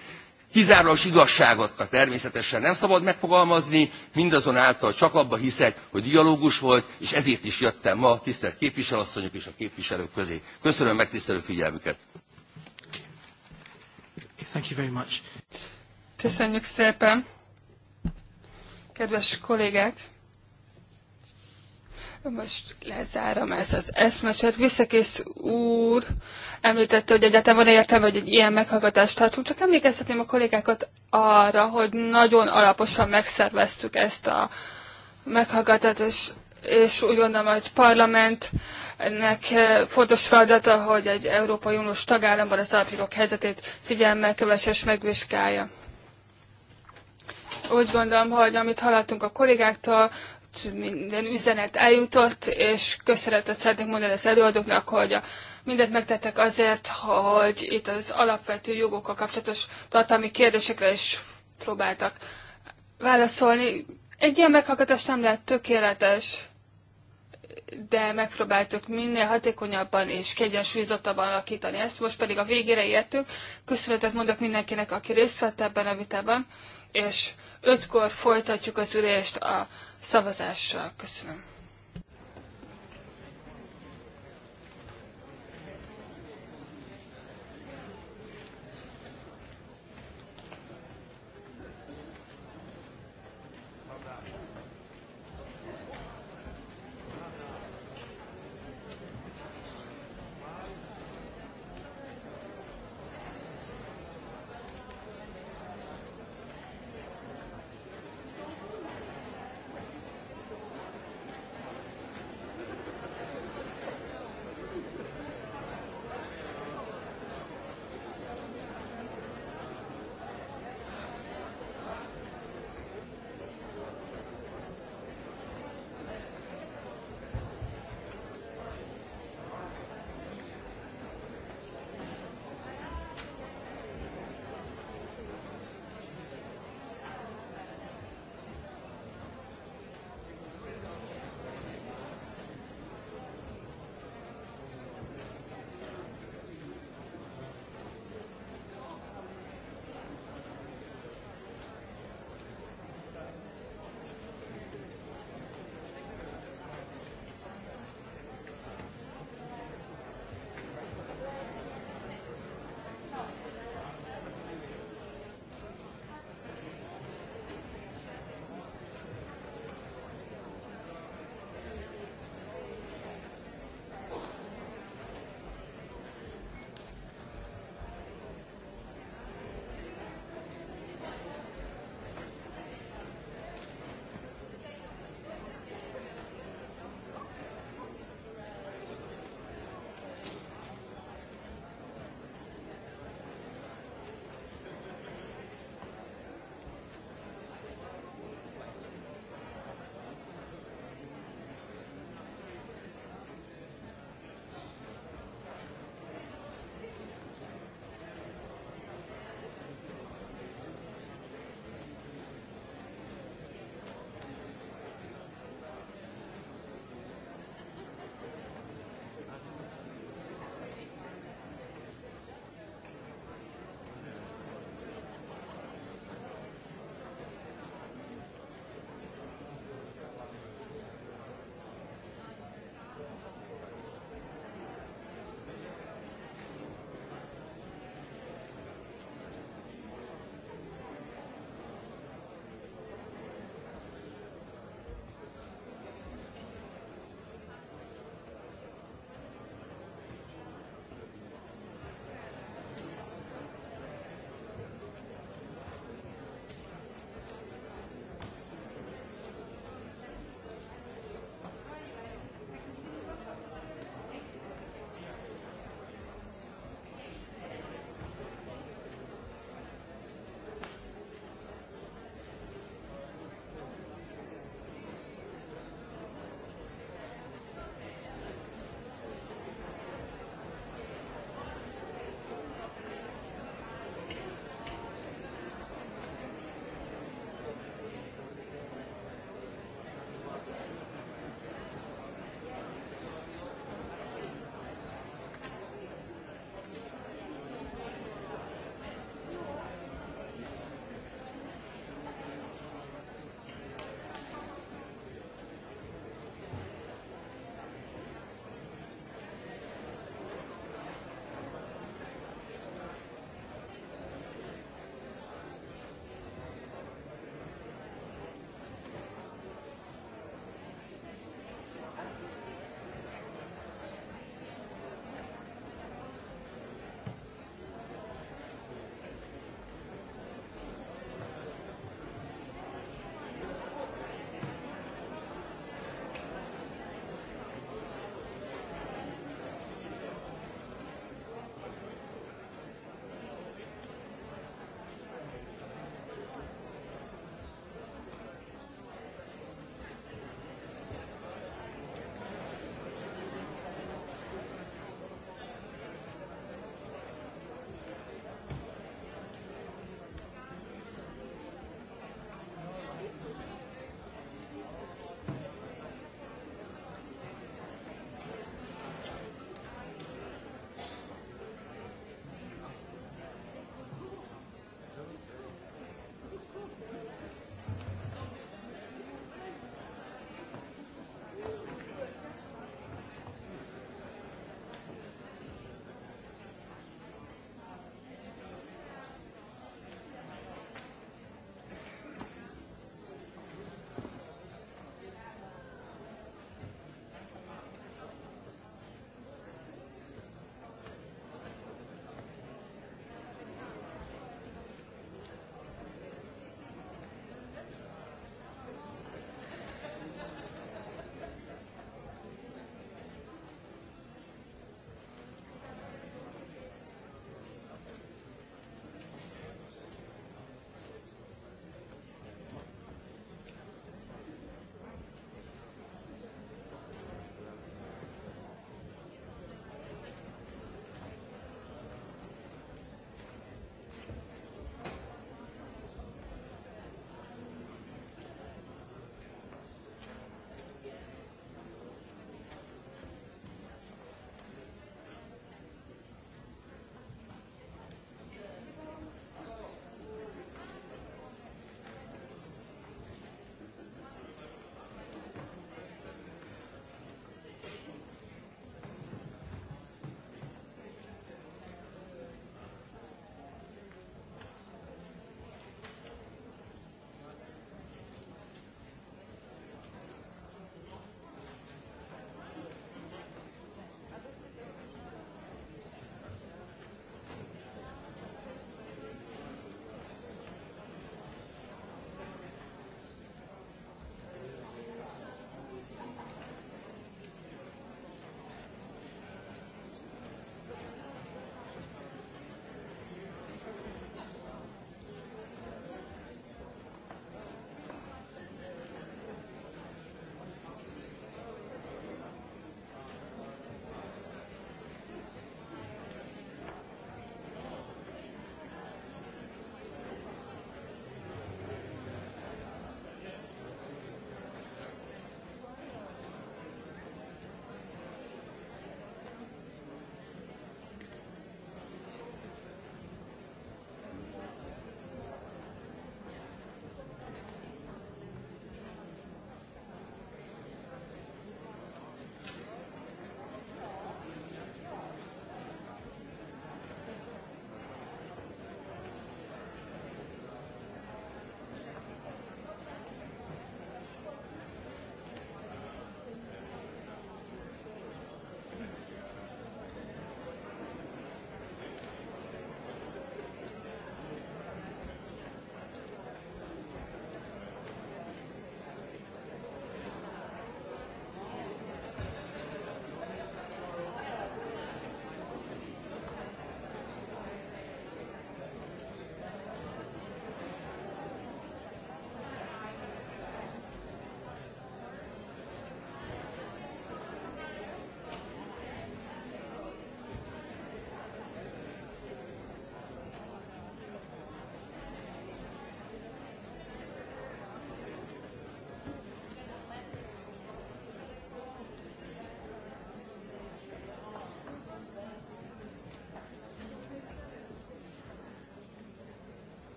Kizárólagos igazságot természetesen nem szabad megfogalmazni, mindazonáltal csak abba hiszek, hogy dialógus volt, és ezért is jöttem ma, tisztelt képviselőasszonyok és a képviselők közé. Köszönöm megtisztelő figyelmüket. Thank you very much. Köszönjük szépen. Kedves kollégák! Most lezárom ezt az eszmecset. Visszakész úr említette, hogy egyáltalán van értelme, hogy egy ilyen meghallgatást tartsunk. Csak emlékeztetném a kollégákat arra, hogy nagyon alaposan megszerveztük ezt a meghallgatást, és, és úgy gondolom, hogy parlamentnek fontos feladata, hogy egy Európai Uniós tagállamban az alapjogok helyzetét figyelmel kövesse és megvizsgálja úgy gondolom, hogy amit hallottunk a kollégáktól, minden üzenet eljutott, és köszönetet szeretnék mondani az előadóknak, hogy a, mindent megtettek azért, hogy itt az alapvető jogokkal kapcsolatos tartalmi kérdésekre is próbáltak válaszolni. Egy ilyen meghallgatás nem lehet tökéletes, de megpróbáltuk minél hatékonyabban és kegyensúlyozottabban alakítani ezt. Most pedig a végére értünk. Köszönetet mondok mindenkinek, aki részt vett ebben a vitában, és ötkor folytatjuk az ülést a szavazással. Köszönöm.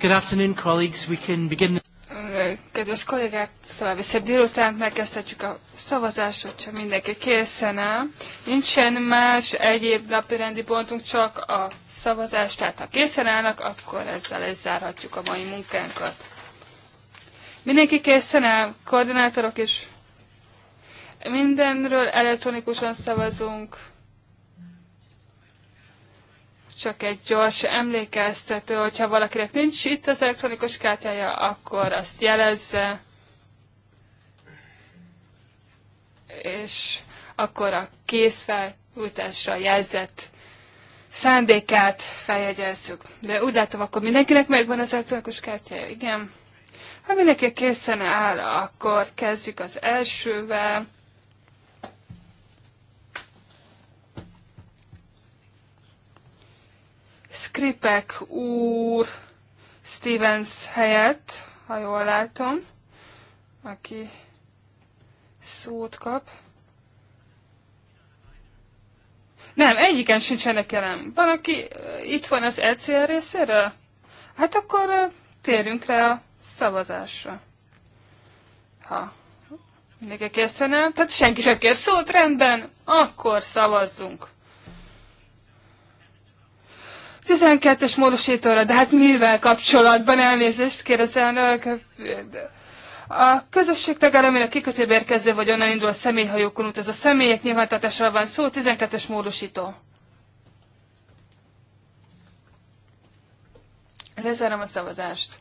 Good afternoon, colleagues. We can begin the... Kedves kollégák, további szép délután megkezdhetjük a szavazást, hogyha mindenki készen áll. Nincsen más egyéb napi rendi pontunk, csak a szavazást, tehát ha készen állnak, akkor ezzel is zárhatjuk a mai munkánkat. Mindenki készen áll, koordinátorok is. Mindenről elektronikusan szavazunk csak egy gyors emlékeztető, hogyha valakinek nincs itt az elektronikus kártyája, akkor azt jelezze, és akkor a készfelújtásra jelzett szándékát feljegyezzük. De úgy látom, akkor mindenkinek megvan az elektronikus kártyája, igen. Ha mindenki készen áll, akkor kezdjük az elsővel. Skripek úr Stevens helyett, ha jól látom, aki szót kap. Nem, egyiken sincsenek jelen. Van, aki itt van az ECR részéről? Hát akkor térjünk rá a szavazásra. Ha mindenki készen el, tehát senki sem kér szót, rendben, akkor szavazzunk. 12-es módosítóra, de hát mivel kapcsolatban elnézést kér az elnök? A közösség tagállamának kikötőbe érkező vagy onnan indul a személyhajókon a személyek nyilvántartásra van szó, 12-es módosító. Lezárom a szavazást.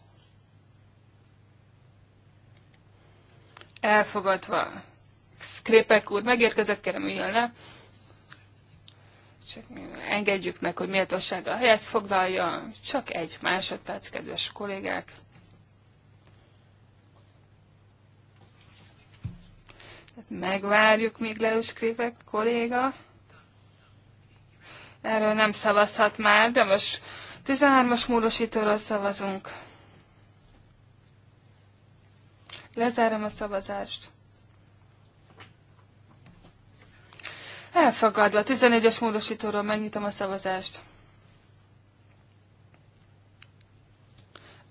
Elfogadva. Skrépek úr megérkezett, kérem üljön le. Csak engedjük meg, hogy méltósággal helyet foglalja. Csak egy másodperc, kedves kollégák. Megvárjuk, míg leüskrivek kolléga. Erről nem szavazhat már, de most 13-as módosítóról szavazunk. Lezárom a szavazást. Elfogadva. 11-es módosítóról megnyitom a szavazást.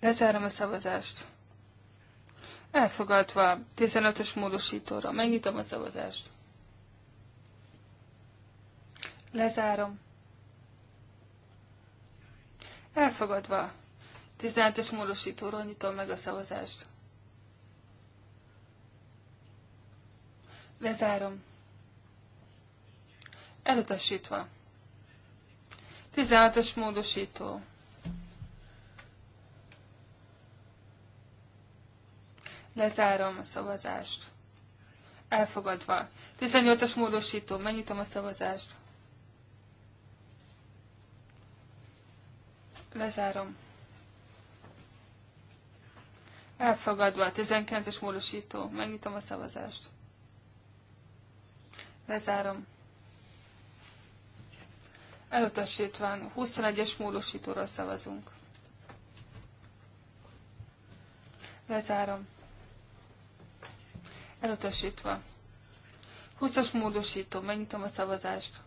Lezárom a szavazást. Elfogadva. 15-ös módosítóra. Megnyitom a szavazást. Lezárom. Elfogadva. 15 es módosítóról nyitom meg a szavazást. Lezárom. Elutasítva. 16-os módosító. Lezárom a szavazást. Elfogadva. 18-as módosító. Megnyitom a szavazást. Lezárom. Elfogadva. 19-es módosító. Megnyitom a szavazást. Lezárom. Elutasítva, 21-es módosítóra szavazunk. Lezárom. Elutasítva. 20-as módosító, megnyitom a szavazást.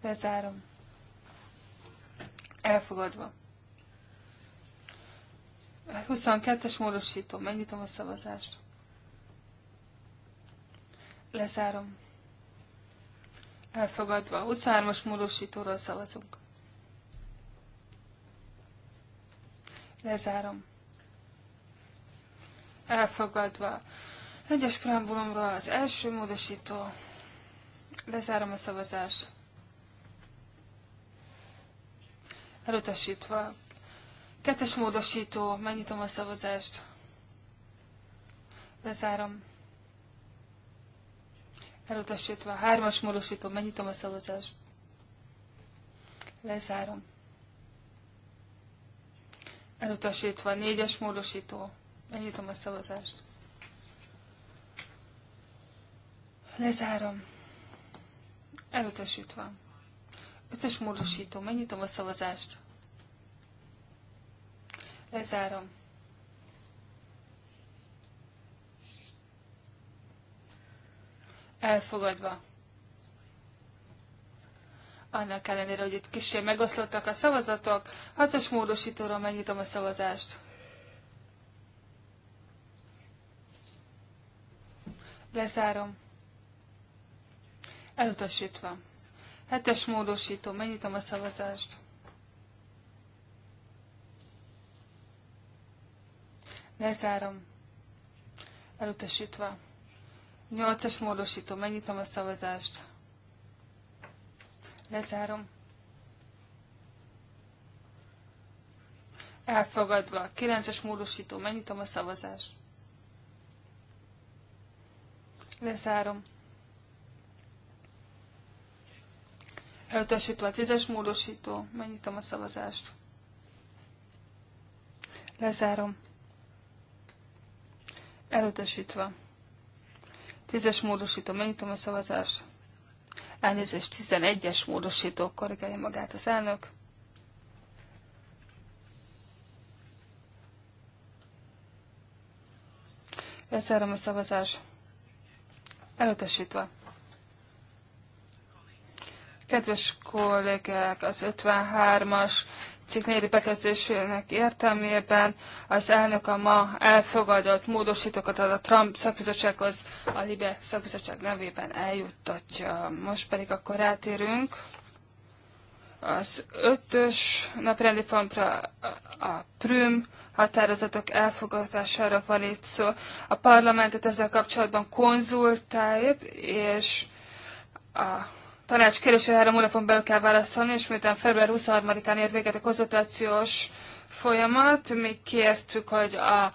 Lezárom. Elfogadva. 22-es módosító, megnyitom a szavazást. Lezárom. Elfogadva 23-as módosítóról szavazunk. Lezárom. Elfogadva. Egyes preambulumról az első módosító. Lezárom a szavazás. Elutasítva. Kettes módosító. Megnyitom a szavazást. Lezárom elutasítva. Hármas módosító, megnyitom a szavazást. Lezárom. Elutasítva, négyes módosító, megnyitom a szavazást. Lezárom. Elutasítva. Ötös módosító, megnyitom a szavazást. Lezárom. elfogadva. Annak ellenére, hogy itt kicsi megoszlottak a szavazatok, hatos módosítóról megnyitom a szavazást. Lezárom. Elutasítva. Hetes módosító, megnyitom a szavazást. Lezárom. Elutasítva. Nyolcas módosító, megnyitom a szavazást. Lezárom. Elfogadva. Kilences módosító, megnyitom a szavazást. Lezárom. Elutasítva a tízes módosító, megnyitom a szavazást. Lezárom. Elutasítva. Tízes módosító, megnyitom a szavazást. Elnézést, 11-es módosító, korrigálja magát az elnök. Leszárom a szavazás. Elutasítva. Kedves kollégák, az 53-as cikknéri bekezdésének értelmében az elnök a ma elfogadott módosítókat a Trump szakbizottsághoz a Libe szakbizottság nevében eljuttatja. Most pedig akkor rátérünk az ötös naprendi pontra a Prüm határozatok elfogadására van itt szó. A parlamentet ezzel kapcsolatban konzultáljuk, és a tanács kérdésére három hónapon belül kell válaszolni, és miután február 23-án ér véget a konzultációs folyamat, mi kértük, hogy a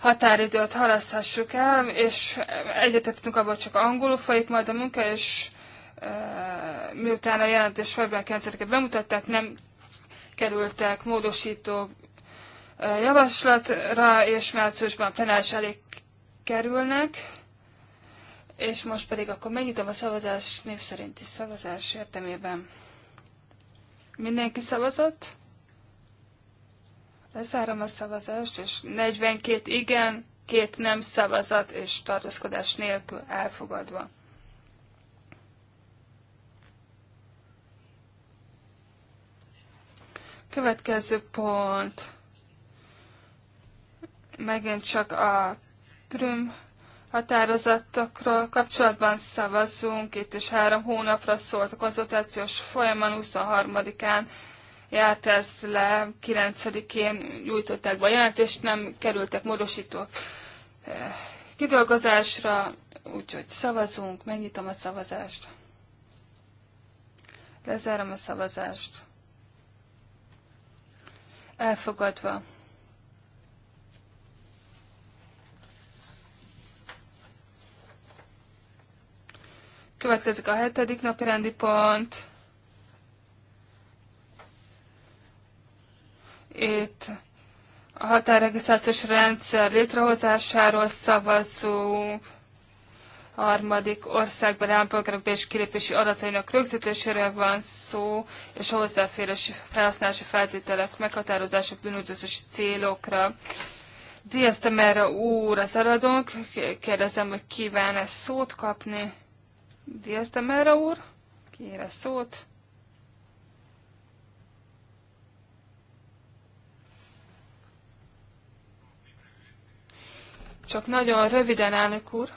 határidőt halaszthassuk el, és egyetettünk abban, csak angolul folyik majd a munka, és e, miután a jelentés február 9-et bemutatták, nem kerültek módosító javaslatra, és márciusban a plenáris elé kerülnek és most pedig akkor megnyitom a szavazás név szerinti szavazás értelmében. Mindenki szavazott? Lezárom a szavazást, és 42 igen, két nem szavazat és tartózkodás nélkül elfogadva. Következő pont. Megint csak a prüm határozatokról kapcsolatban szavazunk, itt és három hónapra szólt a konzultációs folyaman 23-án járt ez le, 9-én nyújtották be a jelentést, nem kerültek módosítók eh, kidolgozásra, úgyhogy szavazunk, megnyitom a szavazást. Lezárom a szavazást. Elfogadva. Következik a hetedik napi rendi pont. Itt a határregisztrációs rendszer létrehozásáról szavazunk, harmadik országban állampolgárok és kilépési adatainak rögzítéséről van szó, és a hozzáférési felhasználási feltételek meghatározása bűnüldözési célokra. Díjeztem erre úr az előadónk, kérdezem, hogy kíván ezt szót kapni. Diaz de Mera úr, kiére szót. Csak nagyon röviden, elnök úr.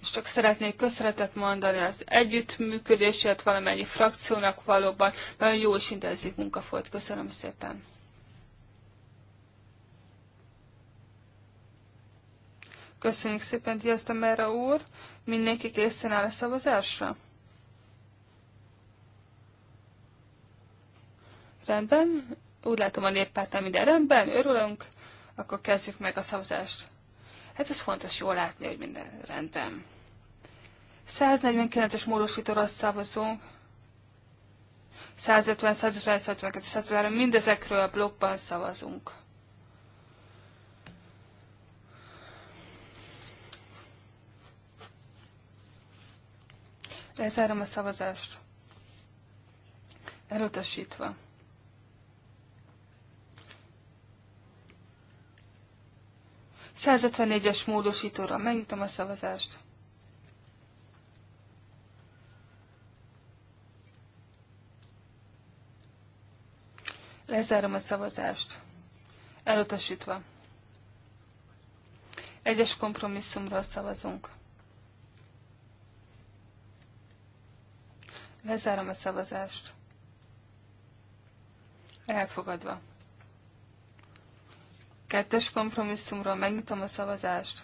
És csak szeretnék köszönetet mondani az együttműködésért valamennyi frakciónak valóban. Nagyon jó és intenzív munka volt. Köszönöm szépen. Köszönjük szépen, Diazda Mera úr. Mindenki készen áll a szavazásra? Rendben. Úgy látom a néppártán minden rendben, örülünk. Akkor kezdjük meg a szavazást. Hát ez fontos jól látni, hogy minden rendben. 149-es módosítóra szavazunk. 150, 150, 152, 153, mindezekről a blogban szavazunk. Lezárom a szavazást. Elutasítva. es módosítóra megnyitom a szavazást. Lezárom a szavazást. Elutasítva. Egyes kompromisszumról szavazunk. Lezárom a szavazást. Elfogadva. Kettes kompromisszumról megnyitom a szavazást.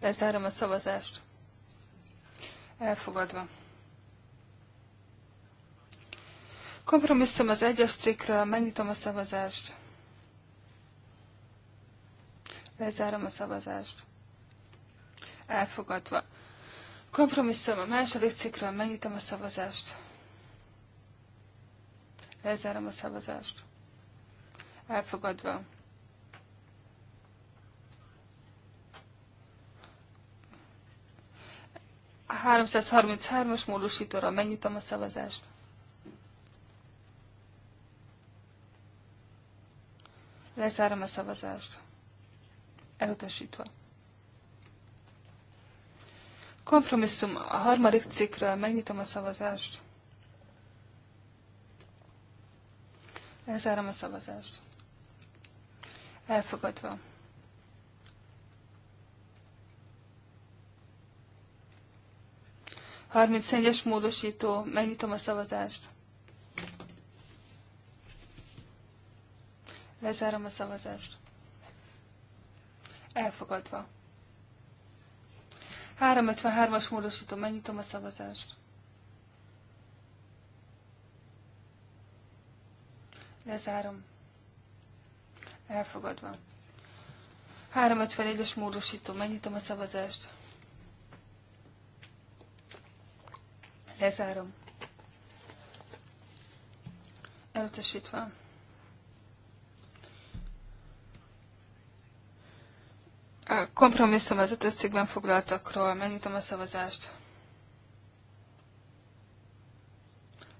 Lezárom a szavazást. Elfogadva. Kompromisszum az egyes cikkről, megnyitom a szavazást. Lezárom a szavazást elfogadva. Kompromisszum a második cikről. megnyitom a szavazást. Lezárom a szavazást. Elfogadva. A 333-as módosítóra megnyitom a szavazást. Lezárom a szavazást. Elutasítva. Kompromisszum a harmadik cikkről. Megnyitom a szavazást. Elzárom a szavazást. Elfogadva. Harminc szennyes módosító. Megnyitom a szavazást. Lezárom a szavazást. Elfogadva. 353-as módosítom, megnyitom a szavazást. Lezárom. Elfogadva. 351-es módosító, megnyitom a szavazást. Lezárom. Elutasítva. kompromisszum az ötös cikkben foglaltakról. Megnyitom a szavazást.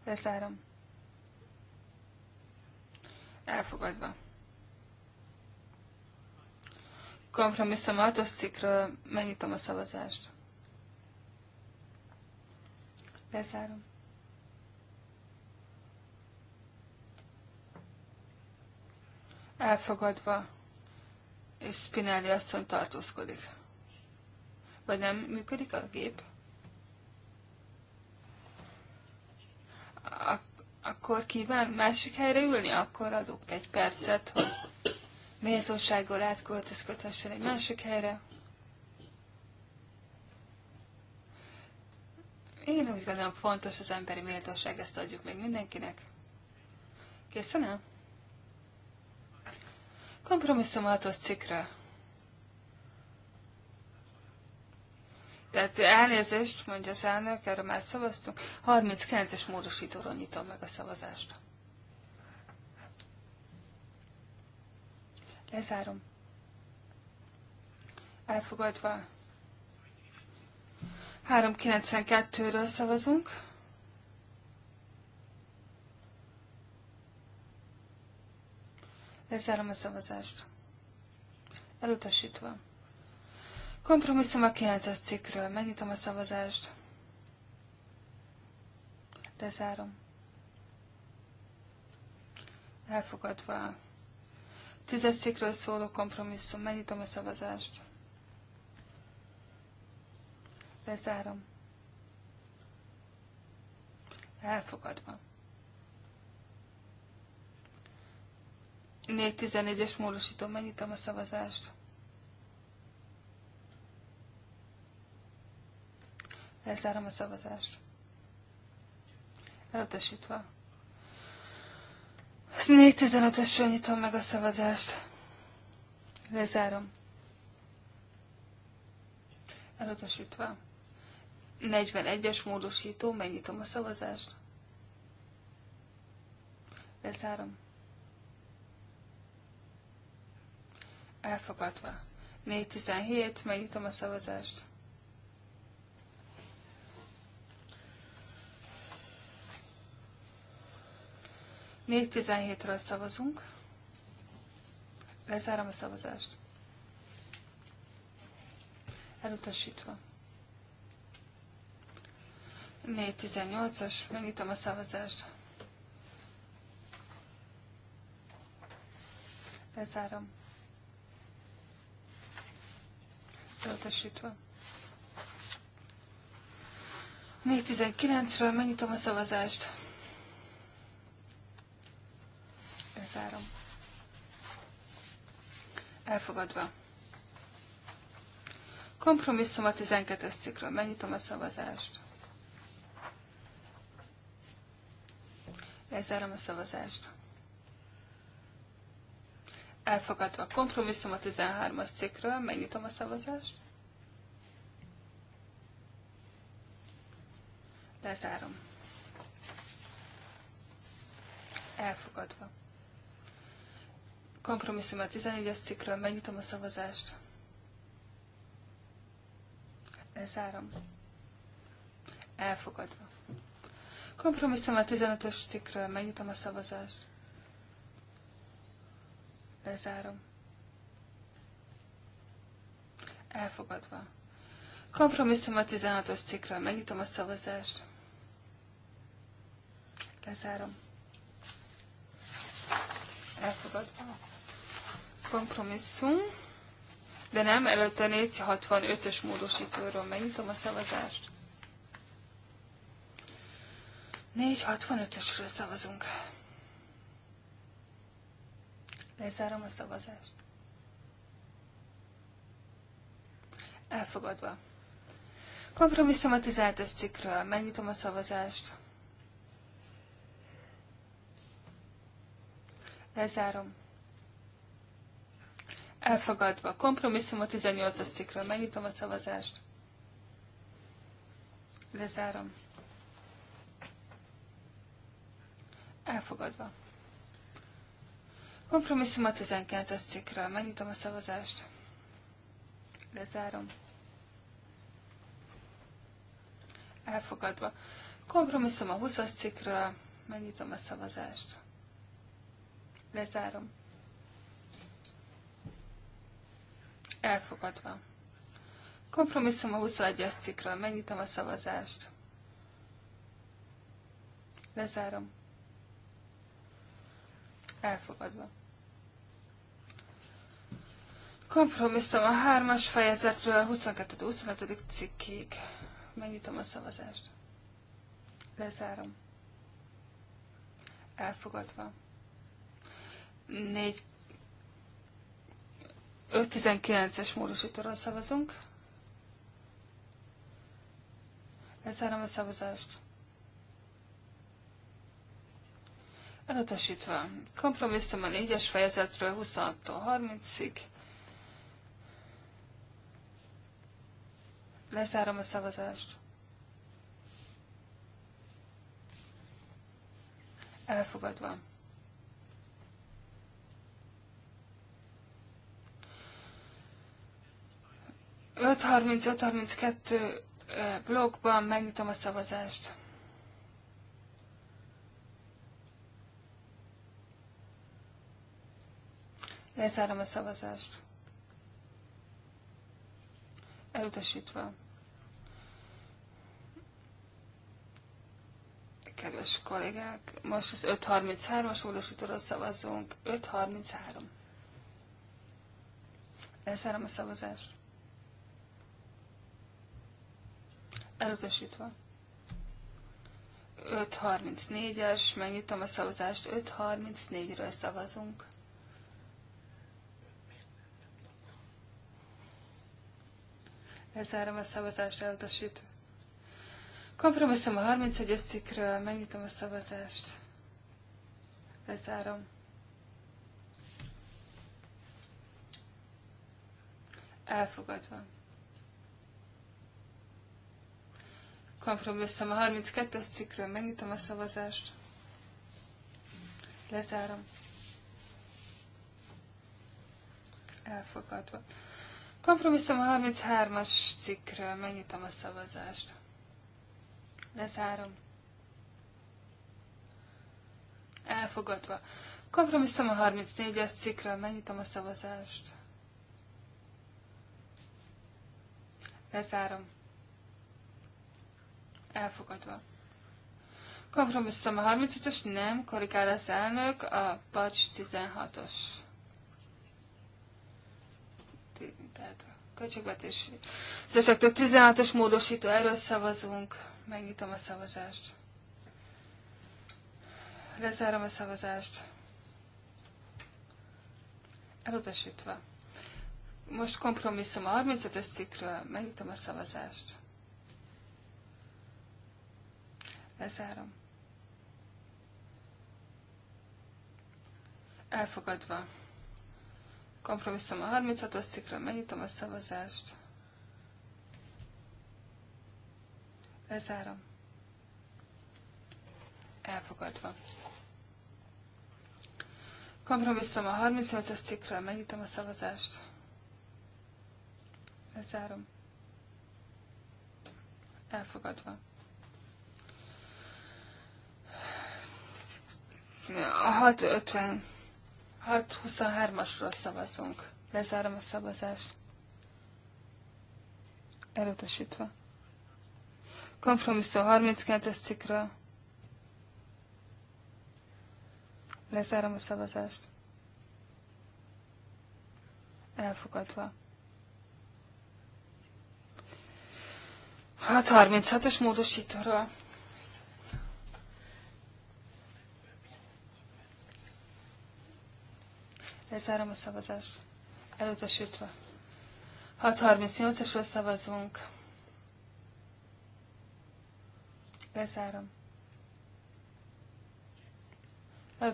Lezárom. Elfogadva. Kompromisszum a hatos cikkről. Megnyitom a szavazást. Lezárom. Elfogadva és Spinelli asszony tartózkodik. Vagy nem működik a gép? Ak- akkor kíván másik helyre ülni? Akkor adok egy percet, hogy méltósággal átköltözködhessen egy másik helyre. Én úgy gondolom fontos az emberi méltóság, ezt adjuk meg mindenkinek. Köszönöm kompromisszum hatos cikkre. Tehát elnézést, mondja az elnök, erre már szavaztunk. 39-es módosítóról nyitom meg a szavazást. Lezárom. Elfogadva. 392-ről szavazunk. Lezárom a szavazást. Elutasítva. Kompromisszum a 9-es cikkről. Megnyitom a szavazást. Lezárom. Elfogadva. Tízes cikkről szóló kompromisszum. Megnyitom a szavazást. Lezárom. Elfogadva. 4.14-es módosító, megnyitom a szavazást. Lezárom a szavazást. Elutasítva. 4.15-ösről nyitom meg a szavazást. Lezárom. Elutasítva. 41-es módosító, megnyitom a szavazást. Lezárom. Elfogadva. 417, megnyitom a szavazást. Négy tizenhétről szavazunk. Lezárom a szavazást. Elutasítva. Négy tizennyolcas, megnyitom a szavazást. Lezárom. elutasítva. 4.19-ről megnyitom a szavazást. Bezárom. Elfogadva. Kompromisszum a 12-es cikről. Megnyitom a szavazást. Lezárom a szavazást. Elfogadva a kompromisszum a 13-as cikkről, megnyitom a szavazást. Lezárom. Elfogadva. Kompromisszum a 14-es cikkről, megnyitom a szavazást. Lezárom. Elfogadva. Kompromisszum a 15-ös cikkről, megnyitom a szavazást. Bezárom. Elfogadva. Kompromisszum a 16-os cikkről. Megnyitom a szavazást. Lezárom. Elfogadva. Kompromisszum. De nem, előtte 465-ös módosítóról megnyitom a szavazást. 465-ösről szavazunk. Lezárom a szavazást. Elfogadva. Kompromisszum a 17-es cikkről. Megnyitom a szavazást. Lezárom. Elfogadva. Kompromisszum a 18-as cikkről. Megnyitom a szavazást. Lezárom. Elfogadva. Kompromisszum a 19 cikkre, cikkről. Megnyitom a szavazást. Lezárom. Elfogadva. Kompromisszum a 20-as cikkről. Megnyitom a szavazást. Lezárom. Elfogadva. Kompromisszum a 21-es cikkről. Megnyitom a szavazást. Lezárom. Elfogadva. Kompromisszum a hármas fejezetről 22-25. cikkig. Megnyitom a szavazást. Lezárom. Elfogadva. 4 519 es módosítóról szavazunk. Lezárom a szavazást. Elutasítva. Kompromisszum a 4-es fejezetről 26 30-ig. Lezárom a szavazást. Elfogadva. Öt harminc, öt harminc kettő blogban megnyitom a szavazást. Lezárom a szavazást. Elutasítva. kedves kollégák. Most az 533-as módosítóról szavazunk. 533. Lezárom a szavazást. Elutasítva. 534-es, megnyitom a szavazást, 534-ről szavazunk. Lezárom a szavazást elutasítva. Kompromisszum a 31-es cikkről, megnyitom a szavazást. Lezárom. Elfogadva. Kompromisszum a 32-es cikkről, megnyitom a szavazást. Lezárom. Elfogadva. Kompromisszum a 33-as cikkről, megnyitom a szavazást. Lezárom. Elfogadva. Kompromisszom a 34-es cikkről. Megnyitom a szavazást. Lezárom. Elfogadva. Kompromisszom a 35-ös, nem, korrigál az elnök, a pacs 16-os. Tehát költségvetési. Bizottságtól 16-os módosító, erről szavazunk megnyitom a szavazást. Lezárom a szavazást. Elutasítva. Most kompromisszum a 35-ös cikkről. Megnyitom a szavazást. Lezárom. Elfogadva. Kompromisszum a 36-os cikkről. Megnyitom a szavazást. Lezárom. Elfogadva. Kompromisszum a 38-as cikkről. Megnyitom a szavazást. Lezárom. Elfogadva. A 6.50, 6.23-asról szavazunk. Lezárom a szavazást. Elutasítva. Kompromisszum 39-es cikkről. Lezárom a szavazást. Elfogadva. 636-os módosítóról. Lezárom a szavazást. Elutasítva. 638-asról szavazunk.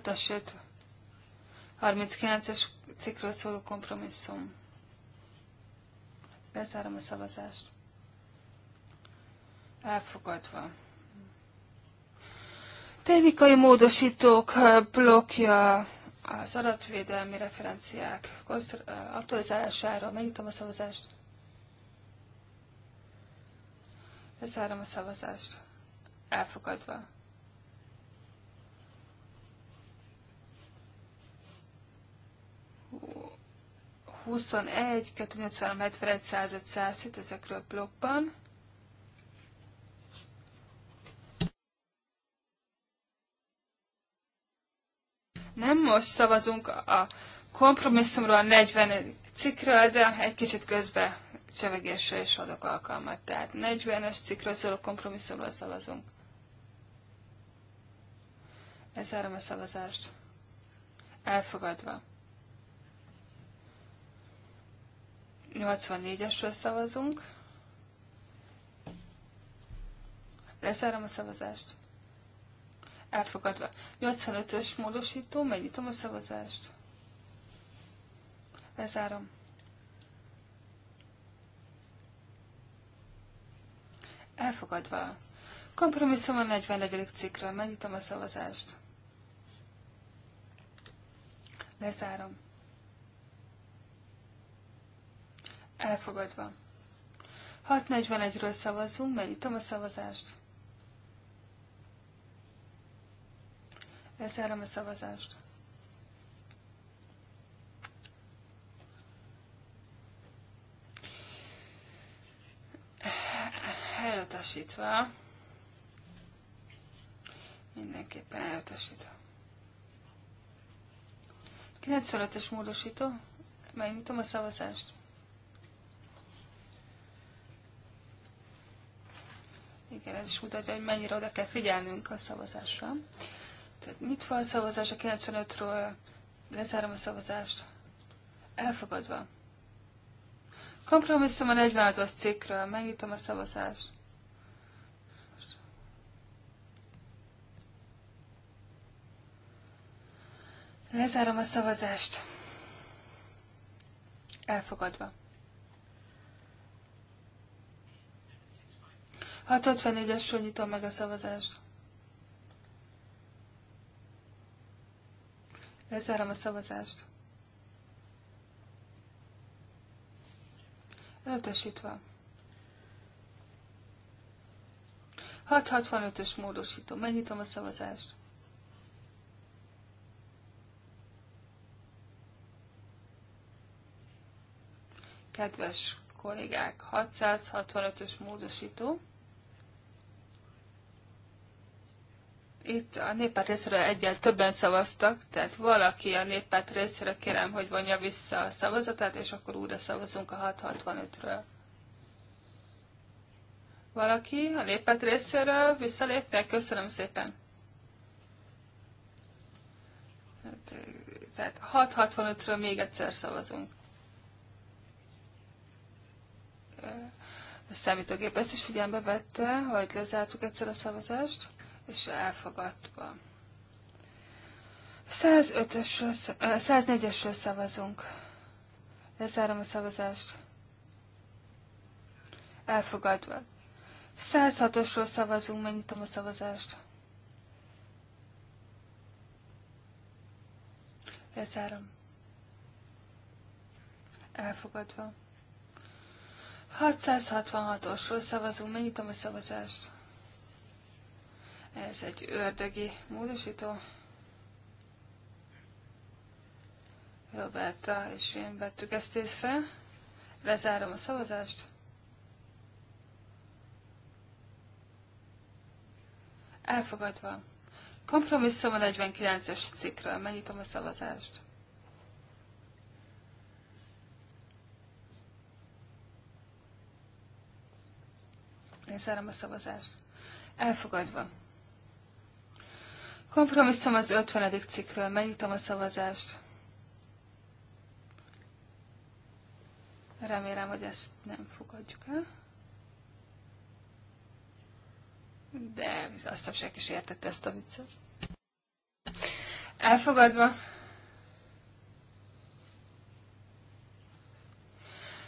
a sőt, 39-es cikkről szóló kompromisszum. Bezárom a szavazást. Elfogadva. Technikai módosítók eh, blokja az adatvédelmi referenciák eh, aktualizálására. Megnyitom a szavazást. Bezárom a szavazást elfogadva. Hú. 21, 283, 71, 105, 107 ezekről blokkban. Nem most szavazunk a kompromisszumról, a 40 cikről, de egy kicsit közbe csevegésre is adok alkalmat. Tehát 40-es cikről szóló kompromisszumról szavazunk. Lezárom a szavazást. Elfogadva. 84-esről szavazunk. Lezárom a szavazást. Elfogadva. 85-ös módosító, megnyitom a szavazást. Lezárom. Elfogadva. Kompromisszum a 41. cikkről. Megnyitom a szavazást. Lezárom. Elfogadva. 641-ről szavazzunk, megnyitom a szavazást. Lezárom a szavazást. Elutasítva. Mindenképpen elutasítva. 95-ös módosító. Megnyitom a szavazást. Igen, ez is mutatja, hogy mennyire oda kell figyelnünk a szavazásra. Tehát nyitva a szavazás a 95-ről, lezárom a szavazást. Elfogadva. Kompromisszum a 46-os cikkről, megnyitom a szavazást. Lezárom a szavazást. Elfogadva. 654 es nyitom meg a szavazást. Lezárom a szavazást. Elutasítva. 665-ös módosítom. Megnyitom a szavazást. Kedves kollégák, 665-ös módosító. Itt a néppárt részre egyel többen szavaztak, tehát valaki a néppárt részre kérem, hogy vonja vissza a szavazatát, és akkor újra szavazunk a 665-ről. Valaki a néppárt részéről visszalépne? Köszönöm szépen. Tehát 665-ről még egyszer szavazunk számítógép ezt is figyelembe vette, hogy lezártuk egyszer a szavazást, és elfogadva. 104-esről szavazunk. Lezárom a szavazást. Elfogadva. 106-osról szavazunk, megnyitom a szavazást. Lezárom. Elfogadva. 666-osról szavazunk, megnyitom a szavazást. Ez egy ördögi módosító. Roberta és én vettük ezt észre. Lezárom a szavazást. Elfogadva. Kompromisszum a 49-es cikkről. Megnyitom a szavazást. Lezárom a szavazást. Elfogadva. Kompromisszum az 50. cikkről. Megnyitom a szavazást. Remélem, hogy ezt nem fogadjuk el. De azt nem senki is értette ezt a viccet. Elfogadva.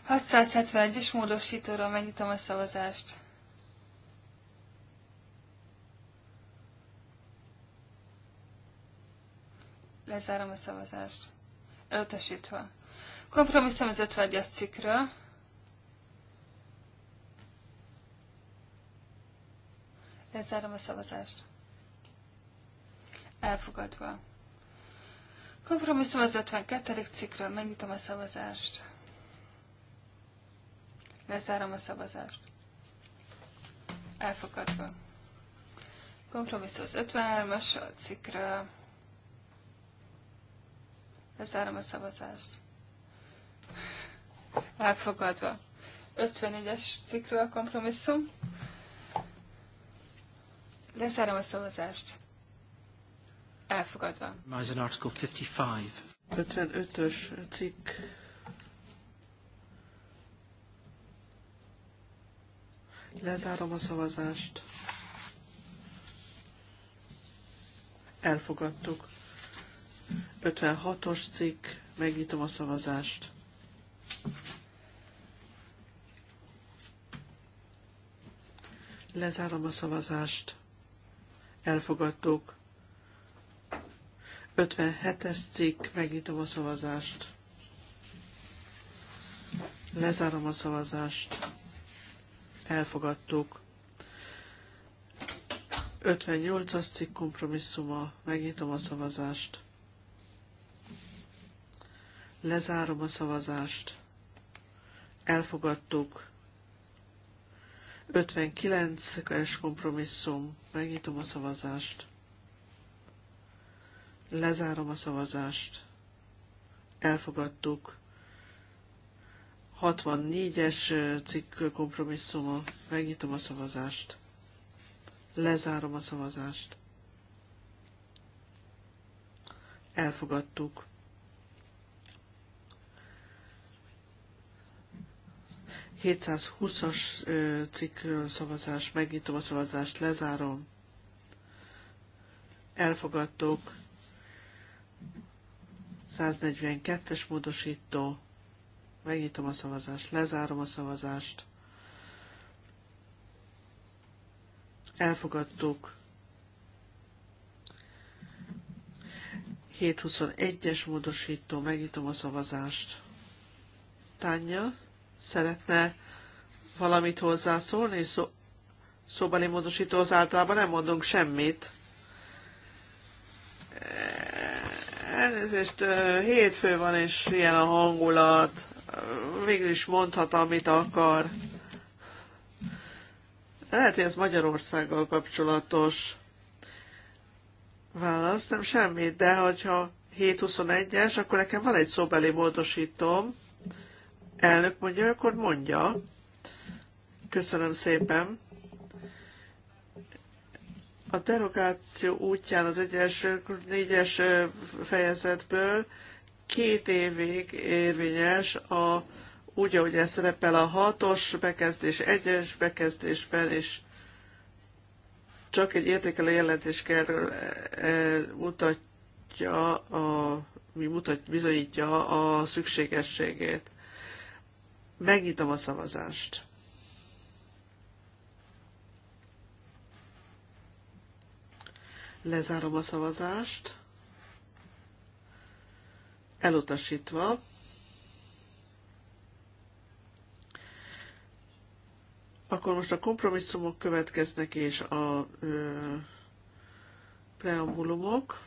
671-es módosítóról megnyitom a szavazást. Lezárom a szavazást. Elutasítva. Kompromisszum az 51-es cikkről. Lezárom a szavazást. Elfogadva. Kompromisszum az 52. cikkről. Megnyitom a szavazást. Lezárom a szavazást. Elfogadva. Kompromisszum az 53 cikkről. Lezárom a szavazást. Elfogadva. 54-es cikkről a kompromisszum. Lezárom a szavazást. Elfogadva. Article 55. 55-ös cikk. Lezárom a szavazást. Elfogadtuk. 56-os cikk, megnyitom a szavazást. Lezárom a szavazást. Elfogadtuk. 57-es cikk, megnyitom a szavazást. Lezárom a szavazást. Elfogadtuk. 58-as cikk kompromisszuma, megnyitom a szavazást. Lezárom a szavazást. Elfogadtuk. 59-es kompromisszum. Megnyitom a szavazást. Lezárom a szavazást. Elfogadtuk. 64-es cikk kompromisszuma. Megnyitom a szavazást. Lezárom a szavazást. Elfogadtuk. 720-as cikkről szavazás, megnyitom a szavazást, lezárom. Elfogadtuk. 142-es módosító. Megnyitom a szavazást, lezárom a szavazást. Elfogadtuk. 721-es módosító, megnyitom a szavazást. Tanya, szeretne valamit hozzászólni, szó, szóbeli az általában nem mondunk semmit. Elnézést, hétfő van, és ilyen a hangulat. Végül is mondhat, amit akar. Lehet, hogy ez Magyarországgal kapcsolatos válasz, nem semmit, de hogyha 7.21-es, akkor nekem van egy szóbeli módosítom, Elnök mondja, akkor mondja. Köszönöm szépen. A derogáció útján az egyes négyes fejezetből két évig érvényes a úgy, ahogy ez szerepel a hatos bekezdés, egyes bekezdésben is csak egy értékelő jelentés kerül, e, mutatja a, mi mutat, bizonyítja a szükségességét. Megnyitom a szavazást. Lezárom a szavazást. Elutasítva. Akkor most a kompromisszumok következnek, és a ö, preambulumok.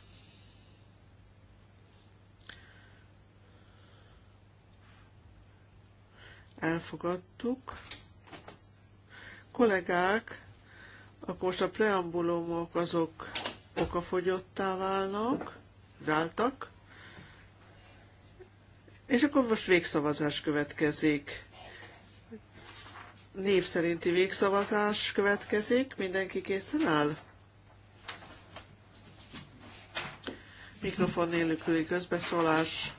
elfogadtuk. Kollégák, akkor most a preambulumok azok okafogyottá válnak, váltak, és akkor most végszavazás következik. Név szerinti végszavazás következik. Mindenki készen áll? Mikrofon nélküli közbeszólás.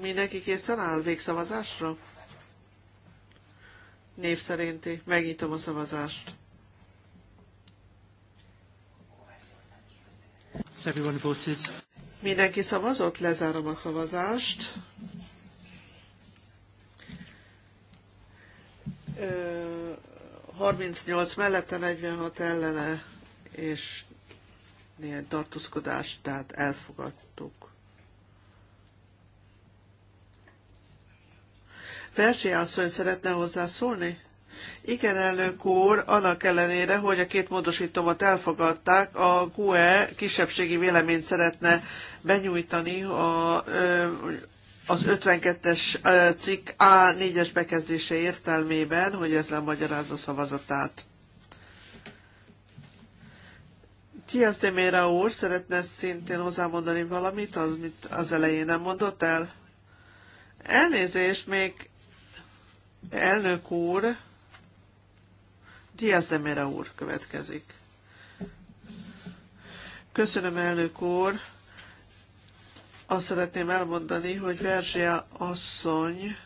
Mindenki készen áll végszavazásra? név szerinti. Megnyitom a szavazást. Mindenki szavazott? Lezárom a szavazást. Ö, 38 mellette, 46 ellene, és néhány tartózkodást, tehát elfogadtuk. Verzsi asszony szeretne hozzászólni? Igen, elnök úr, annak ellenére, hogy a két módosítomat elfogadták, a GUE kisebbségi véleményt szeretne benyújtani a, az 52-es cikk A4-es bekezdése értelmében, hogy ez lemagyarázza szavazatát. Tiaz de úr szeretne szintén hozzámondani valamit, az, amit az elején nem mondott el? Elnézést, még Elnök úr, Diaz de Mera úr következik. Köszönöm, elnök úr. Azt szeretném elmondani, hogy Verzsia asszony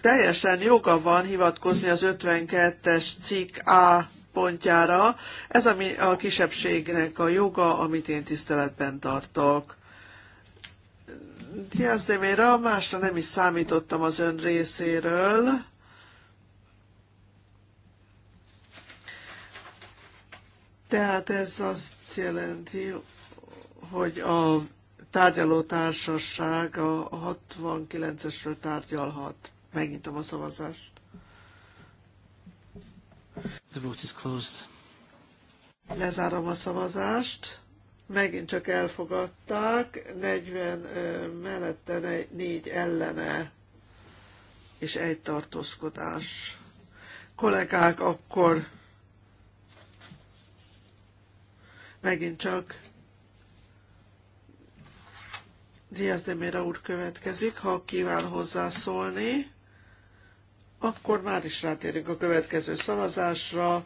teljesen joga van hivatkozni az 52-es cikk A pontjára. Ez a, a kisebbségnek a joga, amit én tiszteletben tartok. Diaz de Vera, másra nem is számítottam az ön részéről. Tehát ez azt jelenti, hogy a tárgyaló társaság a 69-esről tárgyalhat. Megnyitom a szavazást. The vote is closed. Lezárom a szavazást megint csak elfogadták, 40 mellette, 4 ellene, és egy tartózkodás. Kollegák akkor megint csak Diaz de Mera úr következik, ha kíván hozzászólni. Akkor már is rátérünk a következő szavazásra.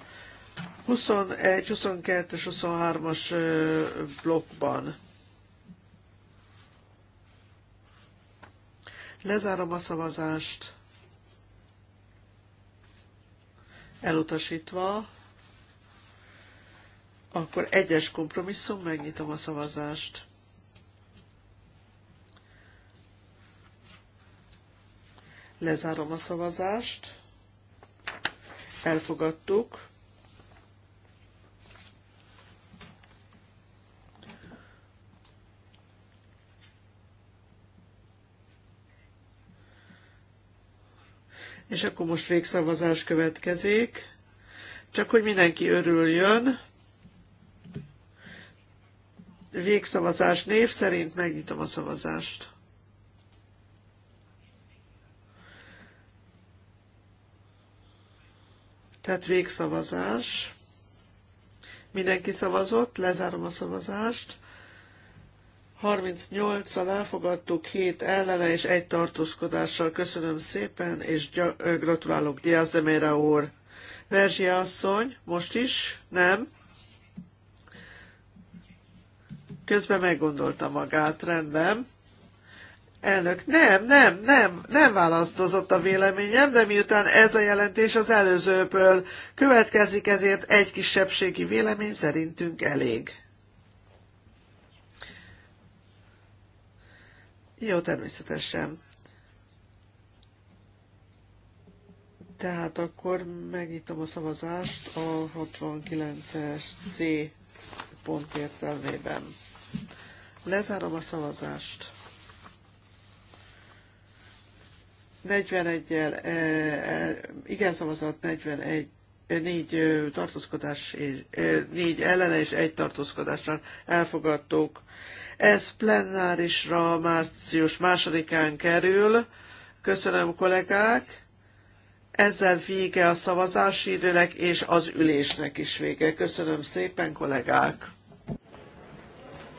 21, 22 és 23-as blokkban. Lezárom a szavazást. Elutasítva. Akkor egyes kompromisszum, megnyitom a szavazást. Lezárom a szavazást. Elfogadtuk. És akkor most végszavazás következik. Csak hogy mindenki örüljön. Végszavazás név szerint megnyitom a szavazást. Tehát végszavazás. Mindenki szavazott, lezárom a szavazást. 38-an elfogadtuk, 7 ellene és egy tartózkodással. Köszönöm szépen, és gratulálok Diaz de Mera úr. Verzsia asszony, most is? Nem? Közben meggondolta magát, rendben. Elnök, nem, nem, nem, nem választozott a véleményem, de miután ez a jelentés az előzőből következik, ezért egy kisebbségi vélemény szerintünk elég. Jó, természetesen. Tehát akkor megnyitom a szavazást a 69-es C pont értelmében. Lezárom a szavazást. 41-el, e, e, igen szavazat 41, 4 e, tartózkodás, és, 4 e, ellene és 1 tartózkodásra elfogadtuk. Ez plenárisra március másodikán kerül. Köszönöm, kollégák! Ezzel vége a szavazási időnek és az ülésnek is vége. Köszönöm szépen, kollégák!